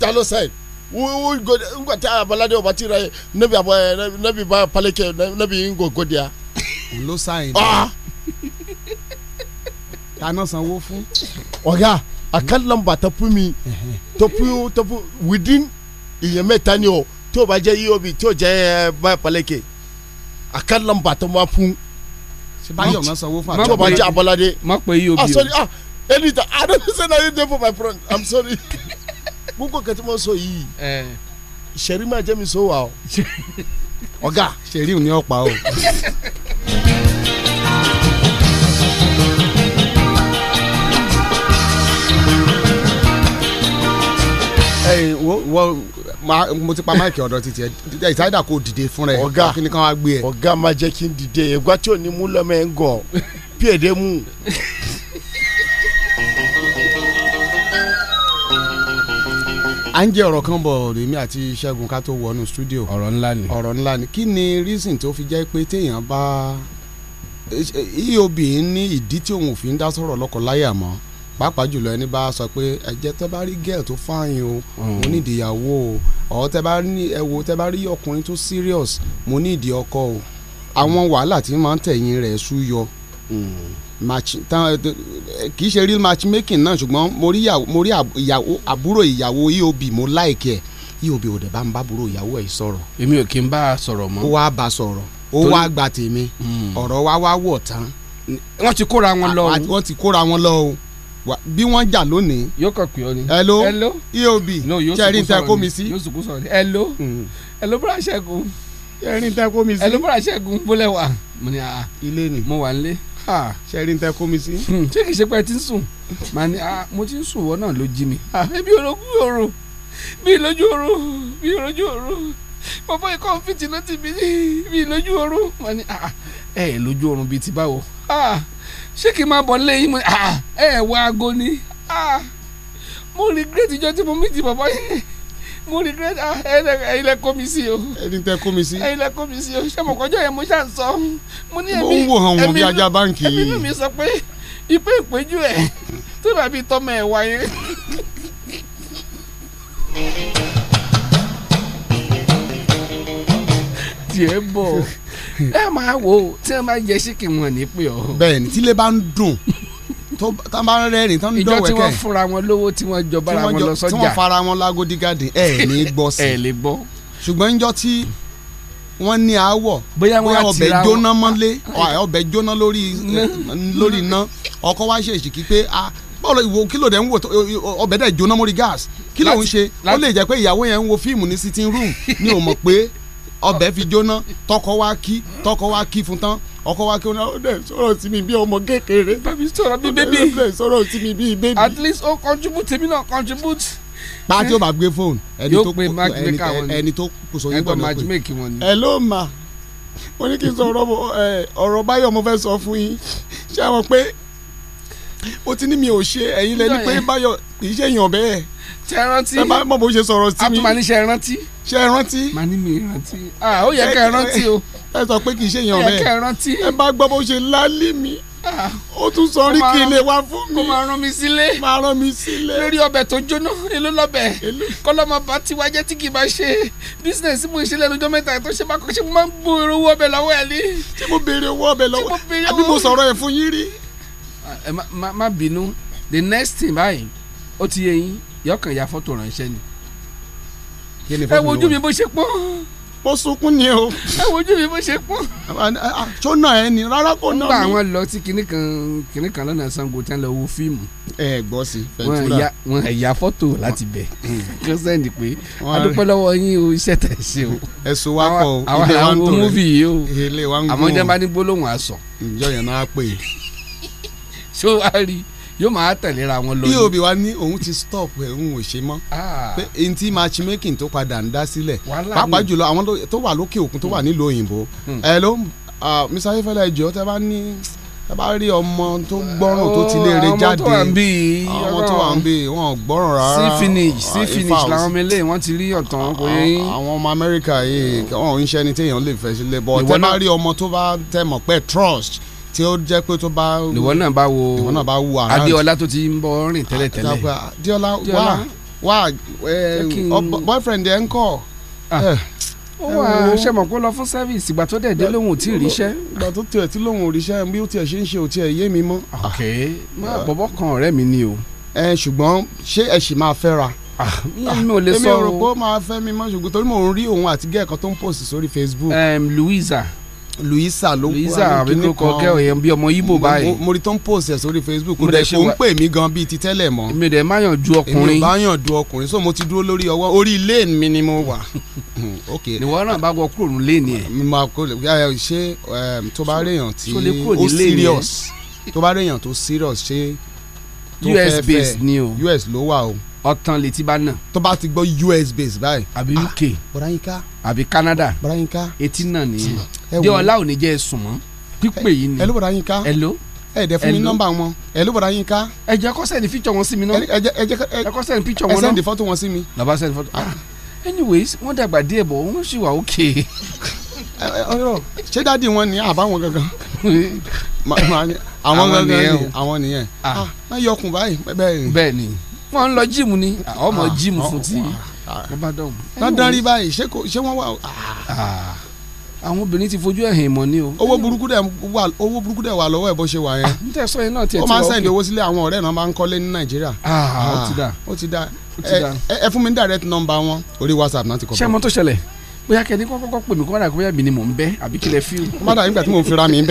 ta ló sẹ́yìn wọ́n go ngwa tí Abọ́ládé ọba ti rẹ̀ nebi abọ́ ẹ̀ nebi ba Fálẹ́kẹ̀ nebi ngo godia. ló sáyìn. ta náà sanwó fún. ọ̀gá. Okay àkànnì nọ́mbà tó pín mi tó pín tó pín within ìyẹn mẹ́ta ni o tí e o bá jẹ́ eob tí o jẹ́ báyà pàlẹ́kẹ̀ àkànnì nọ́mbà tó máa fún. báyọ̀ máa sanwó fún àtúntò tí e o bá jẹ́ abalade. má pè eob o. ah sorry ah anytime i don say na you dey for my front i'm sorry gbogbo kẹtí mo sọ yìí eh. sẹ̀rí máa jẹ́ mi sọ wà o ọ̀gá sẹ̀rí ò ní ọ̀pá o. mo ti pa máìkì ọ̀dọ̀ títí ẹ ìsáyédà kò dìde fúnra ẹ ọ̀gá kí ni káwọn gbé ẹ. ọ̀gá máa jẹ́ kí n dìde ẹ̀gbá tí ò ní mú lọ́mọ ẹ̀ ń gọ̀ pí èdè mú. à ń jẹ ọ̀rọ̀ kan bọ̀ rèmi àti Ṣẹ́gun ká tó wọnú stúdíò. ọ̀rọ̀ ńlá ni. ọ̀rọ̀ ńlá ni kí ni reason tó fi jẹ́ pé téèyàn bá EOB ní ìdí tí òun ò fi ń dá sọ̀rọ̀ lọ́kọ̀láyà mọ́ pàápàá jùlọ ẹni bá sọ pé ẹjẹ tẹ bá rí girl tó fáyín o mm. mo ní ìdíyàwó o ọ tẹ bá ní ẹwo tẹ bá rí ọkùnrin tó serious mo ní ìdí ọkọ o àwọn wàhálà tí máa ń tẹ̀yìn rẹ̀ súyọ mm. match tán kì í ṣe real match making náà ṣùgbọ́n mo rí ìyàwó àbúrò ìyàwó eob mo like ẹ̀ eob ò dẹ̀ bá ń bá àbúrò ìyàwó ẹ̀ sọ̀rọ̀. èmi ò kí ń bá a sọ̀rọ̀ mọ́. ó wá bá a sọ̀rọ̀ ó wá gba tèmi mm. ọ̀rọ̀ wa wá wọ̀ tán. wọ́n ti kóra wọn lọ o. wọ́n ti kóra wọn lọ o bí wọ́n jà lónìí. yóò kàn pé ọ ni. hello hello eob kẹrin tẹ kó mi sí. yóò sùkú sọ̀rọ̀ ni hello hmm. hello búra ṣẹ́gun. kẹrin tẹ kó mi sí. hello búra ṣẹ́gun bólẹ̀ wà. mo ní a ah, ilé ni mo wà nílé. kẹrin tẹ kó mi sí. Hmm, ṣé kìí ṣe pé ẹ ti ń sùn. màá ní a ah, mo ti ń sùn wọ́n náà ló jí mi. Ah, ebi orogún òru bí lójú òru bí lójú òru bọ́bọ́ ikọ̀ fìtì ló ti bí lójú ní a ẹ lójú òrun bíi ti báwo ṣé kí n máa bọ̀ nílé yín mo ah, ẹ ẹ aago ni ah, mo regret ìjọ tí mo meet bàbá yìí mo regret ah, ẹyin lẹ kó sí o. ẹni tẹ kó mi sí. ẹyin lẹ kó mi sí o ṣé mo kọjọ yẹn mo ṣáà sọ mo ní ẹbí ẹbí ẹbí bí ajá báǹkì yìí ẹbí mi sọ ìpéjú ẹ tó dàbí tọmọ ẹ wáyé. tiẹ̀ bọ̀ ẹ máa wo tí wọ́n bá jẹ síkì wọn ní pé ọ. bẹ́ẹ̀ni tí ilé bá ń dùn tó tá bá rẹ́rìn tán dọ̀wẹ́kẹ́. ìjọ tí wọ́n fúnra wọn lówó tí wọ́n jọ bára wọn lọ sọ́jà. tí wọ́n fara wọn lágodi garden ẹ ẹ ní gbọ́ sí. ẹ lè gbọ́. ṣùgbọ́n ìjọ tí wọ́n ní àwọ̀ bóyá ọbẹ̀ jóná mọ́lé ọbẹ̀ jóná lórí lórí iná ọkọ wa ṣe èsì kí pé ah, bọ́ọ̀lù ìwò kí ló dé ń wò ọbẹ̀ dẹ̀ jóná mórí gáàsì kí ló ń ṣe ó lè jẹ́ pé ìyàwó yẹn ń wo fíìmù ní sitting room ni ò mọ̀ pé ọbẹ̀ fi jóná tọkọ wa kí tọkọ wa kí fún tán ọkọ wa kí wọn náà ó dẹ̀ sọ̀rọ̀ sí mi bí ọmọ kékeré bẹ́ẹ̀ni sọ̀rọ̀ bí bébí ó dẹ̀ sọ̀rọ̀ sí mi bí bébí. at least ó contribute tèmi náà contribute. pàtí ó bá gbé fóònù ẹni tó ẹni tó kò sọ yín gbọ́dọ̀ pé ẹ ló ma mo ní kí n sọ ọ̀rọ̀ báyọ̀ mo fẹ́ sọ fún yín ṣé àwọn pé mo ti ní mi ò ṣe ẹ̀yin lẹ́ni pé báyọ̀ kì í ṣèyàn bẹ́ẹ̀ ṣe rántí ẹ bá mọ bó ṣe sọ̀rọ̀ sí mi àtúmọ̀ ní ṣe rántí ṣe rántí màá ní mi rántí ah ó yẹ ká rántí o ẹ sọ pé kì í ṣe èèyàn rẹ ẹ bá gbọ́ bó ṣe lálé mi ó tún sọ orí kí ilé wa fún mi kó máa rán mi sílé máa rán mi sílé lórí ọbẹ̀ tó jóná èló lọ́bẹ̀ kọ́lọ́mọ bá tiwa jẹ́ tí kì í bá ṣe bísíǹsì mú ìṣẹ̀lẹ̀ lọ́jọ́ mẹ́ta tó ṣe bá kọ́ ṣe mo máa ń gbòòrò owó ọbẹ̀ lọ́wọ́ ẹ̀ ní. ṣé mo béèrè owó ọbẹ̀ lọ́wọ́ àbí mo sọ̀rọ̀ ẹ̀ fún yín rí. má bínú the next thing báyìí ó ti yẹ yín yọkàn ya fọ́tò ránṣẹ́ ni. ẹ wojú mi bó ṣe pọ́n. mo sunkún ni o. ẹ wojú mi bó ṣe pọ́n. tó nà ẹ ni rárá kó nà mí. nígbà àwọn lọ sí kinní kan kinní kan lọ́nà Ṣàngó tí wọ́n lọ wo fíìmù. ẹ gbọ́ sí Ventura wọn ẹ ya fọ́tò láti bẹ̀ kí mm. wọ́n sẹ́ndì pé adúpẹ́ yín o iṣẹ́ tẹ̀ ṣe o. ẹ so wa kọ o ilé wa ń tó rẹ ilé wa ń gún o àmọ́ jẹ́ bá ní gbólóhùn àṣọ. ìjọ yẹn náà pè é. ṣó wá yóò máa tẹ̀léra wọn lọ. pob wa ní òun ti stop ẹ̀ òun ò ṣe mọ́ ah. pé n ti matchmaking tó padà ń dá sílẹ̀ pàápàá jùlọ àwọn tó wà lókè òkun tó wà hmm. nílùú òyìnbó hmm. ẹ ló mr ayefẹlẹ ìjọ tẹ bá ní ẹ bá rí ọmọ tó gbọ́ràn tó ti léèrè jáde ọmọ tó wà ń bí wọn gbọ́ràn rárá sí finish sí finish làwọn ọmọ eléyìí wọn ti rí ọ̀tàn kò yé yín. àwọn ọmọ amẹ́ríkà yìí wọn ò ń ṣe ẹni téèyàn lè fẹ́ sílẹ̀ bọ́ tẹ bá rí ọmọ tó bá tẹ mọ̀ pé trust tí ó jẹ́ pé tó bá. ìwọ náà bá wo ìwọ náà bá wo ara adéọlá tó ti ń bọ̀ rìn ah, tẹ́lẹ̀ tẹ́lẹ̀. adéọlá wà wà boyfriend ẹ̀ ń kọ́ ah. eh. ó wà ṣe mọ̀ kó lọ fún service ìgbà tó dẹ̀ dé lóhùn ò tí ì ríṣẹ́. ìgbà tó tiẹ̀ tí lóhùn ò ríṣẹ́ bí ó tiẹ̀ ṣe ń ṣe ò tiẹ̀ yé mi mọ́. Ah. ok eh. má bọ̀bọ̀ kan ọ̀rẹ́ mi ni o. ẹ eh, ṣùgbọ́n ṣé ẹ sì máa fẹ́ ra. mi ò lè sọ o èmi ò rò pé ó máa fẹ́ mi mọ́ ṣùgbọ́n torí mò ń rí òun àti gẹ́ẹ̀kan tó ń post sórí Facebook. Um, Louisa Louisa ló ń kó Louisa àbíkó kọ kẹ́hìn yẹn bí ọmọ Igbo báyìí. mo rí tó ń post ẹ̀ sórí Facebook kò dẹ̀ kò ń pè mí gan bíi ti tẹ́lẹ̀ mọ́. èmi dẹ̀ máyàn du ọkùnrin. èmi ò báyàn du ọkùnrin so mo ti dúró lórí ọwọ́ orí lane mi ni mo wà. ìwọ náà bá wọ kúrò ní lane yẹn. mo máa kó ṣe tó bá réyàn tí ó serious tó bá réyàn tó serious ṣe tó fẹ́ fẹ́ US ló wà o ọtàn létí bá nà. tó bá ti gbọ́ US based báyìí. àbí ah, UK. bọ̀dá yín ká. àbí Canada. bọ̀dá yín ká. etí náà nìyẹn dé ọlá ò ní jẹ́ ẹ sùn mọ́ pípé yìí ni. ẹ ló bọ̀dá yín ká. ẹ ló ẹ dẹ fún mi nọ́mbà wọn ẹ ló bọ̀dá yín ká. ẹ jẹ́ kó sẹ́ni píkṣọ̀ wọn sí mi náà. ẹ jẹ́ ẹ jẹ́ ẹ kó wọn náà. ẹ sẹ́ni fọ́tò wọn sí mi. làbá sẹ́ni fọ́tò. Ah. Ah, anyways wọ́n dàgbà díẹ̀ bọ̀ wọ́n sì wà ókè. ọ̀rọ̀ ṣé dáàdi wọn ni àbáwọn gangan. àwọn gangan ni àwọn nìyẹn. ah náà ah, yọkùn báyìí bẹ́ẹ̀ ni. bẹ́ẹ̀ ni wọ́n ń lọ jíìmù ni ọmọ jíìmù fún ti. wọ́n bá dọ̀wọ́. lọ́dọ̀ rí báyìí ṣé wọ́n wà àwọn obìnrin ti fojú ẹ̀hìn mọ̀ ni o. owó burúkú dẹ̀ wà owó burúkú dẹ̀ wà lọ́wọ́ ẹ̀ bó ṣe wà yẹn. n tẹ sọ yẹn náà tiẹ̀ ti wà ó máa ń sẹ́yìn owó sílé àwọn ọ̀rẹ́ náà máa ń kọ́lé ní nàìjíríà. Ah, ah, ó ti da ó ti da ẹ fún mi ní direct number wọn orí whatsapp náà ti kọ́. ṣé mo tó ṣẹlẹ̀ bóyá kẹ́ni kọ́kọ́ pè mí kọ́